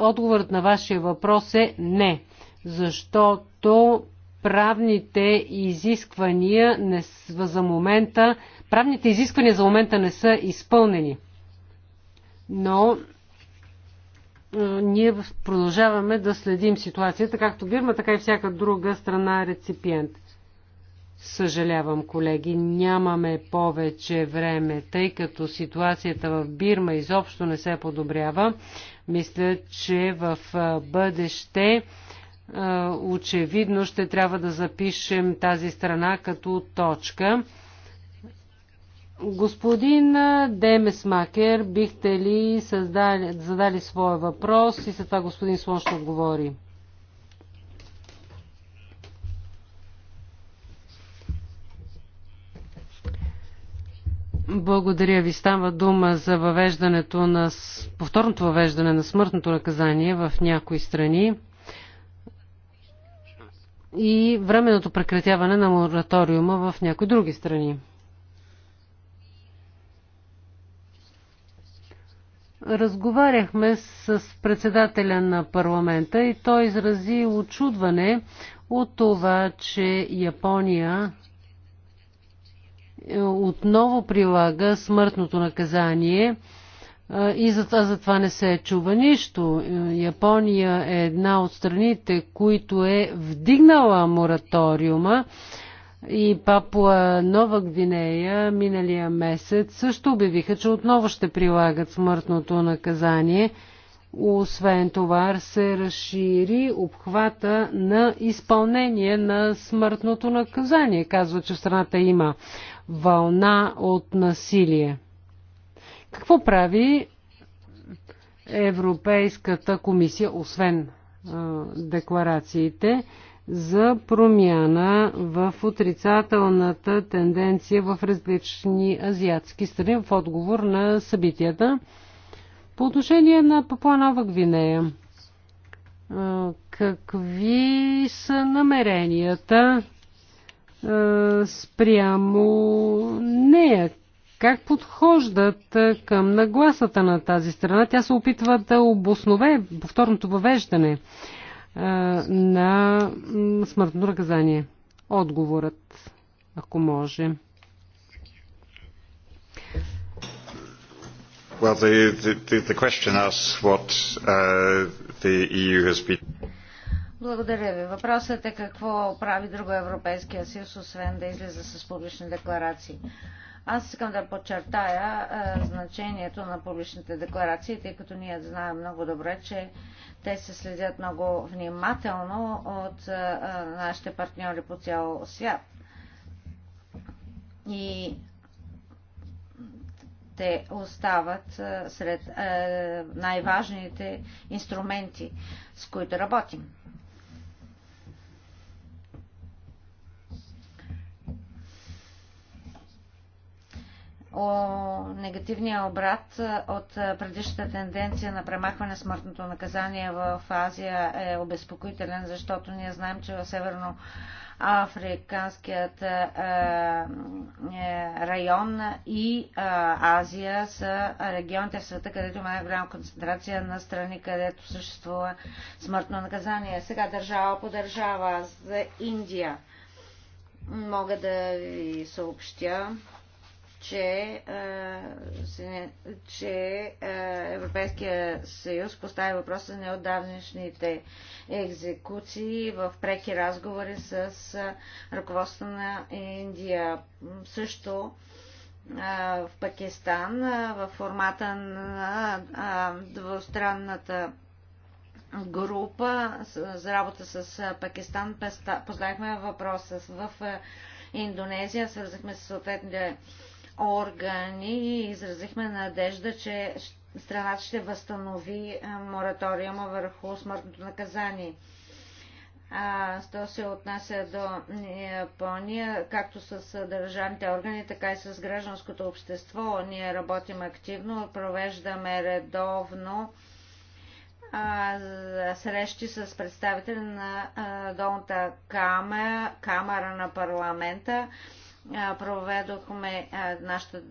отговорът на вашия въпрос е не защото правните изисквания не, за момента, правните изисквания за момента не са изпълнени. Но ние продължаваме да следим ситуацията, както Бирма, така и всяка друга страна е реципиент. Съжалявам, колеги, нямаме повече време, тъй като ситуацията в Бирма изобщо не се подобрява. Мисля, че в бъдеще очевидно ще трябва да запишем тази страна като точка. Господин Демесмакер, бихте ли създали, задали своя въпрос и след това господин Слон ще отговори. Благодаря ви. Става дума за въвеждането на повторното въвеждане на смъртното наказание в някои страни и временното прекратяване на мораториума в някои други страни. Разговаряхме с председателя на парламента и той изрази очудване от това, че Япония е, отново прилага смъртното наказание – и за това, за това не се е чува нищо. Е, Япония е една от страните, които е вдигнала мораториума и Папуа Нова Гвинея миналия месец също обявиха, че отново ще прилагат смъртното наказание. Освен това се разшири обхвата на изпълнение на смъртното наказание. Казва, че в страната има вълна от насилие. Какво прави Европейската комисия, освен а, декларациите, за промяна в отрицателната тенденция в различни азиатски страни в отговор на събитията? По отношение на Папуа Нова Гвинея, какви са намеренията спрямо нея? как подхождат към нагласата на тази страна. Тя се опитва да обоснове повторното въвеждане на смъртно наказание. Отговорът, ако може. Well, the, the, the question asks what uh, the EU has been. Благодаря ви. Въпросът е какво прави друго Европейския съюз, освен да излиза с публични декларации. Uh, аз искам да подчертая а, значението на публичните декларации, тъй като ние знаем много добре, че те се следят много внимателно от а, нашите партньори по цял свят. И те остават а, сред най-важните инструменти, с които работим. о, негативния обрат от предишната тенденция на премахване на смъртното наказание в Азия е обезпокоителен, защото ние знаем, че в Северно Африканският е, район и е, Азия са регионите в света, където има най-голяма концентрация на страни, където съществува смъртно наказание. Сега държава по държава за Индия. Мога да ви съобщя, че, че Европейския съюз постави въпроса за неотдавнешните екзекуции в преки разговори с ръководството на Индия. Също в Пакистан в формата на двустранната група за работа с Пакистан поставихме въпроса в Индонезия, свързахме с съответните органи и изразихме надежда, че страната ще възстанови мораториума върху смъртното наказание. А, то се отнася до Япония, както с държавните органи, така и с гражданското общество. Ние работим активно, провеждаме редовно а, срещи с представители на а, долната камера, камера на парламента. А, проведохме нашата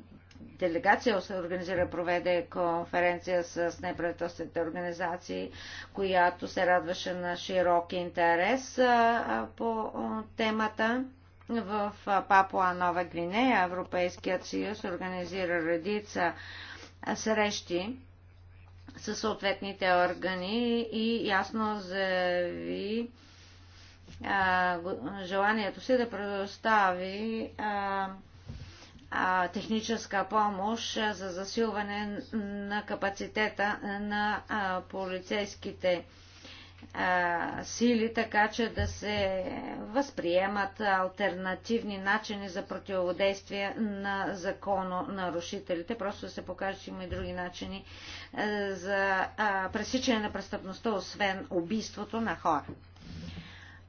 делегация се организира, проведе конференция с неправителствените организации, която се радваше на широк интерес по темата. В Папуа Нова Гвинея Европейският съюз организира редица срещи със съответните органи и ясно заяви, а, желанието си да предостави а, а, техническа помощ за засилване на капацитета на а, полицейските а, сили, така че да се възприемат альтернативни начини за противодействие на закононарушителите. Просто да се покаже, че има и други начини а, за а, пресичане на престъпността, освен убийството на хора.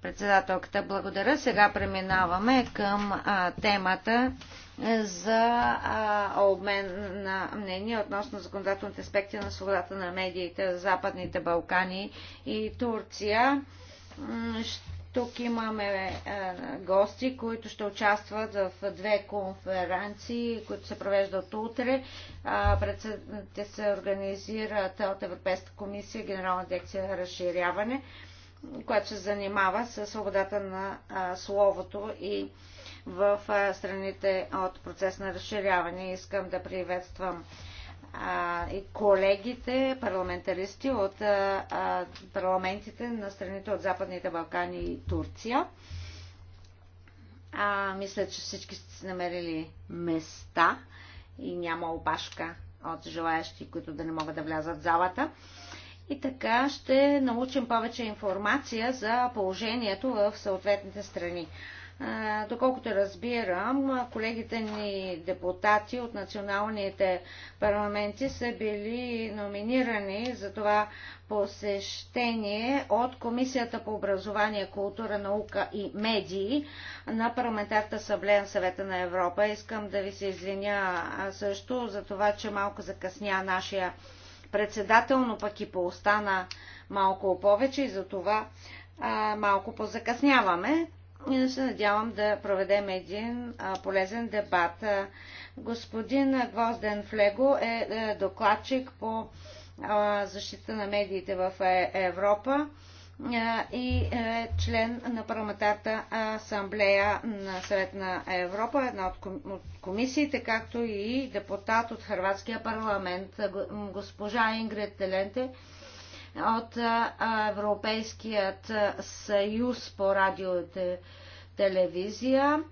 Председателката, благодаря. Сега преминаваме към а, темата за а, обмен на мнение относно законодателните аспекти на свободата на медиите в Западните Балкани и Турция. Тук имаме е, гости, които ще участват в две конференции, които се провеждат утре. Те се организират от Европейската комисия, Генерална дирекция разширяване която се занимава с свободата на словото и в страните от процес на разширяване. Искам да приветствам и колегите, парламентаристи от парламентите на страните от Западните Балкани и Турция. А, мисля, че всички сте си намерили места и няма опашка от желаящи, които да не могат да влязат в залата и така ще научим повече информация за положението в съответните страни. Доколкото разбирам, колегите ни депутати от националните парламенти са били номинирани за това посещение от Комисията по образование, култура, наука и медии на парламентарната асамблея на съвета на Европа. Искам да ви се извиня също за това, че малко закъсня нашия председател, но пък и поостана малко повече и за това а, малко позакъсняваме. И се надявам да проведем един а, полезен дебат. А, господин Гвозден Флего е, е докладчик по защита на медиите в е, Европа и е член на парламентарната асамблея на Съвет на Европа, една от комисиите, както и депутат от Харватския парламент, госпожа Ингрид Теленте от Европейският съюз по радио и телевизия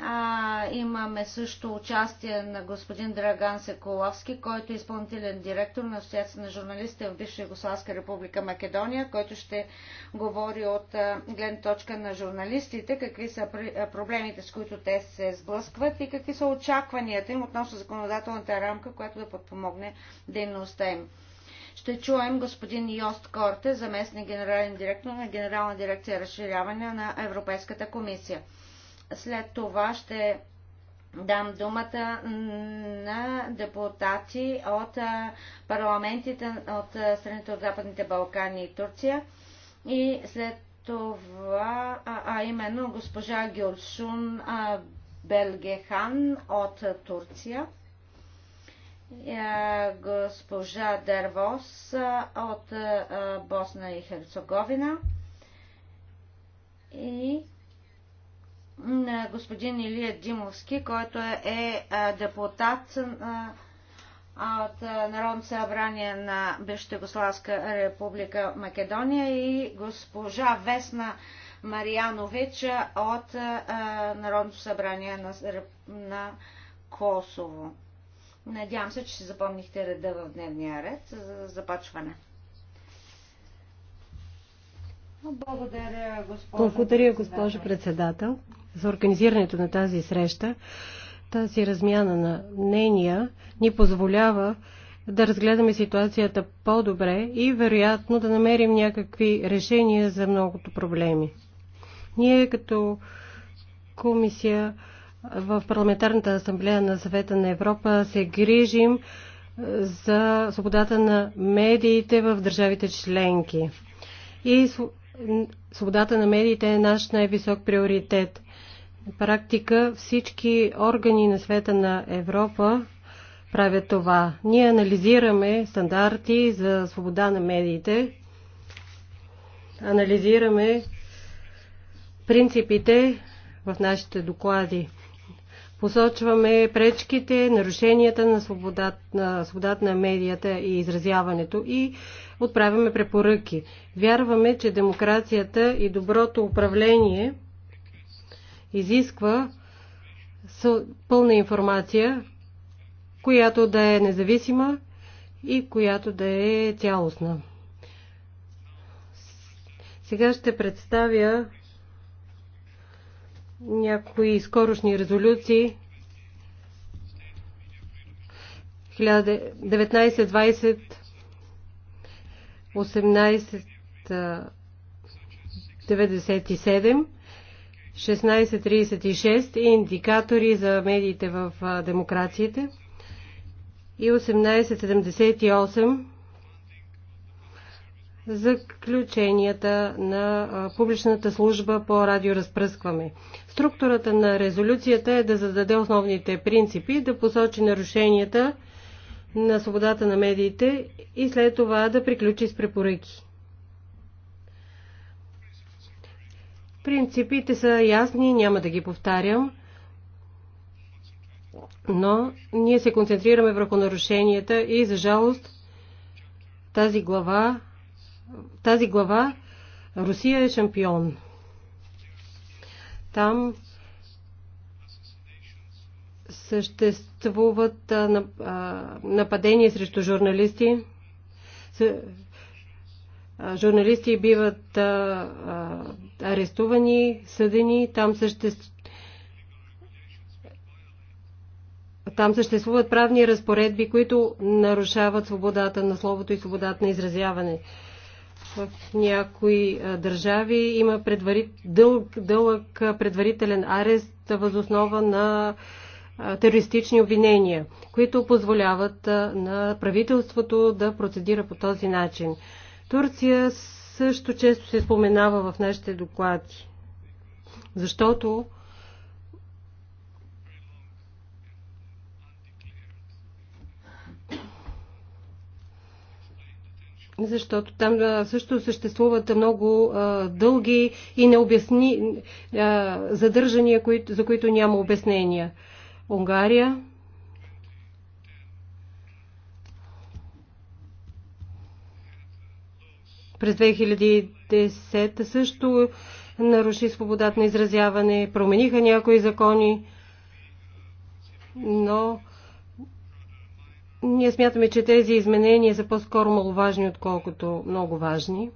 а, имаме също участие на господин Драган Секоловски, който е изпълнителен директор на Асоциация на журналистите в бивша Югославска република Македония, който ще говори от гледна точка на журналистите, какви са проблемите, с които те се сблъскват и какви са очакванията им относно законодателната рамка, която да подпомогне дейността им. Ще чуем господин Йост Корте, заместник генерален директор на Генерална дирекция разширяване на Европейската комисия. След това ще дам думата на депутати от парламентите от страните от Западните Балкани и Турция. И след това, а, а именно госпожа Гюршун Белгехан от Турция, госпожа Дервос от Босна и Херцеговина и на господин Илия Димовски, който е, е, е депутат е, от Народно събрание на бившата Югославска република Македония и госпожа Весна Мариянович от Народното събрание на, на Косово. Надявам се, че си запомнихте реда в дневния ред за започване. Благодаря, госпожо Благодаря, председател за организирането на тази среща. Тази размяна на мнения ни позволява да разгледаме ситуацията по-добре и вероятно да намерим някакви решения за многото проблеми. Ние като комисия в Парламентарната асамблея на съвета на Европа се грижим за свободата на медиите в държавите членки. И свободата на медиите е наш най-висок приоритет практика всички органи на света на Европа правят това. Ние анализираме стандарти за свобода на медиите, анализираме принципите в нашите доклади. Посочваме пречките, нарушенията на свободата на, свободат на медията и изразяването и отправяме препоръки. Вярваме, че демокрацията и доброто управление – изисква пълна информация, която да е независима и която да е цялостна. Сега ще представя някои скорошни резолюции 1920 1897 1636 индикатори за медиите в демокрациите и 1878 заключенията на публичната служба по радиоразпръскваме. Структурата на резолюцията е да зададе основните принципи, да посочи нарушенията на свободата на медиите и след това да приключи с препоръки. Принципите са ясни, няма да ги повтарям, но ние се концентрираме върху нарушенията и за жалост тази глава, тази глава Русия е шампион. Там съществуват нападения срещу журналисти. Журналисти биват арестувани, съдени, там, съществуват, там съществуват правни разпоредби, които нарушават свободата на словото и свободата на изразяване. В някои държави има предварит... дълг, дълъг предварителен арест възоснова на терористични обвинения, които позволяват на правителството да процедира по този начин. Турция също често се споменава в нашите доклади. Защото защото там също съществуват много а, дълги и необясни а, задържания, които, за които няма обяснения. Унгария през 2010 също наруши свободата на изразяване, промениха някои закони, но ние смятаме, че тези изменения са по-скоро маловажни, отколкото много важни.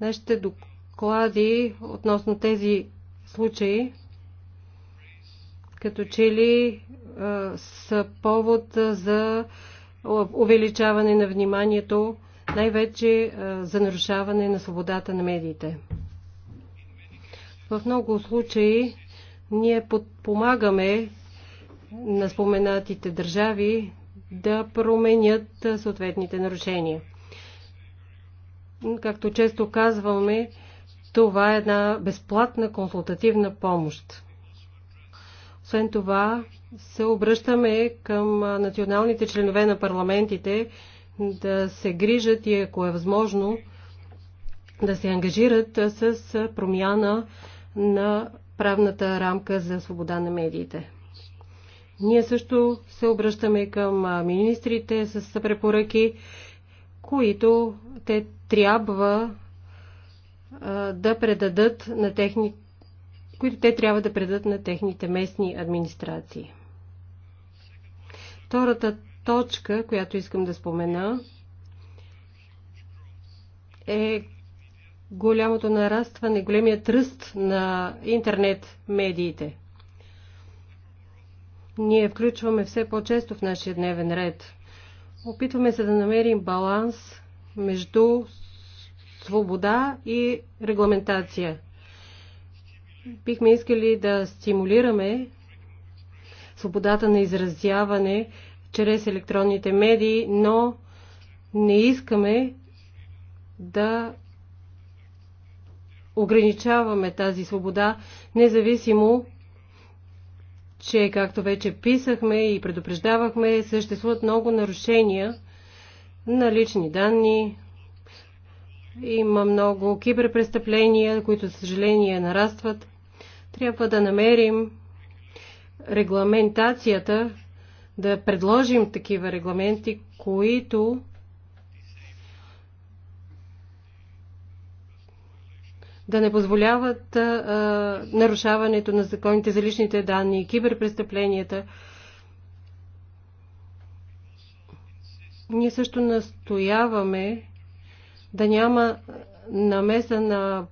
Нашите доклади относно тези случаи като че ли са повод за увеличаване на вниманието най-вече е, за нарушаване на свободата на медиите. В много случаи ние подпомагаме на споменатите държави да променят е, съответните нарушения. Както често казваме, това е една безплатна консултативна помощ. Освен това, се обръщаме към е, националните членове на парламентите да се грижат и ако е възможно да се ангажират с промяна на правната рамка за свобода на медиите. Ние също се обръщаме към министрите с препоръки, които те трябва да предадат на техни... които те трябва да предадат на техните местни администрации. Втората точка, която искам да спомена, е голямото нарастване, големият ръст на интернет медиите. Ние включваме все по-често в нашия дневен ред. Опитваме се да намерим баланс между свобода и регламентация. Бихме искали да стимулираме свободата на изразяване, чрез електронните медии, но не искаме да ограничаваме тази свобода, независимо, че, както вече писахме и предупреждавахме, съществуват много нарушения на лични данни. Има много киберпрестъпления, които, за съжаление, нарастват. Трябва да намерим регламентацията, да предложим такива регламенти, които да не позволяват а, нарушаването на законите за личните данни и киберпрестъпленията. Ние също настояваме да няма намеса на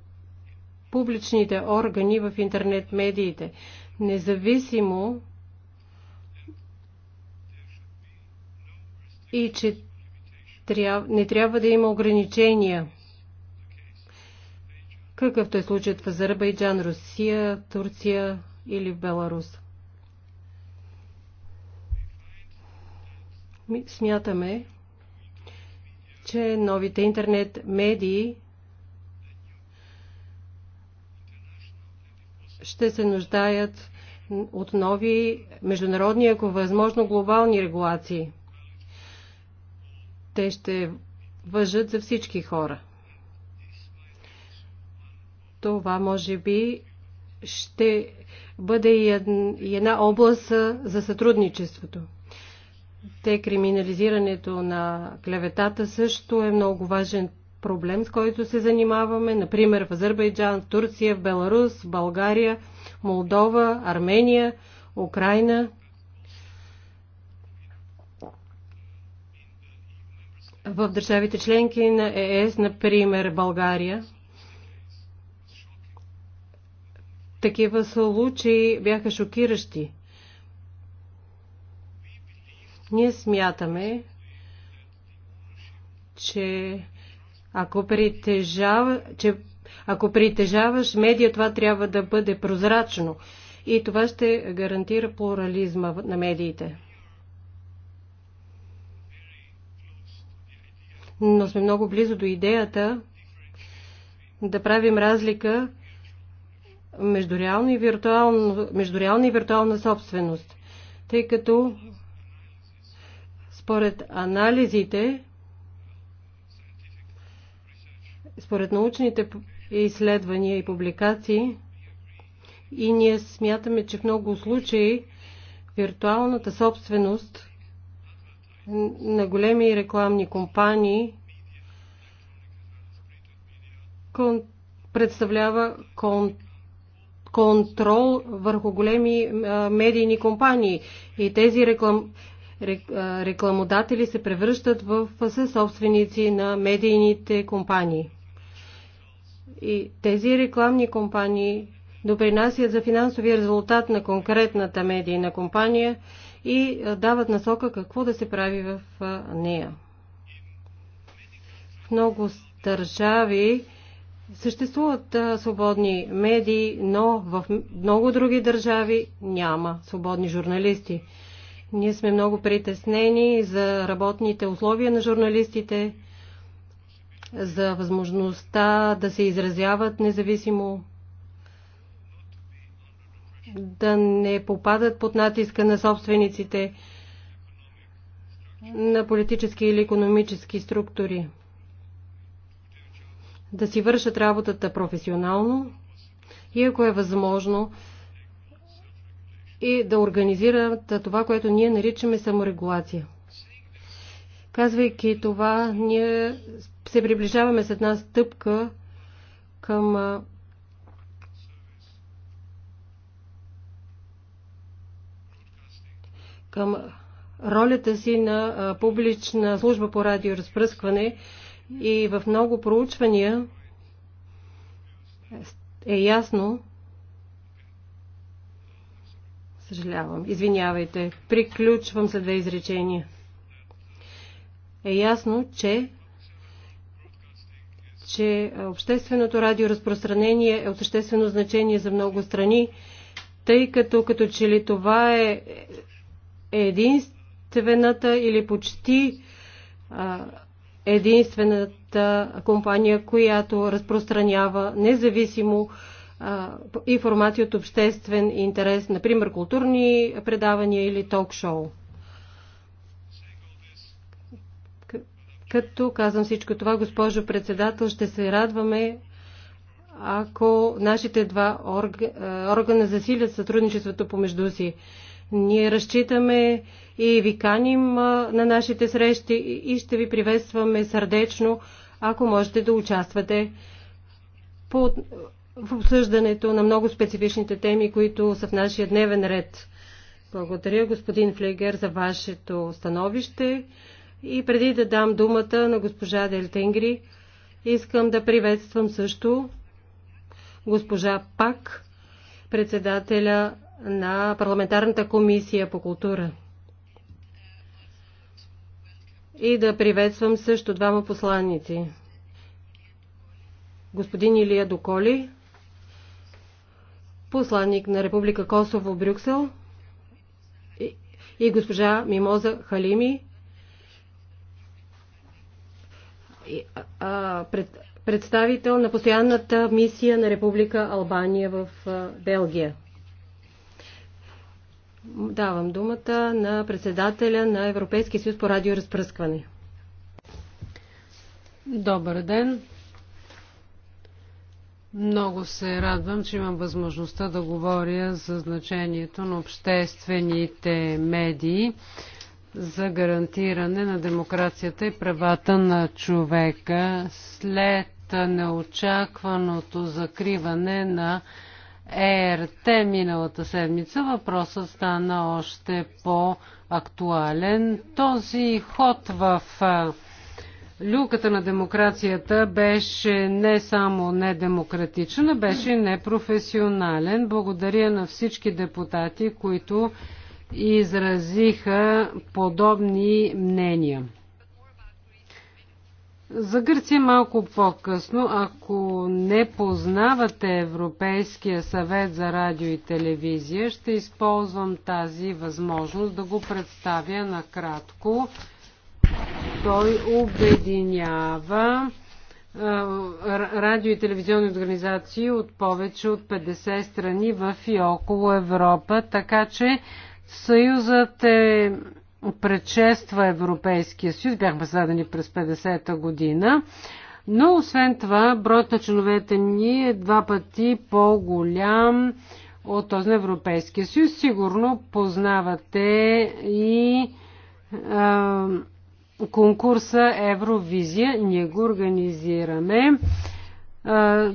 публичните органи в интернет медиите, независимо и че не трябва да има ограничения, какъвто е случаят в Азербайджан, Русия, Турция или в Беларус. Смятаме, че новите интернет медии ще се нуждаят от нови международни, ако е възможно глобални регулации – те ще въжат за всички хора. Това може би ще бъде и една област за сътрудничеството. Те криминализирането на клеветата също е много важен проблем, с който се занимаваме, например в Азербайджан, в Турция, в Беларус, в България, Молдова, Армения, Украина. в държавите членки на ЕС, например България. Такива случаи бяха шокиращи. Ние смятаме, че ако, притежава, че ако притежаваш медия, това трябва да бъде прозрачно. И това ще гарантира плурализма на медиите. но сме много близо до идеята да правим разлика между реална и виртуална, между реална и виртуална собственост, тъй като според анализите, според научните изследвания и публикации, и ние смятаме, че в много случаи виртуалната собственост на големи рекламни компании кон, представлява кон, контрол върху големи а, медийни компании. И тези реклам, рекламодатели се превръщат в съсобственици на медийните компании. И тези рекламни компании допринасят за финансовия резултат на конкретната медийна компания – и дават насока какво да се прави в нея. В много държави съществуват свободни медии, но в много други държави няма свободни журналисти. Ние сме много притеснени за работните условия на журналистите, за възможността да се изразяват независимо да не попадат под натиска на собствениците на политически или економически структури. Да си вършат работата професионално и ако е възможно и да организират това, което ние наричаме саморегулация. Казвайки това, ние се приближаваме с една стъпка към към ролята си на публична служба по радиоразпръскване и в много проучвания е ясно, съжалявам, извинявайте, приключвам се две изречения. Е ясно, че че общественото радиоразпространение е от съществено значение за много страни, тъй като като че ли това е единствената или почти единствената компания, която разпространява независимо информация от обществен интерес, например културни предавания или ток-шоу. Като казвам всичко това, госпожо председател, ще се радваме, ако нашите два органа засилят сътрудничеството помежду си. Ние разчитаме и ви каним на нашите срещи и ще ви приветстваме сърдечно, ако можете да участвате в обсъждането на много специфичните теми, които са в нашия дневен ред. Благодаря, господин Флегер, за вашето становище. И преди да дам думата на госпожа Дельтенгри, искам да приветствам също госпожа Пак, председателя на парламентарната комисия по култура. И да приветствам също двама посланници. Господин Илия Доколи, посланник на Република Косово в Брюксел, и госпожа Мимоза Халими, представител на постоянната мисия на Република Албания в Белгия. Давам думата на председателя на Европейския съюз по радиоразпръскване. Добър ден! Много се радвам, че имам възможността да говоря за значението на обществените медии за гарантиране на демокрацията и правата на човека след неочакваното закриване на ЕРТ миналата седмица, въпросът стана още по-актуален. Този ход в люката на демокрацията беше не само недемократичен, а беше непрофесионален. Благодаря на всички депутати, които изразиха подобни мнения. За Гърция е малко по-късно, ако не познавате Европейския съвет за радио и телевизия, ще използвам тази възможност да го представя накратко. Той обединява радио и телевизионни организации от повече от 50 страни в и около Европа, така че Съюзът е предшества Европейския съюз, бяхме създадени през 50-та година, но освен това броят на членовете ни е два пъти по-голям от този на Европейския съюз. Сигурно познавате и а, конкурса Евровизия. Ние го организираме. А,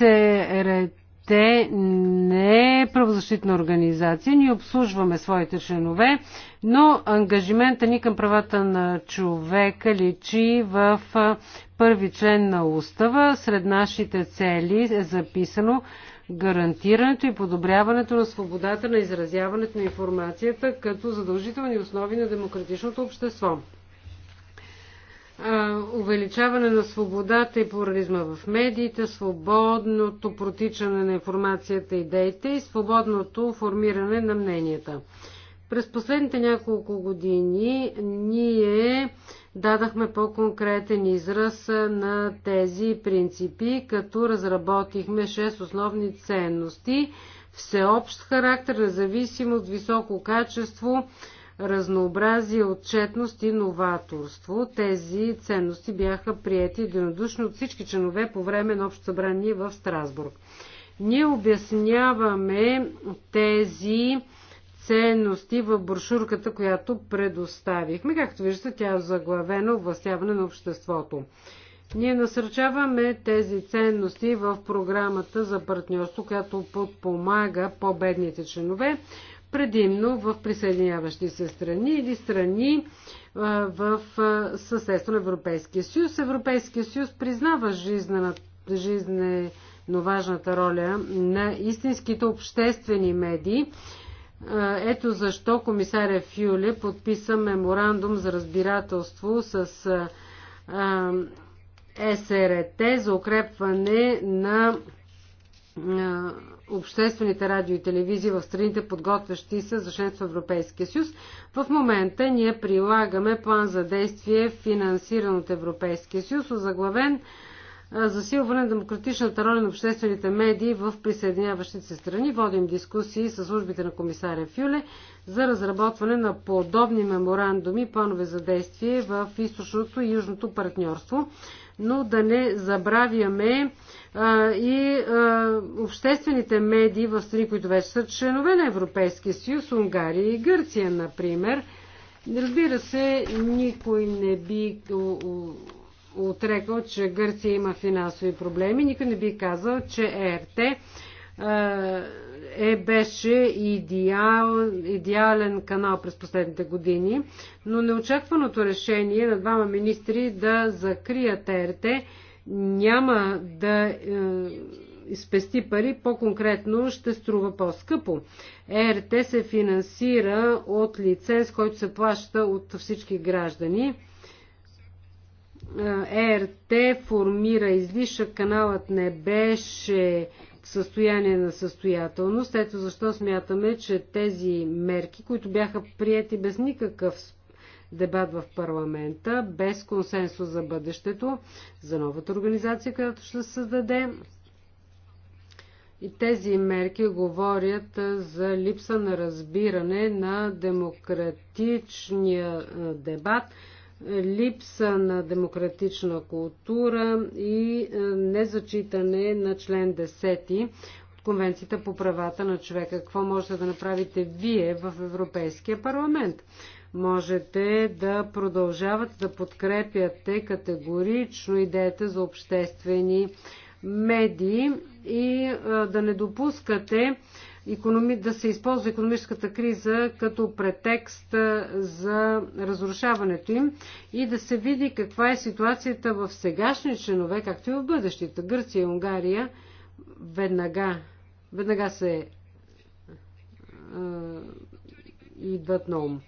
е ред те не е правозащитна организация, ние обслужваме своите членове, но ангажимента ни към правата на човека личи в първи член на устава. Сред нашите цели е записано гарантирането и подобряването на свободата на изразяването на информацията като задължителни основи на демократичното общество увеличаване на свободата и плурализма в медиите, свободното протичане на информацията и идеите и свободното формиране на мненията. През последните няколко години ние дадахме по-конкретен израз на тези принципи, като разработихме 6 основни ценности всеобщ характер, независимо от високо качество, разнообразие, отчетност и новаторство. Тези ценности бяха приети единодушно от всички чинове по време на общо събрание в Страсбург. Ние обясняваме тези ценности в брошурката, която предоставихме. Както виждате, тя е заглавена областяване на обществото. Ние насърчаваме тези ценности в програмата за партньорство, която подпомага по-бедните чинове, предимно в присъединяващи се страни или страни в съседство на Европейския съюз. Европейския съюз признава жизнено важната роля на истинските обществени медии. Ето защо комисаря Фюле подписа меморандум за разбирателство с СРТ за укрепване на обществените радио и телевизии в страните, подготвящи се за членство в Европейския съюз. В момента ние прилагаме план за действие, финансиран от Европейския съюз, озаглавен засилване на демократичната роля на обществените медии в присъединяващите се страни. Водим дискусии с службите на комисаря Фюле за разработване на подобни меморандуми планове за действие в източното и южното партньорство но да не забравяме а, и а, обществените медии в страни, които вече са членове на Европейския съюз, Унгария и Гърция, например. Разбира се, никой не би отрекал, че Гърция има финансови проблеми, никой не би казал, че ЕРТ а, е, беше идеал, идеален канал през последните години, но неочакваното решение на двама министри да закрият ЕРТ няма да е, спести пари, по-конкретно ще струва по-скъпо. ЕРТ се финансира от лиценз, който се плаща от всички граждани. Е, ЕРТ формира излишък, каналът не беше състояние на състоятелност. Ето защо смятаме, че тези мерки, които бяха прияти без никакъв дебат в парламента, без консенсус за бъдещето, за новата организация, която ще се създаде. И тези мерки говорят за липса на разбиране на демократичния дебат, липса на демократична култура и е, незачитане на член 10 от Конвенцията по правата на човека. Какво можете да направите вие в Европейския парламент? Можете да продължавате да подкрепяте категорично идеята за обществени медии и е, да не допускате да се използва економическата криза като претекст за разрушаването им и да се види каква е ситуацията в сегашни членове, както и в бъдещите. Гърция и Унгария веднага, веднага се е, идват на ум.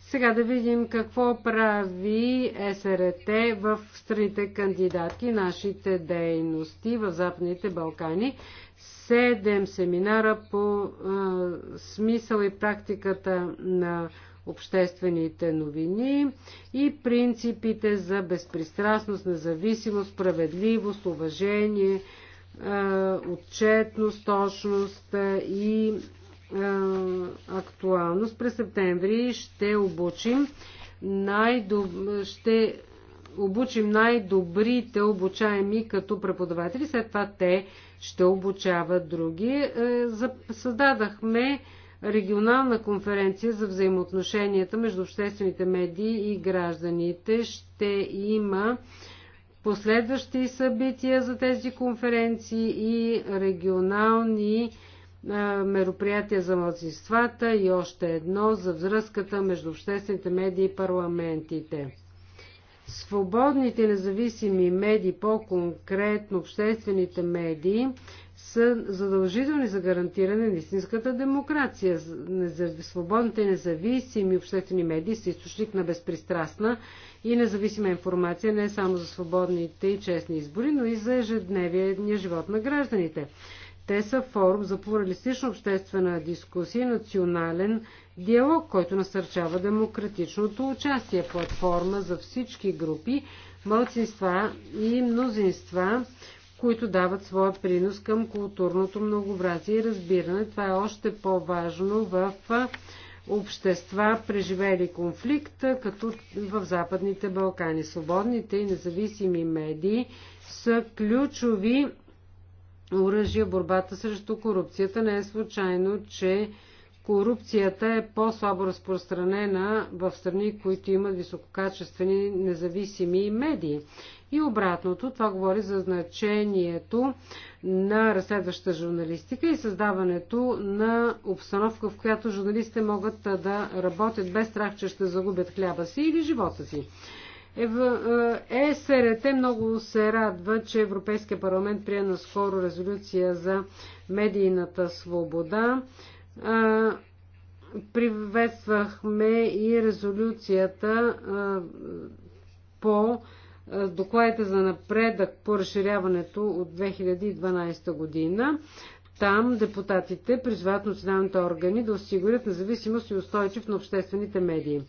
Сега да видим какво прави СРТ в страните кандидатки, нашите дейности в Западните Балкани седем семинара по а, смисъл и практиката на обществените новини и принципите за безпристрастност, независимост, справедливост, уважение, а, отчетност, точност и а, актуалност. През септември ще обучим най-добре, ще обучим най-добрите обучаеми като преподаватели, след това те ще обучават други. Е, създадахме регионална конференция за взаимоотношенията между обществените медии и гражданите. Ще има последващи събития за тези конференции и регионални е, мероприятия за младсинствата и още едно за връзката между обществените медии и парламентите. Свободните независими медии, по-конкретно обществените медии, са задължителни за гарантиране на истинската демокрация. Свободните независими обществени медии са източник на безпристрастна и независима информация не само за свободните и честни избори, но и за ежедневния живот на гражданите. Те са форум за плуралистична обществена дискусия и национален диалог, който насърчава демократичното участие, платформа за всички групи, мълцинства и мнозинства, които дават своя принос към културното многообразие и разбиране. Това е още по-важно в общества, преживели конфликт, като в Западните Балкани. Свободните и независими медии са ключови оръжия борбата срещу корупцията. Не е случайно, че корупцията е по-слабо разпространена в страни, които имат висококачествени независими медии. И обратното, това говори за значението на разследваща журналистика и създаването на обстановка, в която журналистите могат да работят без страх, че ще загубят хляба си или живота си. ЕСРТ е, много се радва, че Европейския парламент прие наскоро резолюция за медийната свобода приветствахме и резолюцията по докладите за напредък по разширяването от 2012 година. Там депутатите призват националните органи да осигурят независимост и устойчив на обществените медии.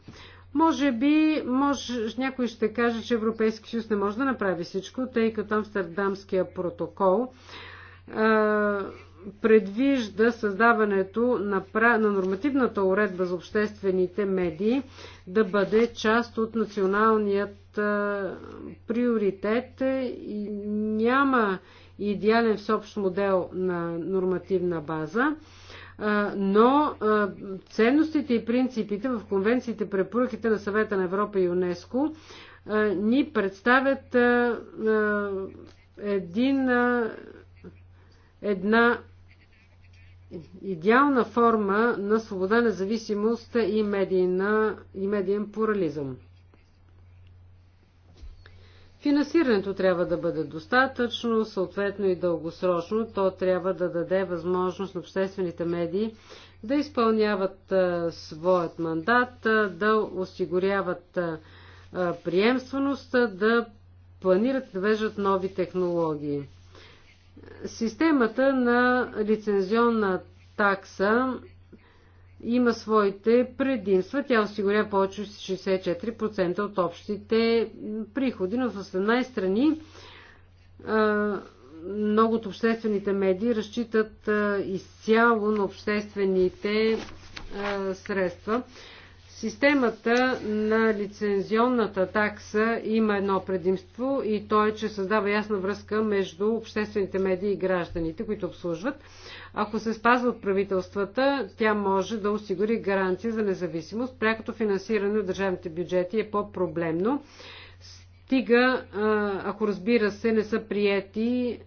Може би може, някой ще каже, че Европейски съюз не може да направи всичко, тъй като Амстердамския протокол предвижда създаването на, на нормативната уредба за обществените медии да бъде част от националният а, приоритет и няма идеален всеобщ модел на нормативна база, а, но а, ценностите и принципите в конвенциите препоръките на съвета на Европа и ЮНЕСКО а, ни представят един една идеална форма на свобода, независимост и, медийна, и медиен плурализъм. Финансирането трябва да бъде достатъчно, съответно и дългосрочно. То трябва да даде възможност на обществените медии да изпълняват а, своят мандат, а, да осигуряват а, приемственост, да планират да вежат нови технологии. Системата на лицензионна такса има своите предимства. Тя осигуря повече от 64% от общите приходи, но в 18 страни много от обществените медии разчитат изцяло на обществените средства. Системата на лицензионната такса има едно предимство и то е, че създава ясна връзка между обществените медии и гражданите, които обслужват. Ако се спазва от правителствата, тя може да осигури гаранция за независимост. Прякото финансиране от държавните бюджети е по-проблемно. Стига, ако разбира се, не са приети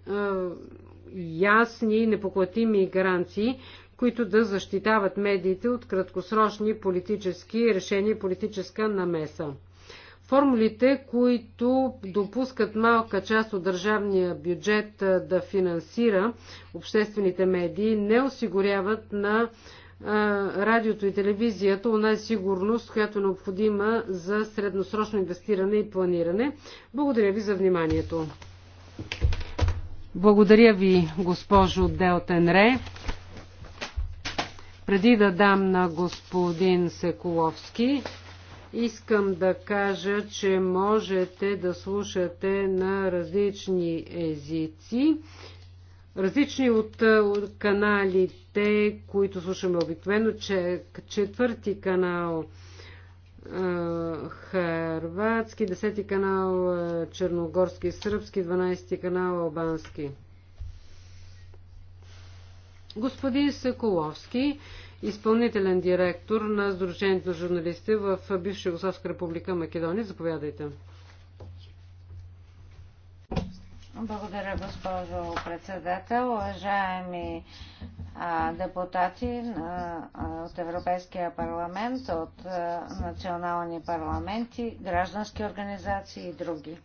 ясни и непоклатими гаранции, които да защитават медиите от краткосрочни политически решения и политическа намеса. Формулите, които допускат малка част от държавния бюджет да финансира обществените медии, не осигуряват на радиото и телевизията унази сигурност, която е необходима за средносрочно инвестиране и планиране. Благодаря ви за вниманието. Благодаря ви, госпожо Делтенре. Преди да дам на господин Секуловски, искам да кажа, че можете да слушате на различни езици, различни от е, каналите, които слушаме обикновено, че четвърти канал е, Харватски, 10 канал е, черногорски, сръбски, 12 канал албански. Господин Секоловски, изпълнителен директор на Сдружението на журналисти в бивша Югославска република Македония. Заповядайте. Благодаря, госпожо председател. Уважаеми а, депутати а, от Европейския парламент, от а, национални парламенти, граждански организации и други.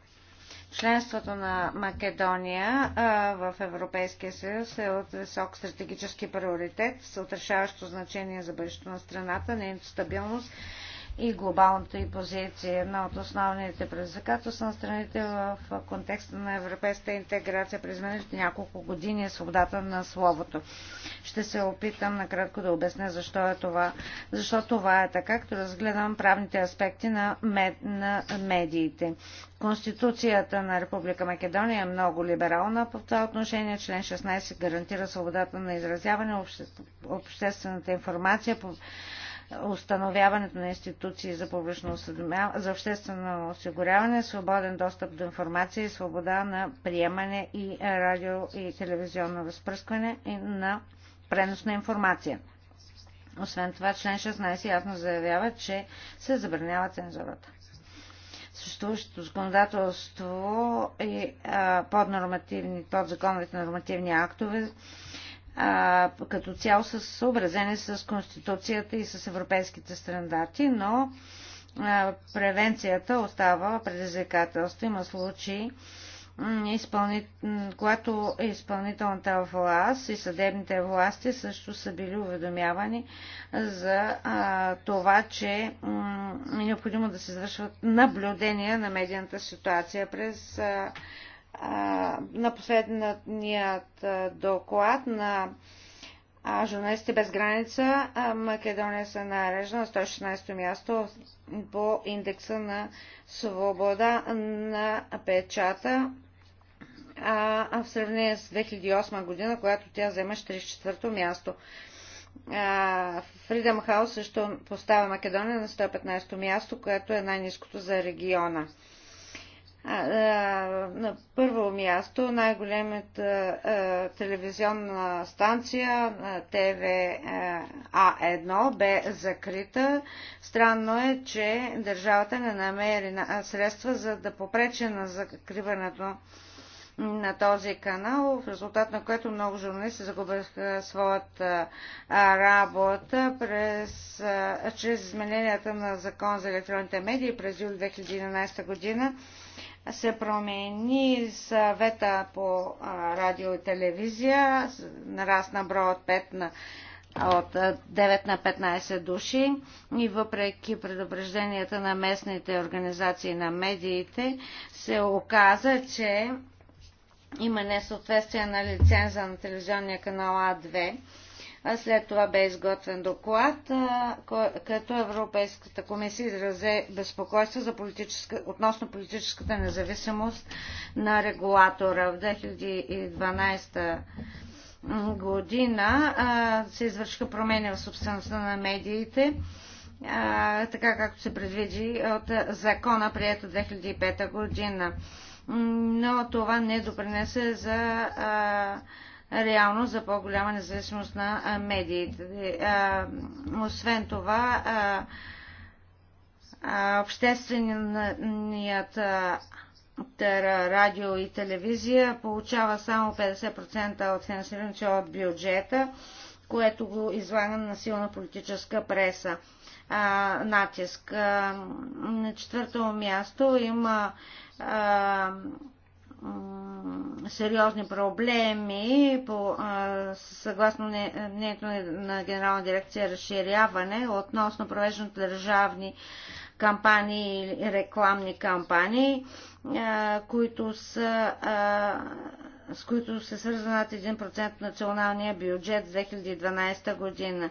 Членството на Македония в Европейския съюз е от висок стратегически приоритет с отрешаващо значение за бъдещето на страната, нейната стабилност и глобалната и позиция. Една от основните предизвикателства на страните в контекста на европейската интеграция през миналите няколко години е свободата на словото. Ще се опитам накратко да обясня защо, е това, защо това е така, като разгледам правните аспекти на, мед, на медиите. Конституцията на Република Македония е много либерална по това отношение. Член 16 гарантира свободата на изразяване, обществената информация, по установяването на институции за публично за обществено осигуряване, свободен достъп до информация и свобода на приемане и радио и телевизионно разпръскване и на пренос на информация. Освен това, член 16 ясно заявява, че се забранява цензурата. Съществуващото законодателство и а, поднормативни, подзаконовите нормативни актове а, като цяло са съобразени с Конституцията и с европейските стандарти, но а, превенцията остава предизвикателство. Има случаи, изпълни... когато изпълнителната власт и съдебните власти също са били уведомявани за а, това, че м- е необходимо да се извършват наблюдения на медийната ситуация. През а, на последният доклад на Журналисти без граница Македония се нарежда на 116-то място по индекса на свобода на печата а в сравнение с 2008 година, която тя взема 44-то място. Freedom House също поставя Македония на 115-то място, което е най-низкото за региона на първо място най-големата телевизионна станция ТВ А1 бе закрита. Странно е, че държавата не намери средства за да попрече на закриването на този канал, в резултат на което много журналисти загубиха своята работа през, чрез измененията на закон за електронните медии през юли 2011 година се промени съвета по радио и телевизия, нарасна бро от 5 на от 9 на 15 души и въпреки предупрежденията на местните организации на медиите се оказа, че има несъответствие на лиценза на телевизионния канал А2 след това бе изготвен доклад, като Европейската комисия изразе безпокойство за политическа, относно политическата независимост на регулатора. В 2012 година се извършиха промени в собствеността на медиите, така както се предвиди от закона, прието 2005 година. Но това не допринесе за а, реално за по-голяма независимост на медиите. Е, освен това, общественият радио и телевизия получава само 50% от финансирането от бюджета, което го излага на силна политическа преса а, натиск. На четвърто място има сериозни проблеми по, а, съгласно мнението на Генерална дирекция разширяване относно провеждането на държавни кампании или рекламни кампании, а, които са, а, с които се свърза над 1% националния бюджет 2012 година.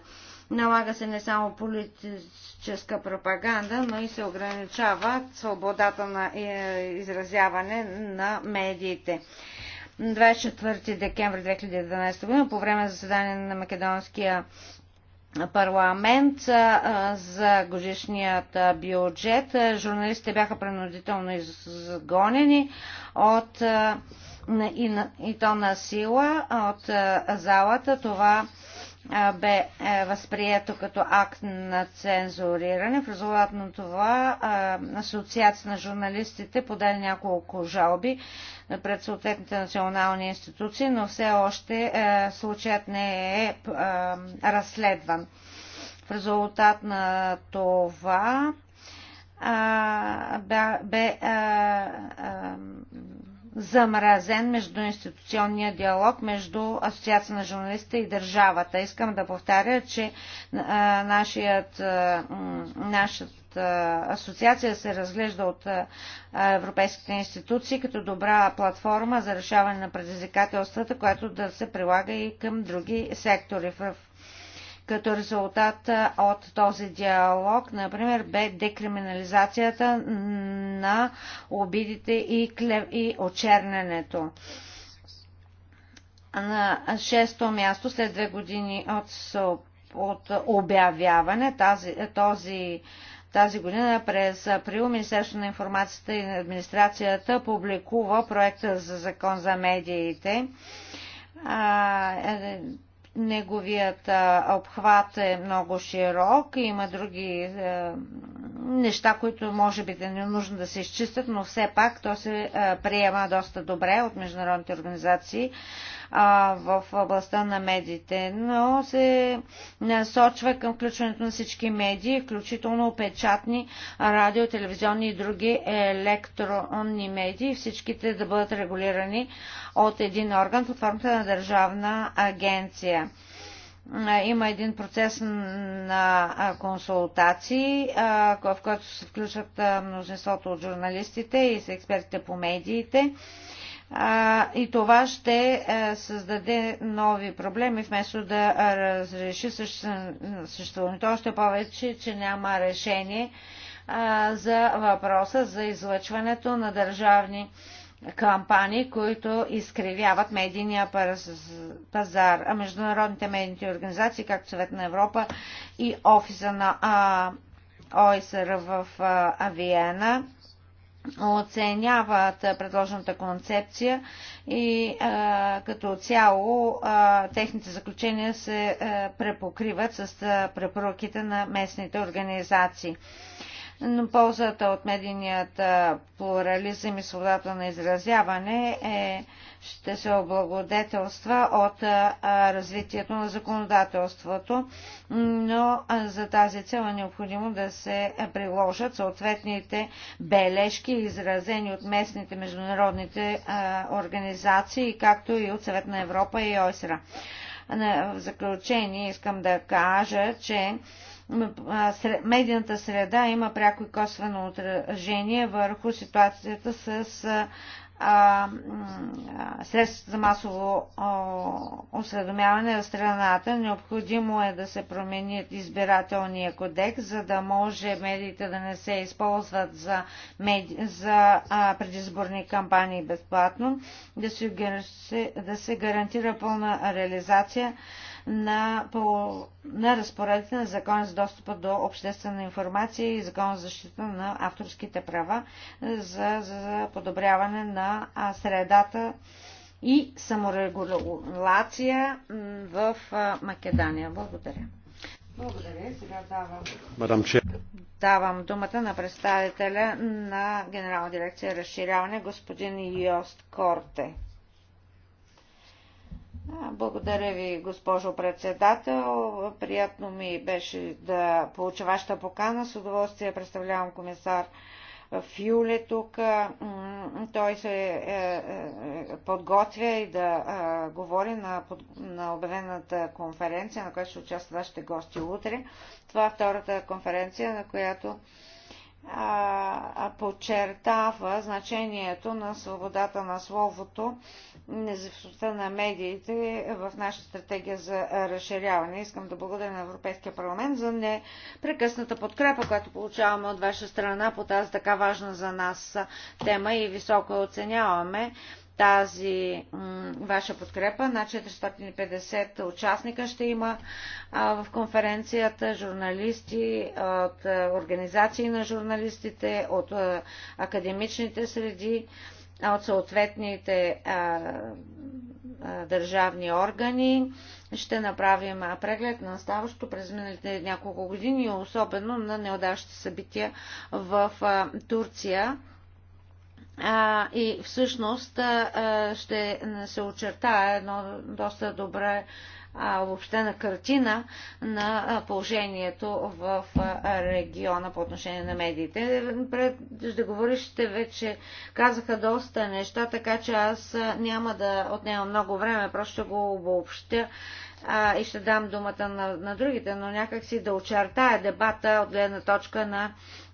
Налага се не само политическа пропаганда, но и се ограничава свободата на е, изразяване на медиите. 24 декември 2012 година по време на заседание на Македонския парламент за годишният бюджет. Журналистите бяха принудително изгонени от и, на, и то на сила от залата. Това бе е, възприето като акт на цензуриране. В резултат на това Асоциация на журналистите подали няколко жалби пред съответните национални институции, но все още е, случаят не е разследван. В резултат на това бе замразен институционния диалог между Асоциация на журналистите и държавата. Искам да повтаря, че а, нашият, а, нашата асоциация се разглежда от а, европейските институции като добра платформа за решаване на предизвикателствата, която да се прилага и към други сектори. В като резултат от този диалог, например, бе декриминализацията на обидите и, клев... и очерненето. На шесто място, след две години от, от обявяване, тази, този тази година през април Министерството на информацията и администрацията публикува проекта за закон за медиите. Е, Неговият а, обхват е много широк и има други а, неща, които може би да не е нужно да се изчистят, но все пак то се а, приема доста добре от международните организации а, в областта на медиите, но се насочва към включването на всички медии, включително печатни, радио, телевизионни и други електронни медии, всичките да бъдат регулирани от един орган под формата на държавна агенция има един процес на консултации, в който се включват множеството от журналистите и с експертите по медиите и това ще е, създаде нови проблеми, вместо да разреши съществуването. Още повече, че няма решение за въпроса за излъчването на държавни кампании, които изкривяват медийния пазар. А международните медийни организации, както Съвет на Европа и офиса на ОИСР в Авиена, оценяват предложената концепция и а, като цяло а, техните заключения се а, препокриват с а, препоръките на местните организации. Но ползата от медийният плурализъм и свободата на изразяване е а, ще се облагодетелства от развитието на законодателството, но за тази цел е необходимо да се приложат съответните бележки, изразени от местните международните организации, както и от Съвет на Европа и ОСРА. В заключение искам да кажа, че медийната среда има пряко и косвено отражение върху ситуацията с средства за масово осведомяване в страната. Необходимо е да се променят избирателния кодекс, за да може медиите да не се използват за, меди... за предизборни кампании безплатно, да се, да се гарантира пълна реализация на, по, на разпоредите на Закона за достъпа до обществена информация и Закона за защита на авторските права за, за подобряване на средата и саморегулация в Македония. Благодаря. Благодаря. Сега давам, Мадам Че. давам думата на представителя на Генерална дирекция разширяване, господин Йост Корте. Благодаря ви, госпожо председател. Приятно ми беше да получа вашата покана. С удоволствие представлявам комисар Фюле тук. Той се е, е, подготвя и да е, говори на, на обявената конференция, на която ще участват вашите гости утре. Това е втората конференция, на която подчертава значението на свободата на словото, независимостта на медиите в нашата стратегия за разширяване. Искам да благодаря на Европейския парламент за непрекъсната подкрепа, която получаваме от ваша страна по тази така важна за нас тема и високо оценяваме тази ваша подкрепа. На 450 участника ще има в конференцията журналисти от организации на журналистите, от академичните среди, от съответните държавни органи. Ще направим преглед на ставащото през миналите няколко години, особено на неудаващите събития в Турция а, и всъщност а, ще се очертая едно доста добре а, обобщена картина на положението в региона по отношение на медиите. Преждеговорившите вече казаха доста неща, така че аз няма да отнемам много време, просто ще го обобщя а, и ще дам думата на, на другите, но някак си да очертая дебата от гледна точка на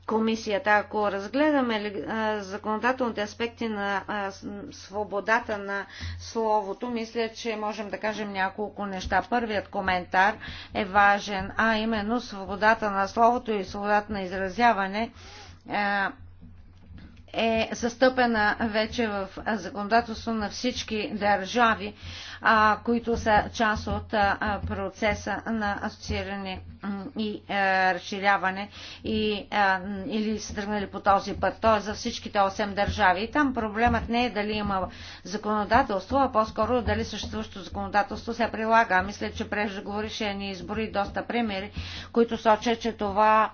комисията. Ако разгледаме законодателните аспекти на свободата на словото, мисля, че можем да кажем няколко неща. Първият коментар е важен, а именно свободата на словото и свободата на изразяване е застъпена вече в законодателство на всички държави, които са част от процеса на асоцииране и а, е, разширяване и, а, е, или са тръгнали по този път. Той е за всичките 8 държави. И там проблемът не е дали има законодателство, а по-скоро дали съществуващото законодателство се прилага. Мисля, че преждеговорише ни избори доста примери, които сочат, че това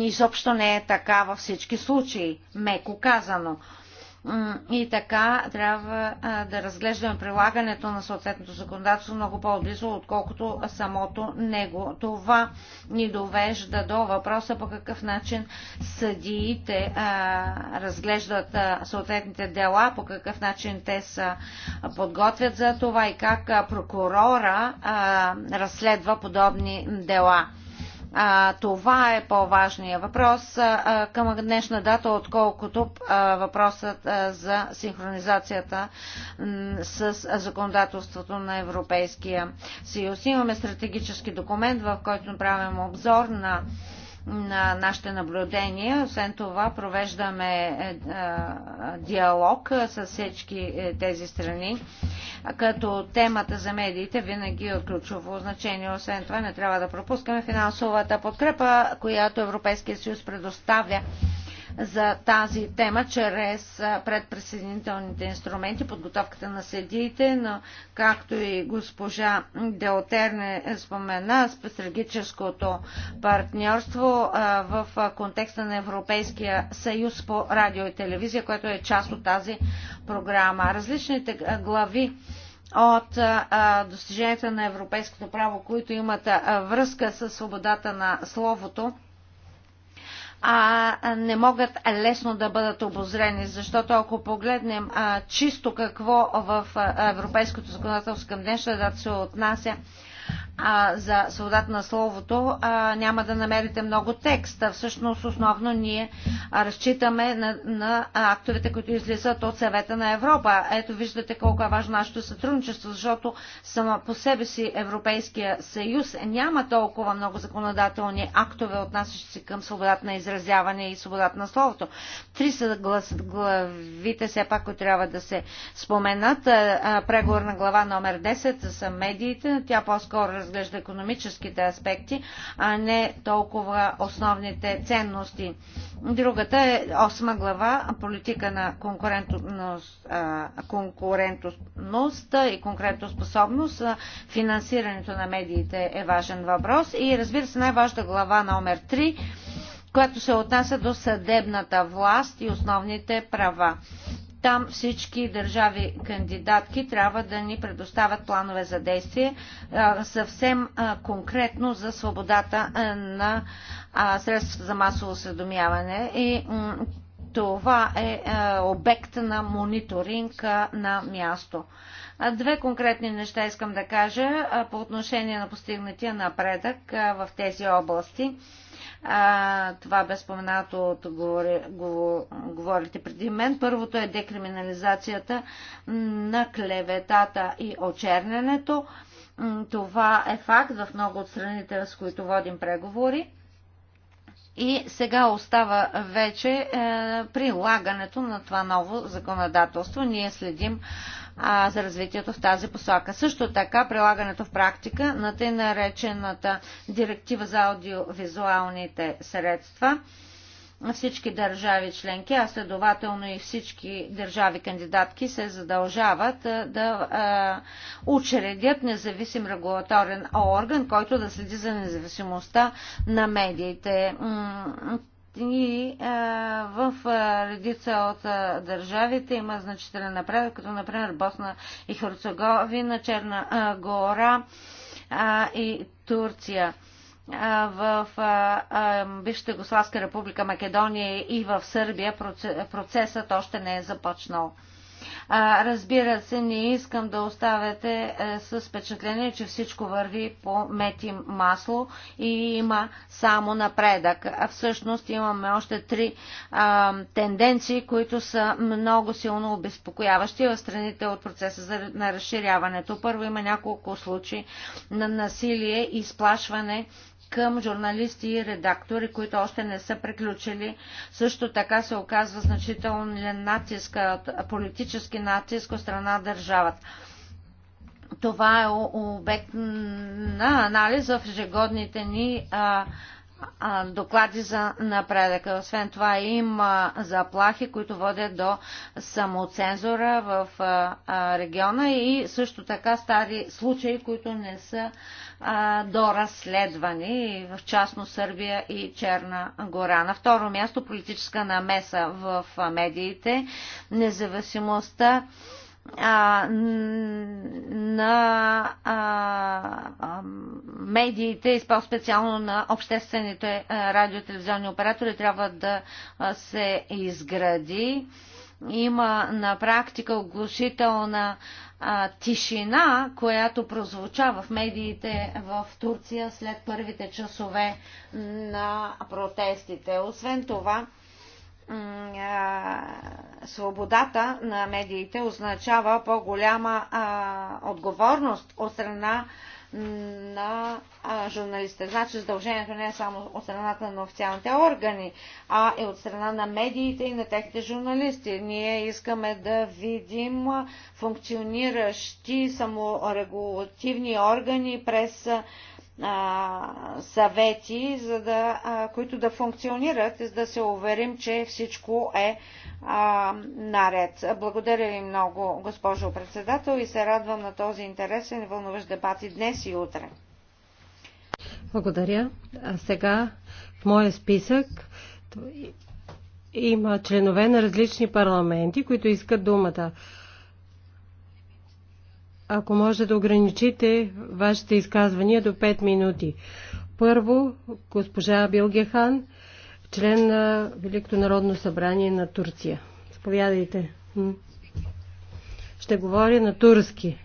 изобщо не е така във всички случаи, меко казано. И така трябва да разглеждаме прилагането на съответното законодателство много по-близо, отколкото самото него. Това ни довежда до въпроса по какъв начин съдиите разглеждат съответните дела, по какъв начин те са подготвят за това и как прокурора разследва подобни дела. А, това е по-важният въпрос а, към днешна дата, отколкото а, въпросът а, за синхронизацията м, с законодателството на Европейския съюз. Имаме стратегически документ, в който направим обзор на а, на нашите наблюдения. Освен това, провеждаме е, е, диалог е, с всички тези страни, като темата за медиите винаги е от ключово значение. Освен това, не трябва да пропускаме финансовата подкрепа, която Европейския съюз предоставя за тази тема чрез предприсъединителните инструменти, подготовката на седиите, но както и госпожа Делтерне спомена, стратегическото партньорство в контекста на Европейския съюз по радио и телевизия, което е част от тази програма. Различните глави от достиженията на европейското право, които имат връзка с свободата на словото, а не могат лесно да бъдат обозрени, защото ако погледнем а, чисто какво в европейското законодателство към днешна дата се отнася а, за свободата на словото, а, няма да намерите много текста. Всъщност, основно ние разчитаме на, на актовете, които излизат от съвета на Европа. Ето, виждате колко е важно нашето сътрудничество, защото само по себе си Европейския съюз няма толкова много законодателни актове, отнасящи се към свободата на изразяване и свободата на словото. Три са глас, главите, все пак, които трябва да се споменат. Преговорна глава номер 10 са медиите. Тя по-скоро по-скоро разглежда економическите аспекти, а не толкова основните ценности. Другата е осма глава политика на конкурентност, конкурентност и конкурентоспособност. Финансирането на медиите е важен въпрос. И разбира се, най-важна глава номер 3 която се отнася до съдебната власт и основните права. Там всички държави кандидатки трябва да ни предоставят планове за действие съвсем конкретно за свободата на средства за масово осведомяване и това е обект на мониторинг на място. Две конкретни неща искам да кажа по отношение на постигнатия напредък в тези области. А, това бе споменато от говори, говор, говорите преди мен. Първото е декриминализацията на клеветата и очерненето. Това е факт в много от страните, с които водим преговори. И сега остава вече е, прилагането на това ново законодателство. Ние следим а, за развитието в тази посока. Също така прилагането в практика на тъй наречената директива за аудиовизуалните средства всички държави членки, а следователно и всички държави кандидатки се задължават да а, учредят независим регулаторен орган, който да следи за независимостта на медиите и в редица от държавите има значителен напредък, като например Босна и Херцеговина, Черна гора и Турция в бившата Гославска република Македония и в Сърбия процесът още не е започнал. А, разбира се, не искам да оставяте е, с впечатление, че всичко върви по мети масло и има само напредък. А всъщност имаме още три а, тенденции, които са много силно обезпокояващи в страните от процеса за, на разширяването. Първо има няколко случаи на насилие и сплашване към журналисти и редактори, които още не са приключили. Също така се оказва значителен натиск, политически натиск от страна държавата. Това е обект на анализа в ежегодните ни а, доклади за напредъка. Освен това има заплахи, които водят до самоцензура в региона и също така стари случаи, които не са доразследвани, в частно Сърбия и Черна гора. На второ място политическа намеса в медиите, независимостта а, на а, медиите и по-специално на обществените радио и телевизионни оператори трябва да се изгради. Има на практика оглушителна а, тишина, която прозвуча в медиите в Турция след първите часове на протестите. Освен това, свободата на медиите означава по-голяма отговорност от страна на журналистите. Значи задължението не е само от страната на официалните органи, а е от страна на медиите и на техните журналисти. Ние искаме да видим функциониращи саморегулативни органи през а, съвети, за да, а, които да функционират, за да се уверим, че всичко е а, наред. Благодаря ви много, госпожо председател, и се радвам на този интересен и вълнуващ дебат и днес и утре. Благодаря. А сега в моя списък има членове на различни парламенти, които искат думата ако може да ограничите вашите изказвания до 5 минути. Първо, госпожа Билгехан, член на Великото народно събрание на Турция. Сповядайте, Ще говоря на турски.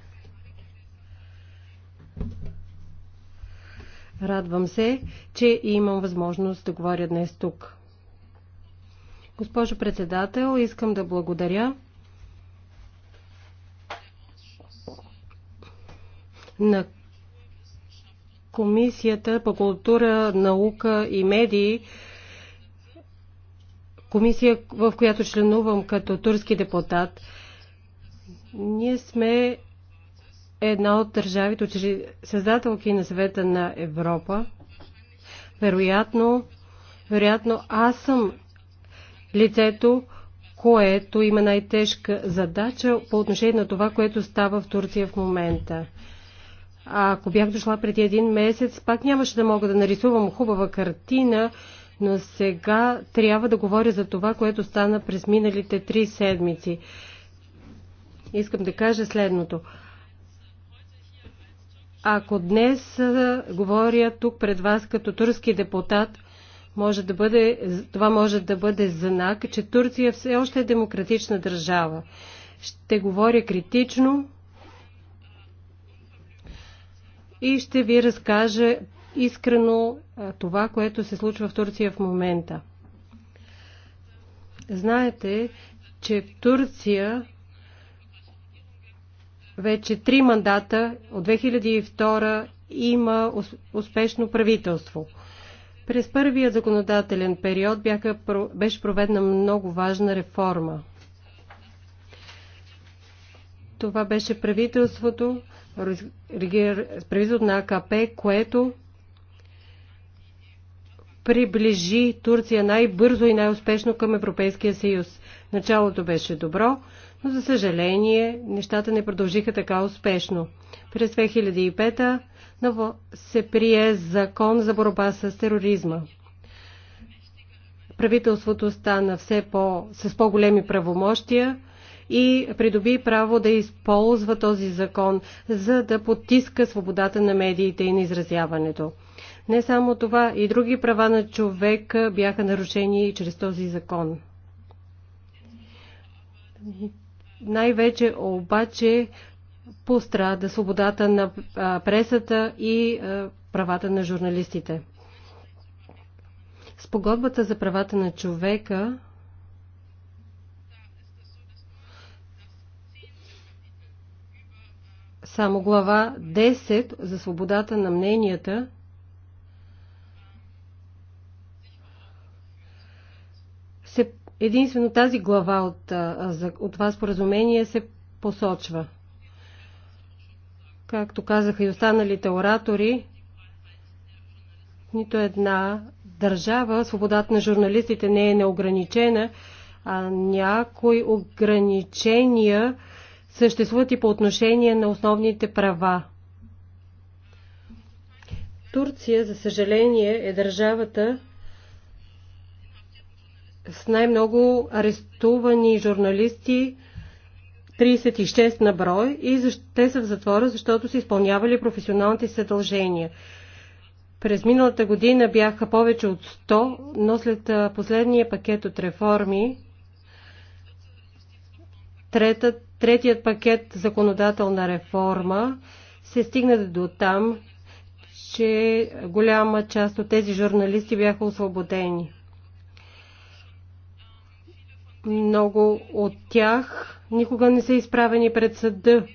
Радвам се, че имам възможност да говоря днес тук. Госпожо председател, искам да благодаря на Комисията по култура, наука и медии, комисия, в която членувам като турски депутат, ние сме една от държавите, създателки на съвета на Европа. Вероятно, вероятно аз съм лицето, което има най-тежка задача по отношение на това, което става в Турция в момента. Ако бях дошла преди един месец, пак нямаше да мога да нарисувам хубава картина, но сега трябва да говоря за това, което стана през миналите три седмици. Искам да кажа следното. Ако днес говоря тук пред вас като турски депутат, може да бъде, това може да бъде знак, че Турция все още е демократична държава. Ще говоря критично, и ще ви разкаже искрено това, което се случва в Турция в момента. Знаете, че в Турция вече три мандата от 2002 има успешно правителство. През първия законодателен период бяха, беше проведена много важна реформа. Това беше правителството, правителството на АКП, което приближи Турция най-бързо и най-успешно към Европейския съюз. Началото беше добро, но за съжаление нещата не продължиха така успешно. През 2005 ново се прие закон за борба с тероризма. Правителството стана все по, с по-големи правомощия, и придоби право да използва този закон, за да потиска свободата на медиите и на изразяването. Не само това, и други права на човека бяха нарушени чрез този закон. Най-вече обаче пострада свободата на пресата и правата на журналистите. Спогодбата за правата на човека Само глава 10 за свободата на мненията се, единствено тази глава от, от това споразумение се посочва. Както казаха и останалите оратори, нито една държава, свободата на журналистите не е неограничена, а някои ограничения съществуват и по отношение на основните права. Турция, за съжаление, е държавата с най-много арестувани журналисти, 36 на брой, и те са в затвора, защото са изпълнявали професионалните съдължения. През миналата година бяха повече от 100, но след последния пакет от реформи, трета третият пакет законодателна реформа се стигна до там, че голяма част от тези журналисти бяха освободени. Много от тях никога не са изправени пред съда.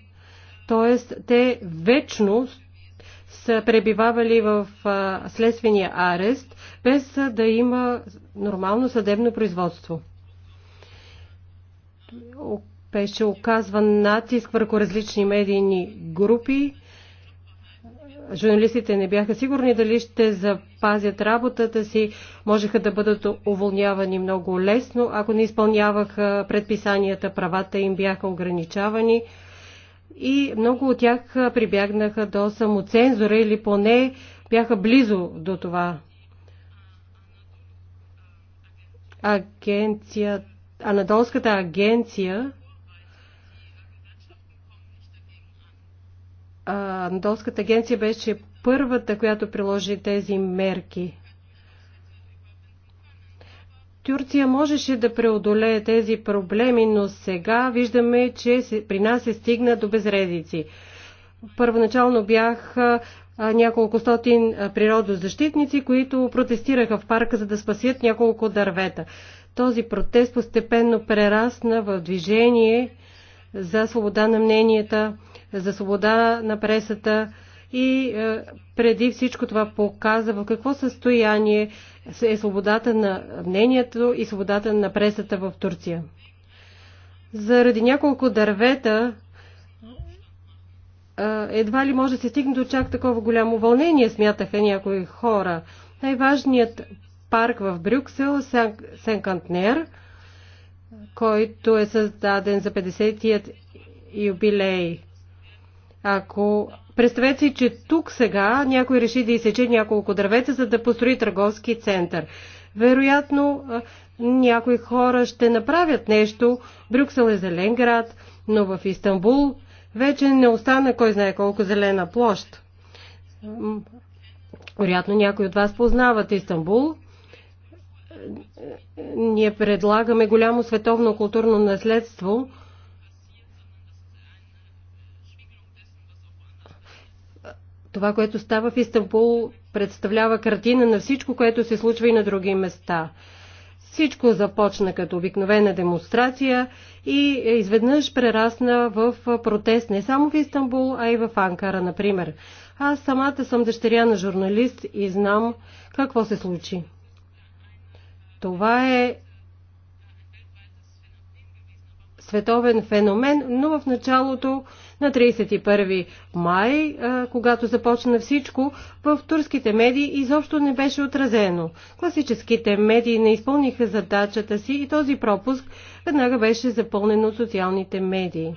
Тоест, те вечно са пребивавали в следствения арест, без да има нормално съдебно производство беше оказван натиск върху различни медийни групи. Журналистите не бяха сигурни дали ще запазят работата си, можеха да бъдат уволнявани много лесно, ако не изпълняваха предписанията, правата им бяха ограничавани и много от тях прибягнаха до самоцензура или поне бяха близо до това. Агенция, Анадолската агенция Андолската агенция беше първата, която приложи тези мерки. Турция можеше да преодолее тези проблеми, но сега виждаме, че при нас се стигна до безредици. Първоначално бях няколко стотин природозащитници, които протестираха в парка, за да спасят няколко дървета. Този протест постепенно прерасна в движение за свобода на мненията, за свобода на пресата и е, преди всичко това показа в какво състояние е свободата на мнението и свободата на пресата в Турция. Заради няколко дървета е, едва ли може да се стигне до чак такова голямо вълнение, смятаха някои хора. Най-важният парк в Брюксел, е Сен-Кантнер, който е създаден за 50-тият юбилей ако представете си, че тук сега някой реши да изсече няколко дървеца, за да построи търговски център. Вероятно някои хора ще направят нещо. Брюксел е зелен град, но в Истанбул вече не остана кой знае колко зелена площ. Вероятно някои от вас познават Истанбул. Ние предлагаме голямо световно културно наследство, Това, което става в Истанбул, представлява картина на всичко, което се случва и на други места. Всичко започна като обикновена демонстрация и е изведнъж прерасна в протест не само в Истанбул, а и в Анкара, например. Аз самата съм дъщеря на журналист и знам какво се случи. Това е световен феномен, но в началото на 31 май, когато започна всичко, в турските медии изобщо не беше отразено. Класическите медии не изпълниха задачата си и този пропуск веднага беше запълнен от социалните медии.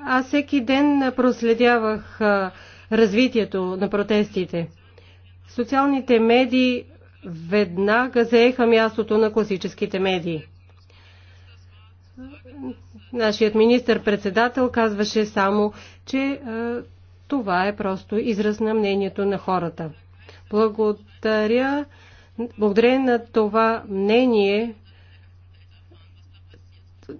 Аз всеки ден проследявах развитието на протестите. Социалните медии веднага заеха мястото на класическите медии. Нашият министр-председател казваше само, че е, това е просто израз на мнението на хората. Благодаря, благодаря на това мнение,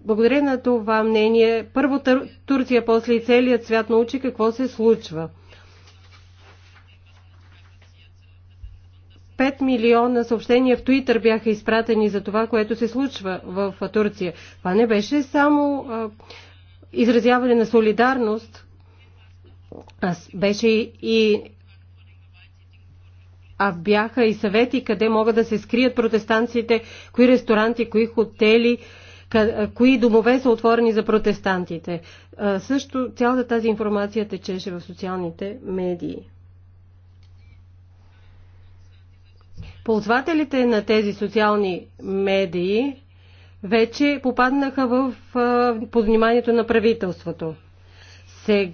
благодаря на това мнение, първо Турция, после и целият свят научи какво се случва. 5 милиона съобщения в Твитър бяха изпратени за това, което се случва в Турция. Това не беше само изразяване на солидарност, а беше и а бяха и съвети къде могат да се скрият протестантите, кои ресторанти, кои хотели, кои домове са отворени за протестантите. Също цялата тази информация течеше в социалните медии. Ползвателите на тези социални медии вече попаднаха в под вниманието на правителството. Сега,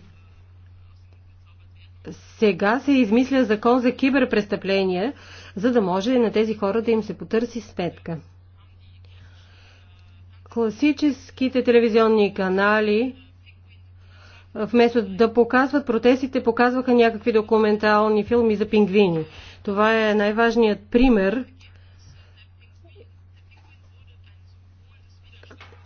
сега се измисля закон за киберпрестъпления, за да може на тези хора да им се потърси сметка. Класическите телевизионни канали вместо да показват протестите, показваха някакви документални филми за пингвини. Това е най-важният пример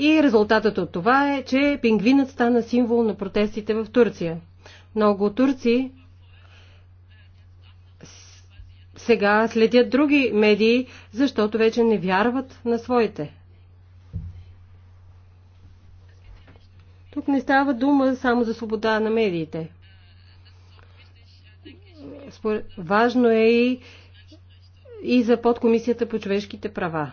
И резултатът от това е, че пингвинът стана символ на протестите в Турция. Много турци сега следят други медии, защото вече не вярват на своите. Тук не става дума само за свобода на медиите важно е и, и за подкомисията по човешките права.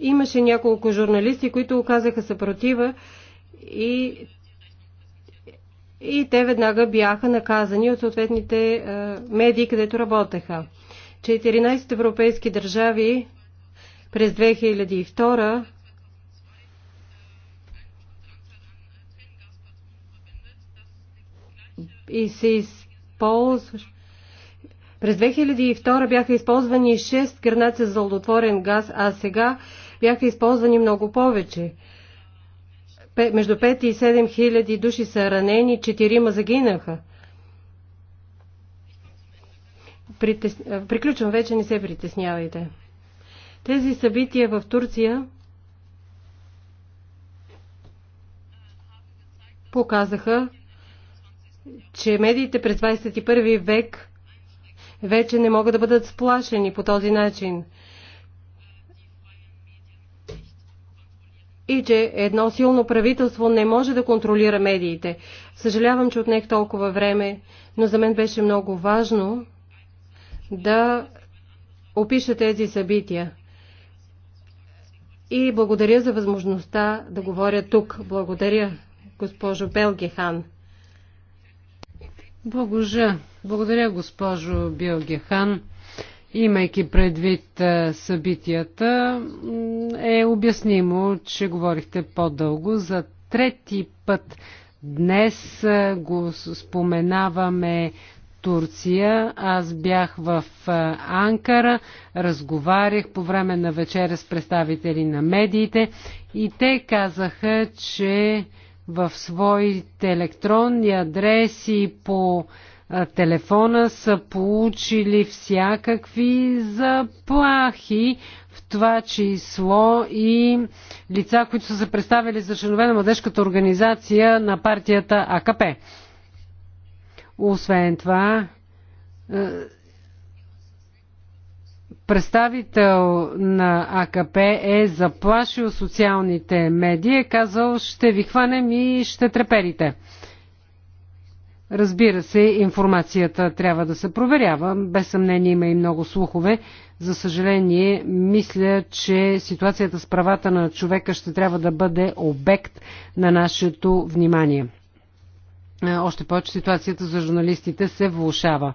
Имаше няколко журналисти, които оказаха съпротива и, и те веднага бяха наказани от съответните а, е, медии, където работеха. 14 европейски държави през 2002 и се използваш. През 2002 бяха използвани 6 гранати за злодотворен газ, а сега бяха използвани много повече. Между 5 и 7 хиляди души са ранени, 4 загинаха. Притес... Приключвам вече, не се притеснявайте. Тези събития в Турция показаха, че медиите през 21 век вече не могат да бъдат сплашени по този начин. И че едно силно правителство не може да контролира медиите. Съжалявам, че отнех толкова време, но за мен беше много важно да опиша тези събития. И благодаря за възможността да говоря тук. Благодаря, госпожо Белгехан. Благожа. Благодаря, госпожо Билгехан. Имайки предвид събитията, е обяснимо, че говорихте по-дълго. За трети път днес го споменаваме Турция. Аз бях в Анкара, разговарях по време на вечеря с представители на медиите и те казаха, че в своите електронни адреси по телефона са получили всякакви заплахи, в това число и лица, които са се представили за членове на младежката организация на партията АКП. Освен това, представител на АКП е заплашил социалните медии, е казал ще ви хванем и ще треперите. Разбира се, информацията трябва да се проверява. Без съмнение има и много слухове. За съжаление, мисля, че ситуацията с правата на човека ще трябва да бъде обект на нашето внимание. Е, още повече ситуацията за журналистите се влушава.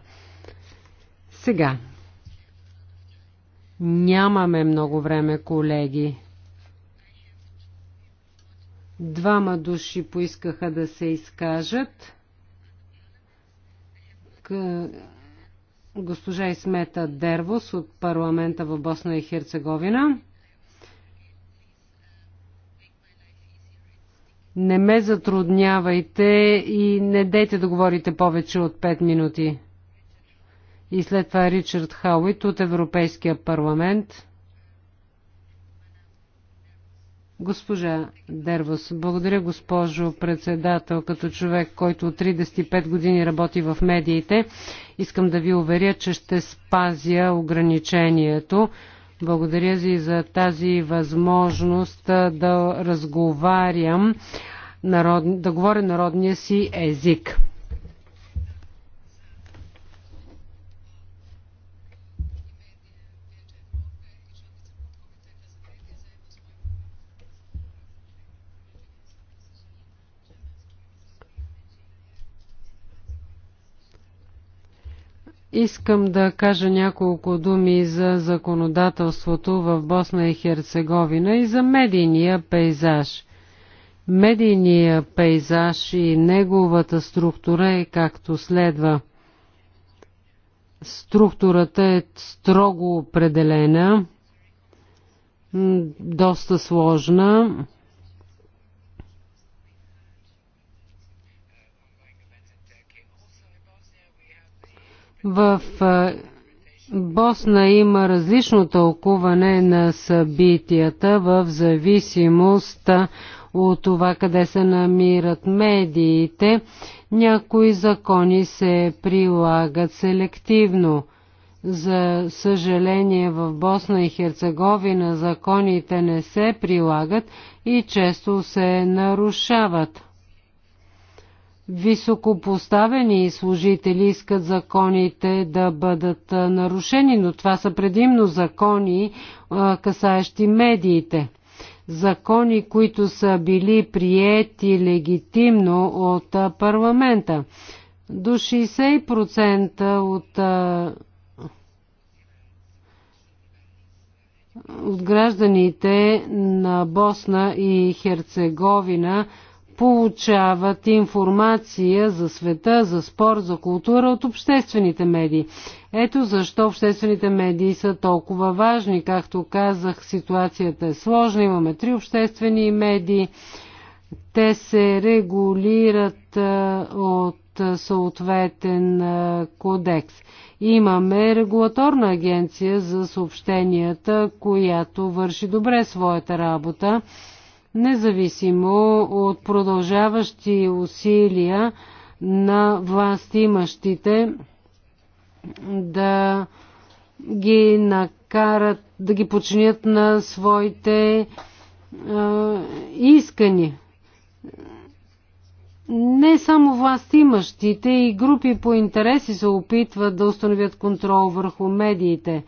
Сега, Нямаме много време, колеги. Двама души поискаха да се изкажат. Госпожа Исмета Дервос от парламента в Босна и Херцеговина. Не ме затруднявайте и не дейте да говорите повече от 5 минути и след това Ричард Хауит от Европейския парламент. Госпожа Дервас, благодаря госпожо председател, като човек, който от 35 години работи в медиите. Искам да ви уверя, че ще спазя ограничението. Благодаря ви за тази възможност да разговарям, народ, да говоря народния си език. Искам да кажа няколко думи за законодателството в Босна и Херцеговина и за медийния пейзаж. Медийния пейзаж и неговата структура е както следва. Структурата е строго определена, доста сложна, В Босна има различно тълкуване на събитията в зависимост от това къде се намират медиите. Някои закони се прилагат селективно. За съжаление в Босна и Херцеговина законите не се прилагат и често се нарушават високопоставени служители искат законите да бъдат нарушени, но това са предимно закони, касаещи медиите. Закони, които са били приети легитимно от парламента. До 60% от от гражданите на Босна и Херцеговина получават информация за света, за спор, за култура от обществените медии. Ето защо обществените медии са толкова важни. Както казах, ситуацията е сложна. Имаме три обществени медии. Те се регулират от съответен кодекс. Имаме регулаторна агенция за съобщенията, която върши добре своята работа независимо от продължаващи усилия на властимащите да ги накарат, да ги починят на своите е, искани. Не само властимащите и групи по интереси се опитват да установят контрол върху медиите.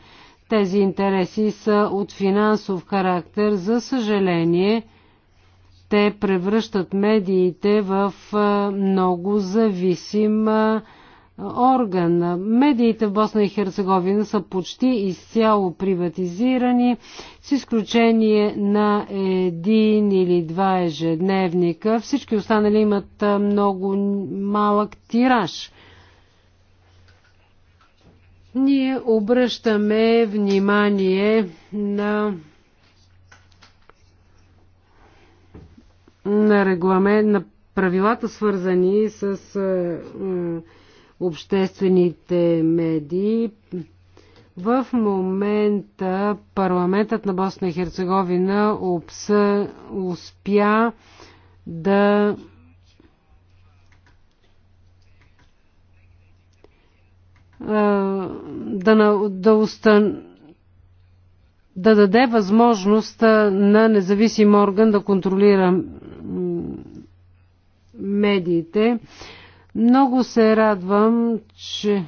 Тези интереси са от финансов характер, за съжаление – те превръщат медиите в много зависим орган. Медиите в Босна и Херцеговина са почти изцяло приватизирани, с изключение на един или два ежедневника. Всички останали имат много малък тираж. Ние обръщаме внимание на на регламент, на правилата свързани с е, е, обществените медии. В момента парламентът на Босна и Херцеговина обса, успя да е, да, да, устан, да даде възможност на независим орган да контролира медиите. Много се радвам, че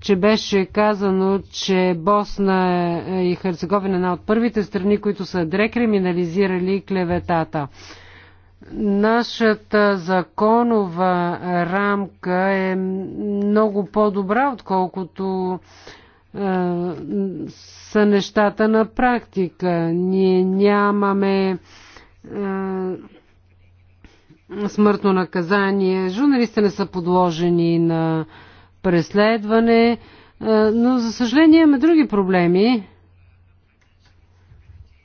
че беше казано, че Босна и Херцеговина е една от първите страни, които са декриминализирали клеветата. Нашата законова рамка е много по-добра, отколкото са нещата на практика. Ние нямаме смъртно наказание. Журналистите не са подложени на преследване, но за съжаление имаме други проблеми,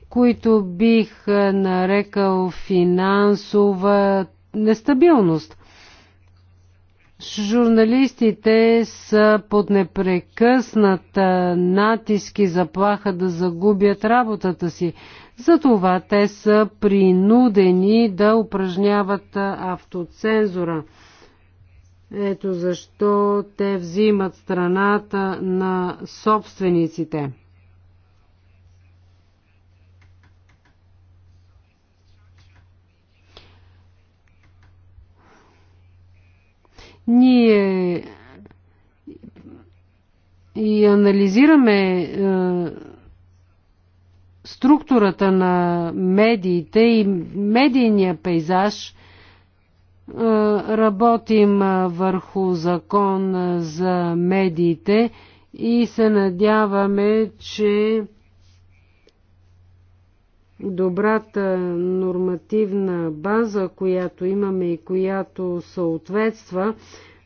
които бих нарекал финансова нестабилност. Журналистите са под непрекъсната натиски заплаха да загубят работата си. Затова те са принудени да упражняват автоцензура. Ето защо те взимат страната на собствениците. Ние и анализираме е, структурата на медиите и медийния пейзаж. Е, работим е, върху закон е, за медиите и се надяваме, че добрата нормативна база, която имаме и която съответства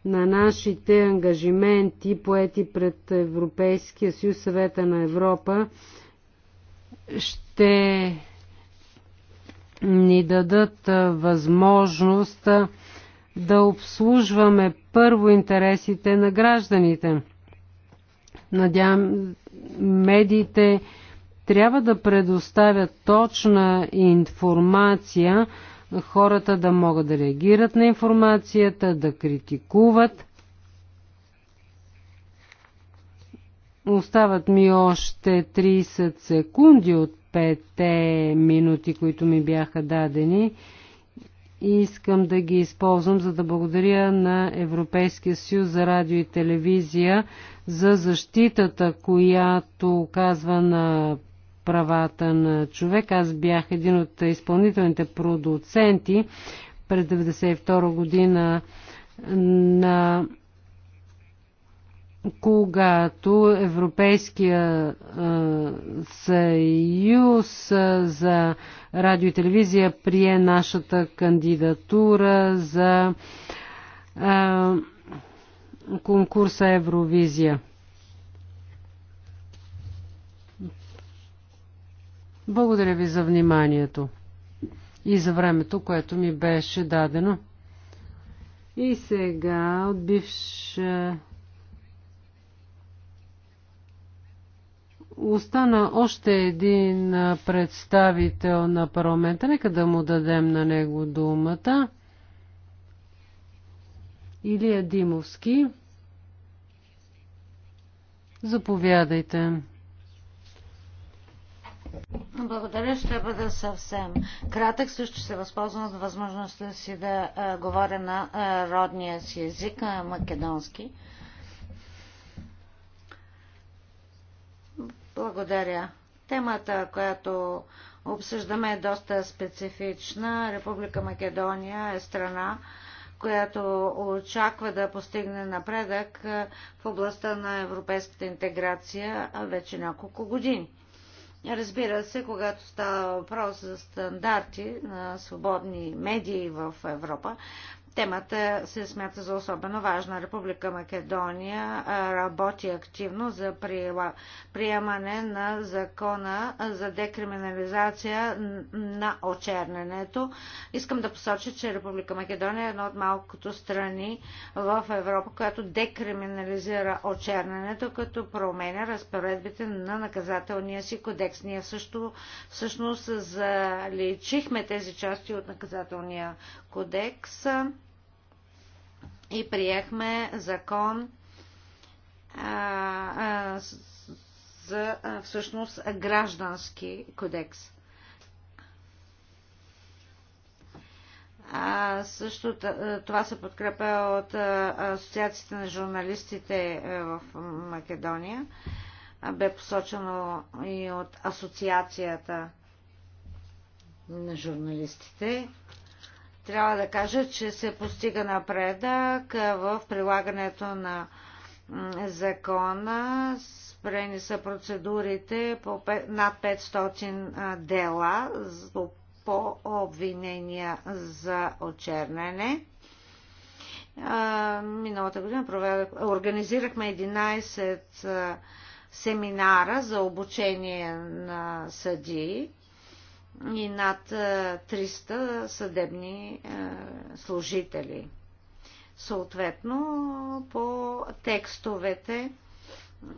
на нашите ангажименти, поети пред Европейския съюз, съвета на Европа, ще ни дадат възможност да обслужваме първо интересите на гражданите. Надявам медиите, трябва да предоставят точна информация, хората да могат да реагират на информацията, да критикуват. Остават ми още 30 секунди от 5 минути, които ми бяха дадени. И искам да ги използвам, за да благодаря на Европейския съюз за радио и телевизия за защитата, която оказва на правата на човек. Аз бях един от изпълнителните продуценти през 1992 година на когато Европейския съюз за радио и телевизия прие нашата кандидатура за конкурса Евровизия. Благодаря ви за вниманието и за времето, което ми беше дадено. И сега от бивш остана още един представител на парламента. Нека да му дадем на него думата. Илия Димовски. Заповядайте благодаря. Ще бъда съвсем кратък. Също се възползвам от възможността си да а, говоря на а, родния си език, а, македонски. Благодаря. Темата, която обсъждаме е доста специфична. Република Македония е страна, която очаква да постигне напредък в областта на европейската интеграция вече няколко години. Разбира се, когато става въпрос за стандарти на свободни медии в Европа, Темата се смята за особено важна. Република Македония работи активно за приемане на закона за декриминализация на очерненето. Искам да посоча, че Република Македония е една от малкото страни в Европа, която декриминализира очерненето, като променя разпоредбите на наказателния си кодекс. Ние също всъщност заличихме тези части от наказателния кодекс и приехме закон а, а, за а, всъщност граждански кодекс. А, също това се подкрепя от Асоциацията на журналистите в Македония. Бе посочено и от Асоциацията на журналистите трябва да кажа, че се постига напредък в прилагането на закона. Спрени са процедурите по над 500 дела по обвинения за очернене. Миналата година проведах, организирахме 11 семинара за обучение на съдии и над 300 е, съдебни е, служители. Съответно, по текстовете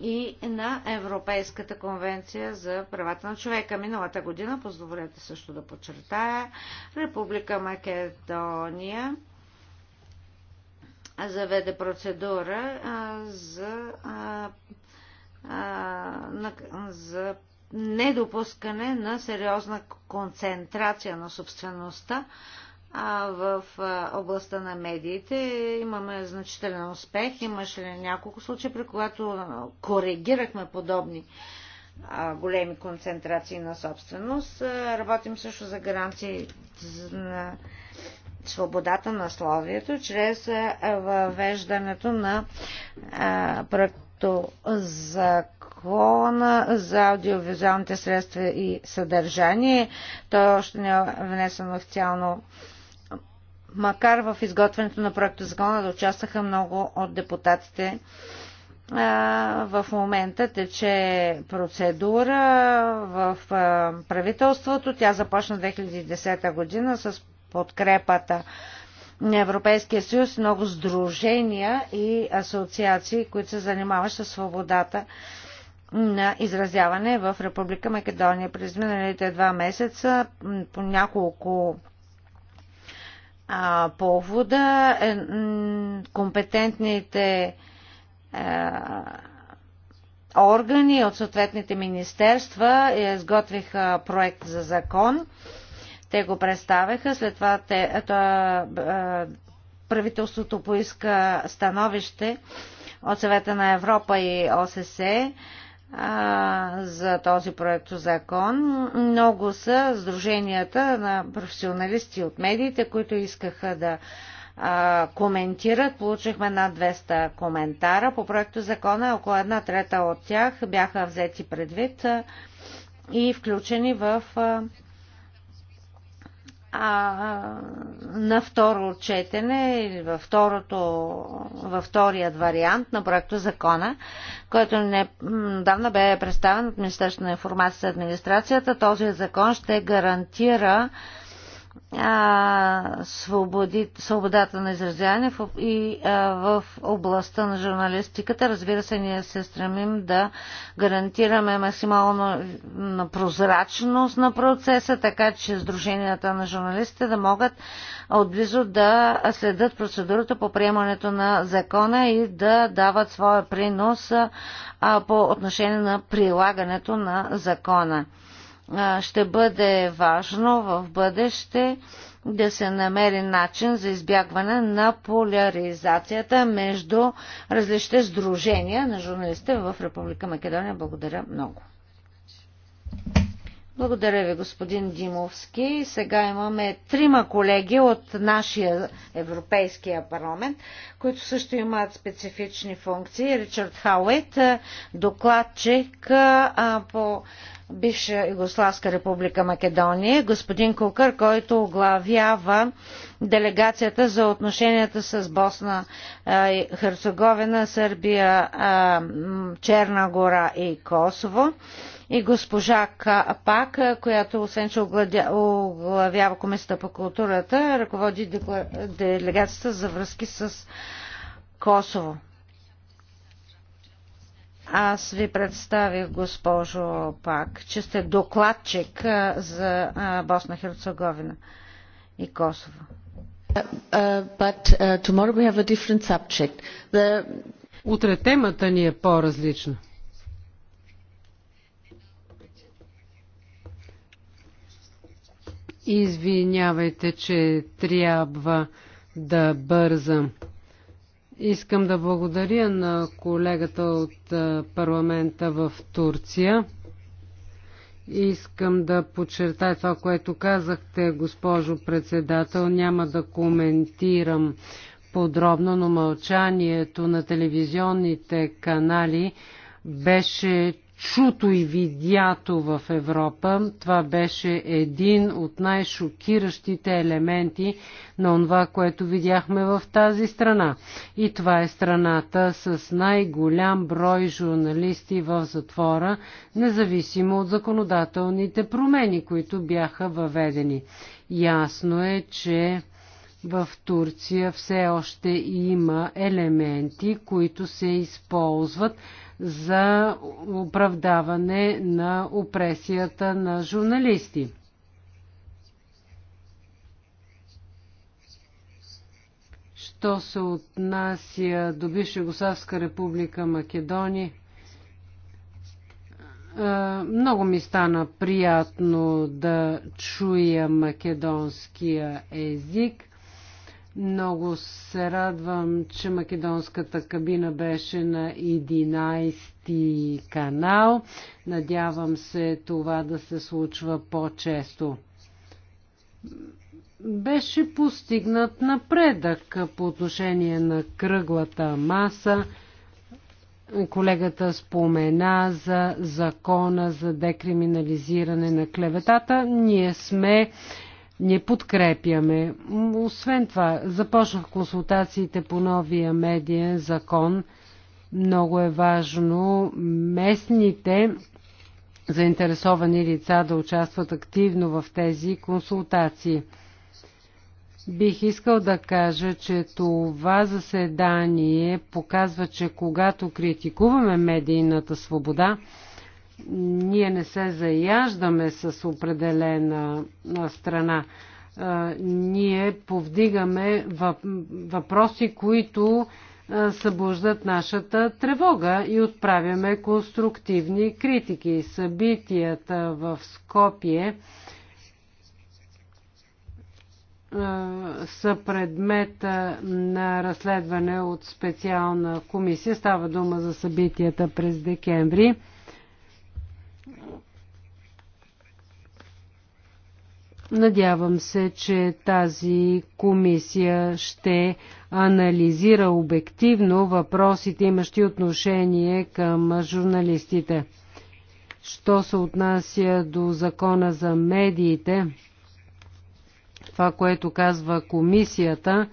и на Европейската конвенция за правата на човека. Миналата година, позволете също да подчертая, Република Македония заведе процедура е, за, за недопускане на сериозна концентрация на собствеността а в областта на медиите. Имаме значителен успех. Имаше ли няколко случаи, при когато коригирахме подобни големи концентрации на собственост. Работим също за гаранции на свободата на словието, чрез въвеждането на проекто за закона за аудиовизуалните средства и съдържание. Той още не е внесен официално макар в изготвянето на проекта закона да участваха много от депутатите. В момента тече процедура в правителството. Тя започна 2010 година с подкрепата на Европейския съюз, много сдружения и асоциации, които се занимават с свободата на изразяване в Република Македония. През миналите два месеца по няколко а, повода е, компетентните е, органи от съответните министерства е, изготвиха проект за закон. Те го представяха, след това те, ето, е, правителството поиска становище от съвета на Европа и ОССЕ а, за този проект закон. Много са сдруженията на професионалисти от медиите, които искаха да а, коментират. Получихме над 200 коментара по проекто закона. Около една трета от тях бяха взети предвид а, и включени в а, а, на второ четене или във, второто, във вторият вариант на проекта закона, който не давна бе представен от Министерството на информация и администрацията. Този закон ще гарантира а, а, свободи, свободата на изразяване в, и а, в областта на журналистиката. Разбира се, ние се стремим да гарантираме максимално на прозрачност на процеса, така че Сдруженията на журналистите да могат отблизо да следят процедурата по приемането на закона и да дават своя принос а, по отношение на прилагането на закона ще бъде важно в бъдеще да се намери начин за избягване на поляризацията между различните сдружения на журналистите в Република Македония. Благодаря много. Благодаря ви, господин Димовски. Сега имаме трима колеги от нашия Европейския парламент, които също имат специфични функции. Ричард Хаует, докладчик по бивша Югославска република Македония, господин Кукър, който оглавява делегацията за отношенията с Босна и Херцеговина, Сърбия, Черна гора и Косово. И госпожа Капак, която освен, че оглавява Комисията по културата, ръководи делегацията за връзки с Косово. Аз ви представих, госпожо Пак, че сте докладчик за Босна Херцеговина и Косово. Uh, uh, but uh, tomorrow we have a different subject. The... Утре темата ни е по-различна. Извинявайте, че трябва да бързам. Искам да благодаря на колегата от парламента в Турция. Искам да подчертая това, което казахте, госпожо председател. Няма да коментирам подробно, но мълчанието на телевизионните канали беше чуто и видято в Европа. Това беше един от най-шокиращите елементи на това, което видяхме в тази страна. И това е страната с най-голям брой журналисти в затвора, независимо от законодателните промени, които бяха въведени. Ясно е, че в Турция все още има елементи, които се използват за оправдаване на опресията на журналисти. Що се отнася до бивша Югославска република Македония, много ми стана приятно да чуя македонския език – много се радвам, че македонската кабина беше на 11 канал. Надявам се това да се случва по-често. Беше постигнат напредък по отношение на кръглата маса. Колегата спомена за закона за декриминализиране на клеветата. Ние сме не подкрепяме. Освен това, започнах консултациите по новия медиен закон. Много е важно местните заинтересовани лица да участват активно в тези консултации. Бих искал да кажа, че това заседание показва, че когато критикуваме медийната свобода, ние не се заяждаме с определена страна. Ние повдигаме въпроси, които събуждат нашата тревога и отправяме конструктивни критики. Събитията в Скопие са предмет на разследване от специална комисия. Става дума за събитията през декември. Надявам се, че тази комисия ще анализира обективно въпросите, имащи отношение към журналистите. Що се отнася до закона за медиите, това, което казва комисията,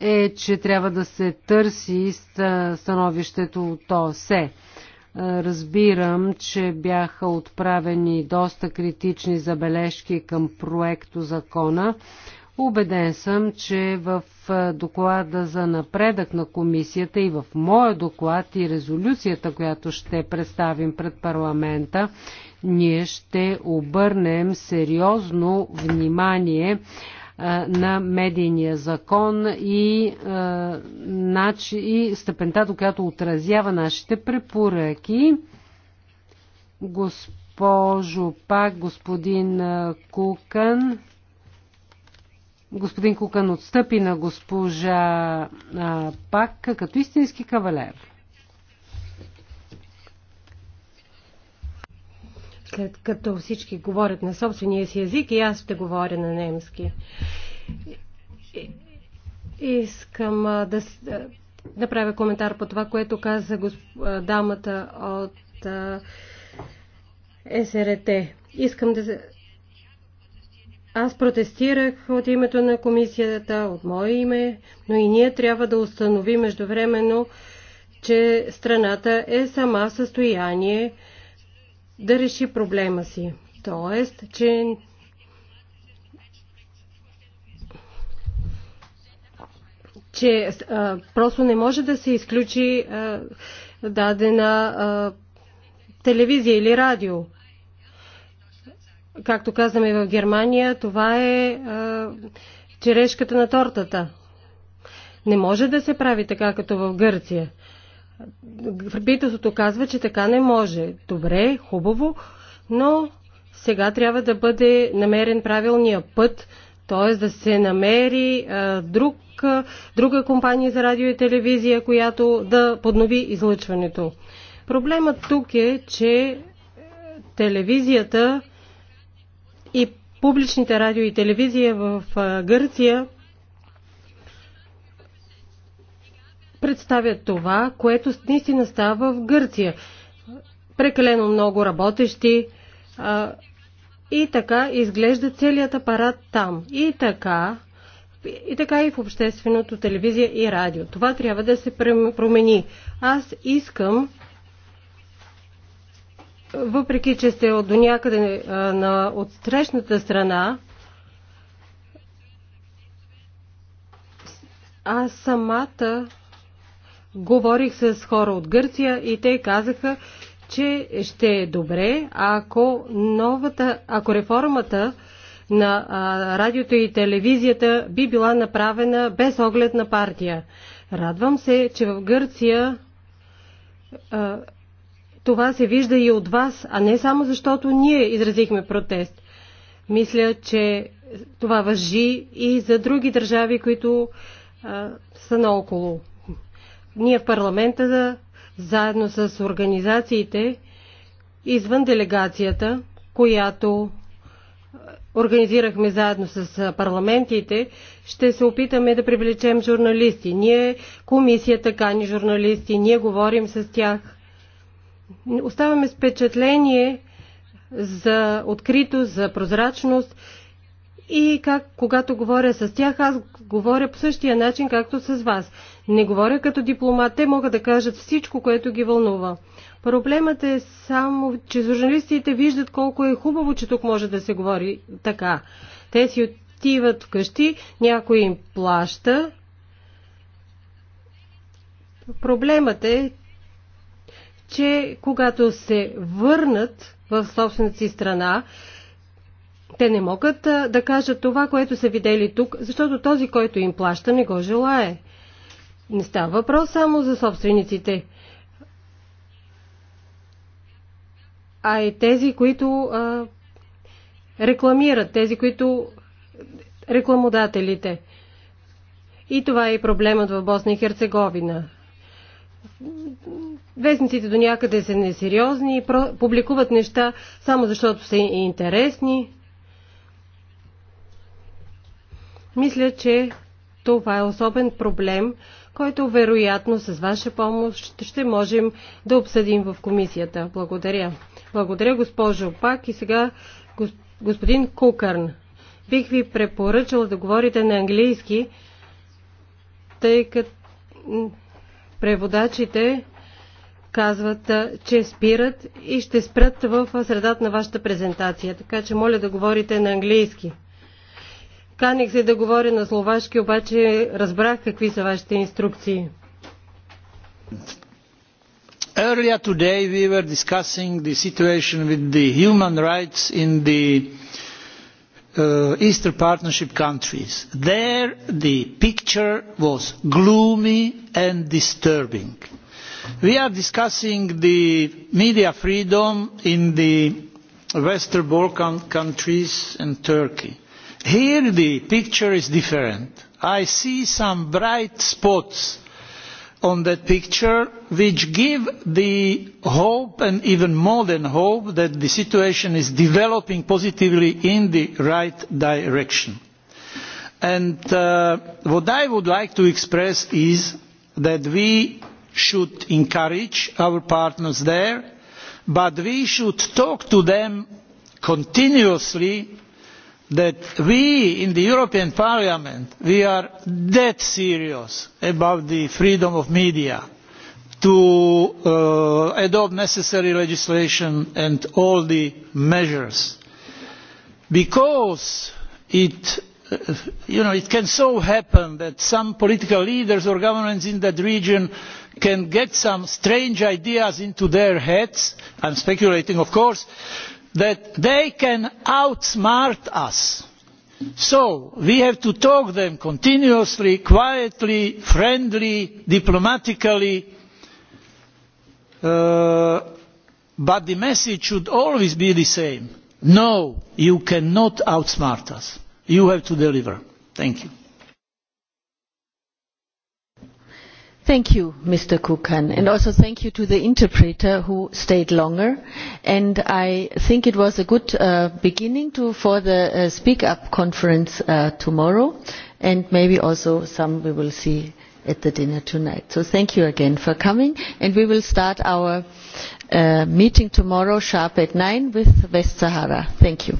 е, че трябва да се търси становището от ОСЕ. Разбирам, че бяха отправени доста критични забележки към проекто закона. Убеден съм, че в доклада за напредък на комисията и в моя доклад и резолюцията, която ще представим пред парламента, ние ще обърнем сериозно внимание на медийния закон и, и степента, до която отразява нашите препоръки. Госпожо Пак, господин Кукан. Господин Кукан отстъпи на госпожа Пак като истински кавалер. като всички говорят на собствения си език и аз ще говоря на немски. Искам да направя коментар по това, което каза дамата от СРТ. Искам да аз протестирах от името на комисията, от мое име, но и ние трябва да установим междувременно, че страната е сама състояние да реши проблема си. Тоест, че че а, просто не може да се изключи а, дадена а, телевизия или радио. Както казваме в Германия, това е а, черешката на тортата. Не може да се прави така, като в Гърция. Правителството казва, че така не може. Добре, хубаво, но сега трябва да бъде намерен правилния път, т.е. да се намери а, друг, а, друга компания за радио и телевизия, която да поднови излъчването. Проблемът тук е, че е, телевизията и публичните радио и телевизия в Гърция представят това, което наистина става в Гърция. Прекалено много работещи а, и така изглежда целият апарат там. И така и така и в общественото телевизия и радио. Това трябва да се промени. Аз искам, въпреки че сте от до някъде на отстрешната страна, аз самата Говорих с хора от Гърция и те казаха, че ще е добре, ако, новата, ако реформата на а, радиото и телевизията би била направена без оглед на партия. Радвам се, че в Гърция а, това се вижда и от вас, а не само защото ние изразихме протест. Мисля, че това въжи и за други държави, които а, са наоколо ние в парламента, заедно с организациите, извън делегацията, която е, организирахме заедно с е, парламентите, ще се опитаме да привлечем журналисти. Ние, комисията, кани журналисти, ние говорим с тях. Оставаме с впечатление за откритост, за прозрачност и как, когато говоря с тях, аз говоря по същия начин, както с вас. Не говоря като дипломат, те могат да кажат всичко, което ги вълнува. Проблемът е само, че журналистите виждат колко е хубаво, че тук може да се говори така. Те си отиват вкъщи, някой им плаща. Проблемът е, че когато се върнат в собствената си страна, те не могат да кажат това, което са видели тук, защото този, който им плаща, не го желая. Не става въпрос само за собствениците, а и тези, които а, рекламират, тези, които рекламодателите. И това е и проблемът в Босна и Херцеговина. Вестниците до някъде са несериозни и публикуват неща само защото са интересни. Мисля, че това е особен проблем, който вероятно с ваша помощ ще можем да обсъдим в комисията. Благодаря. Благодаря, госпожо Пак. И сега господин Кукърн. Бих ви препоръчал да говорите на английски, тъй като преводачите казват, че спират и ще спрат в средата на вашата презентация. Така че моля да говорите на английски. Каних се да говоря на словашки, обаче разбрах какви са вашите инструкции. Earlier today we were discussing the situation with the human rights in the uh, Eastern Partnership countries. There the picture was gloomy and disturbing. We are discussing the media freedom in the Western Balkan countries and Turkey Here the picture is different. I see some bright spots on that picture which give the hope and even more than hope that the situation is developing positively in the right direction. And what I would like to express is that we should encourage our partners there, but we should talk to them continuously that we in the European Parliament, are that serious about the freedom of the media to adopt necessary legislation and all the measures because it it can so happen that some political leaders or governments in that region can get some strange ideas into their heads i am speculating of course that they can outsmart us. So we have to talk to them continuously, quietly, friendly, diplomatically. but the message should always be the same. No, you cannot outsmart us. You have to deliver. Thank you Thank you, Mr. Kukan, and also thank you to the interpreter who stayed longer. And I think it was a good uh, beginning to, for the uh, Speak Up conference uh, tomorrow, and maybe also some we will see at the dinner tonight. So thank you again for coming, and we will start our uh, meeting tomorrow sharp at 9 with West Sahara. Thank you.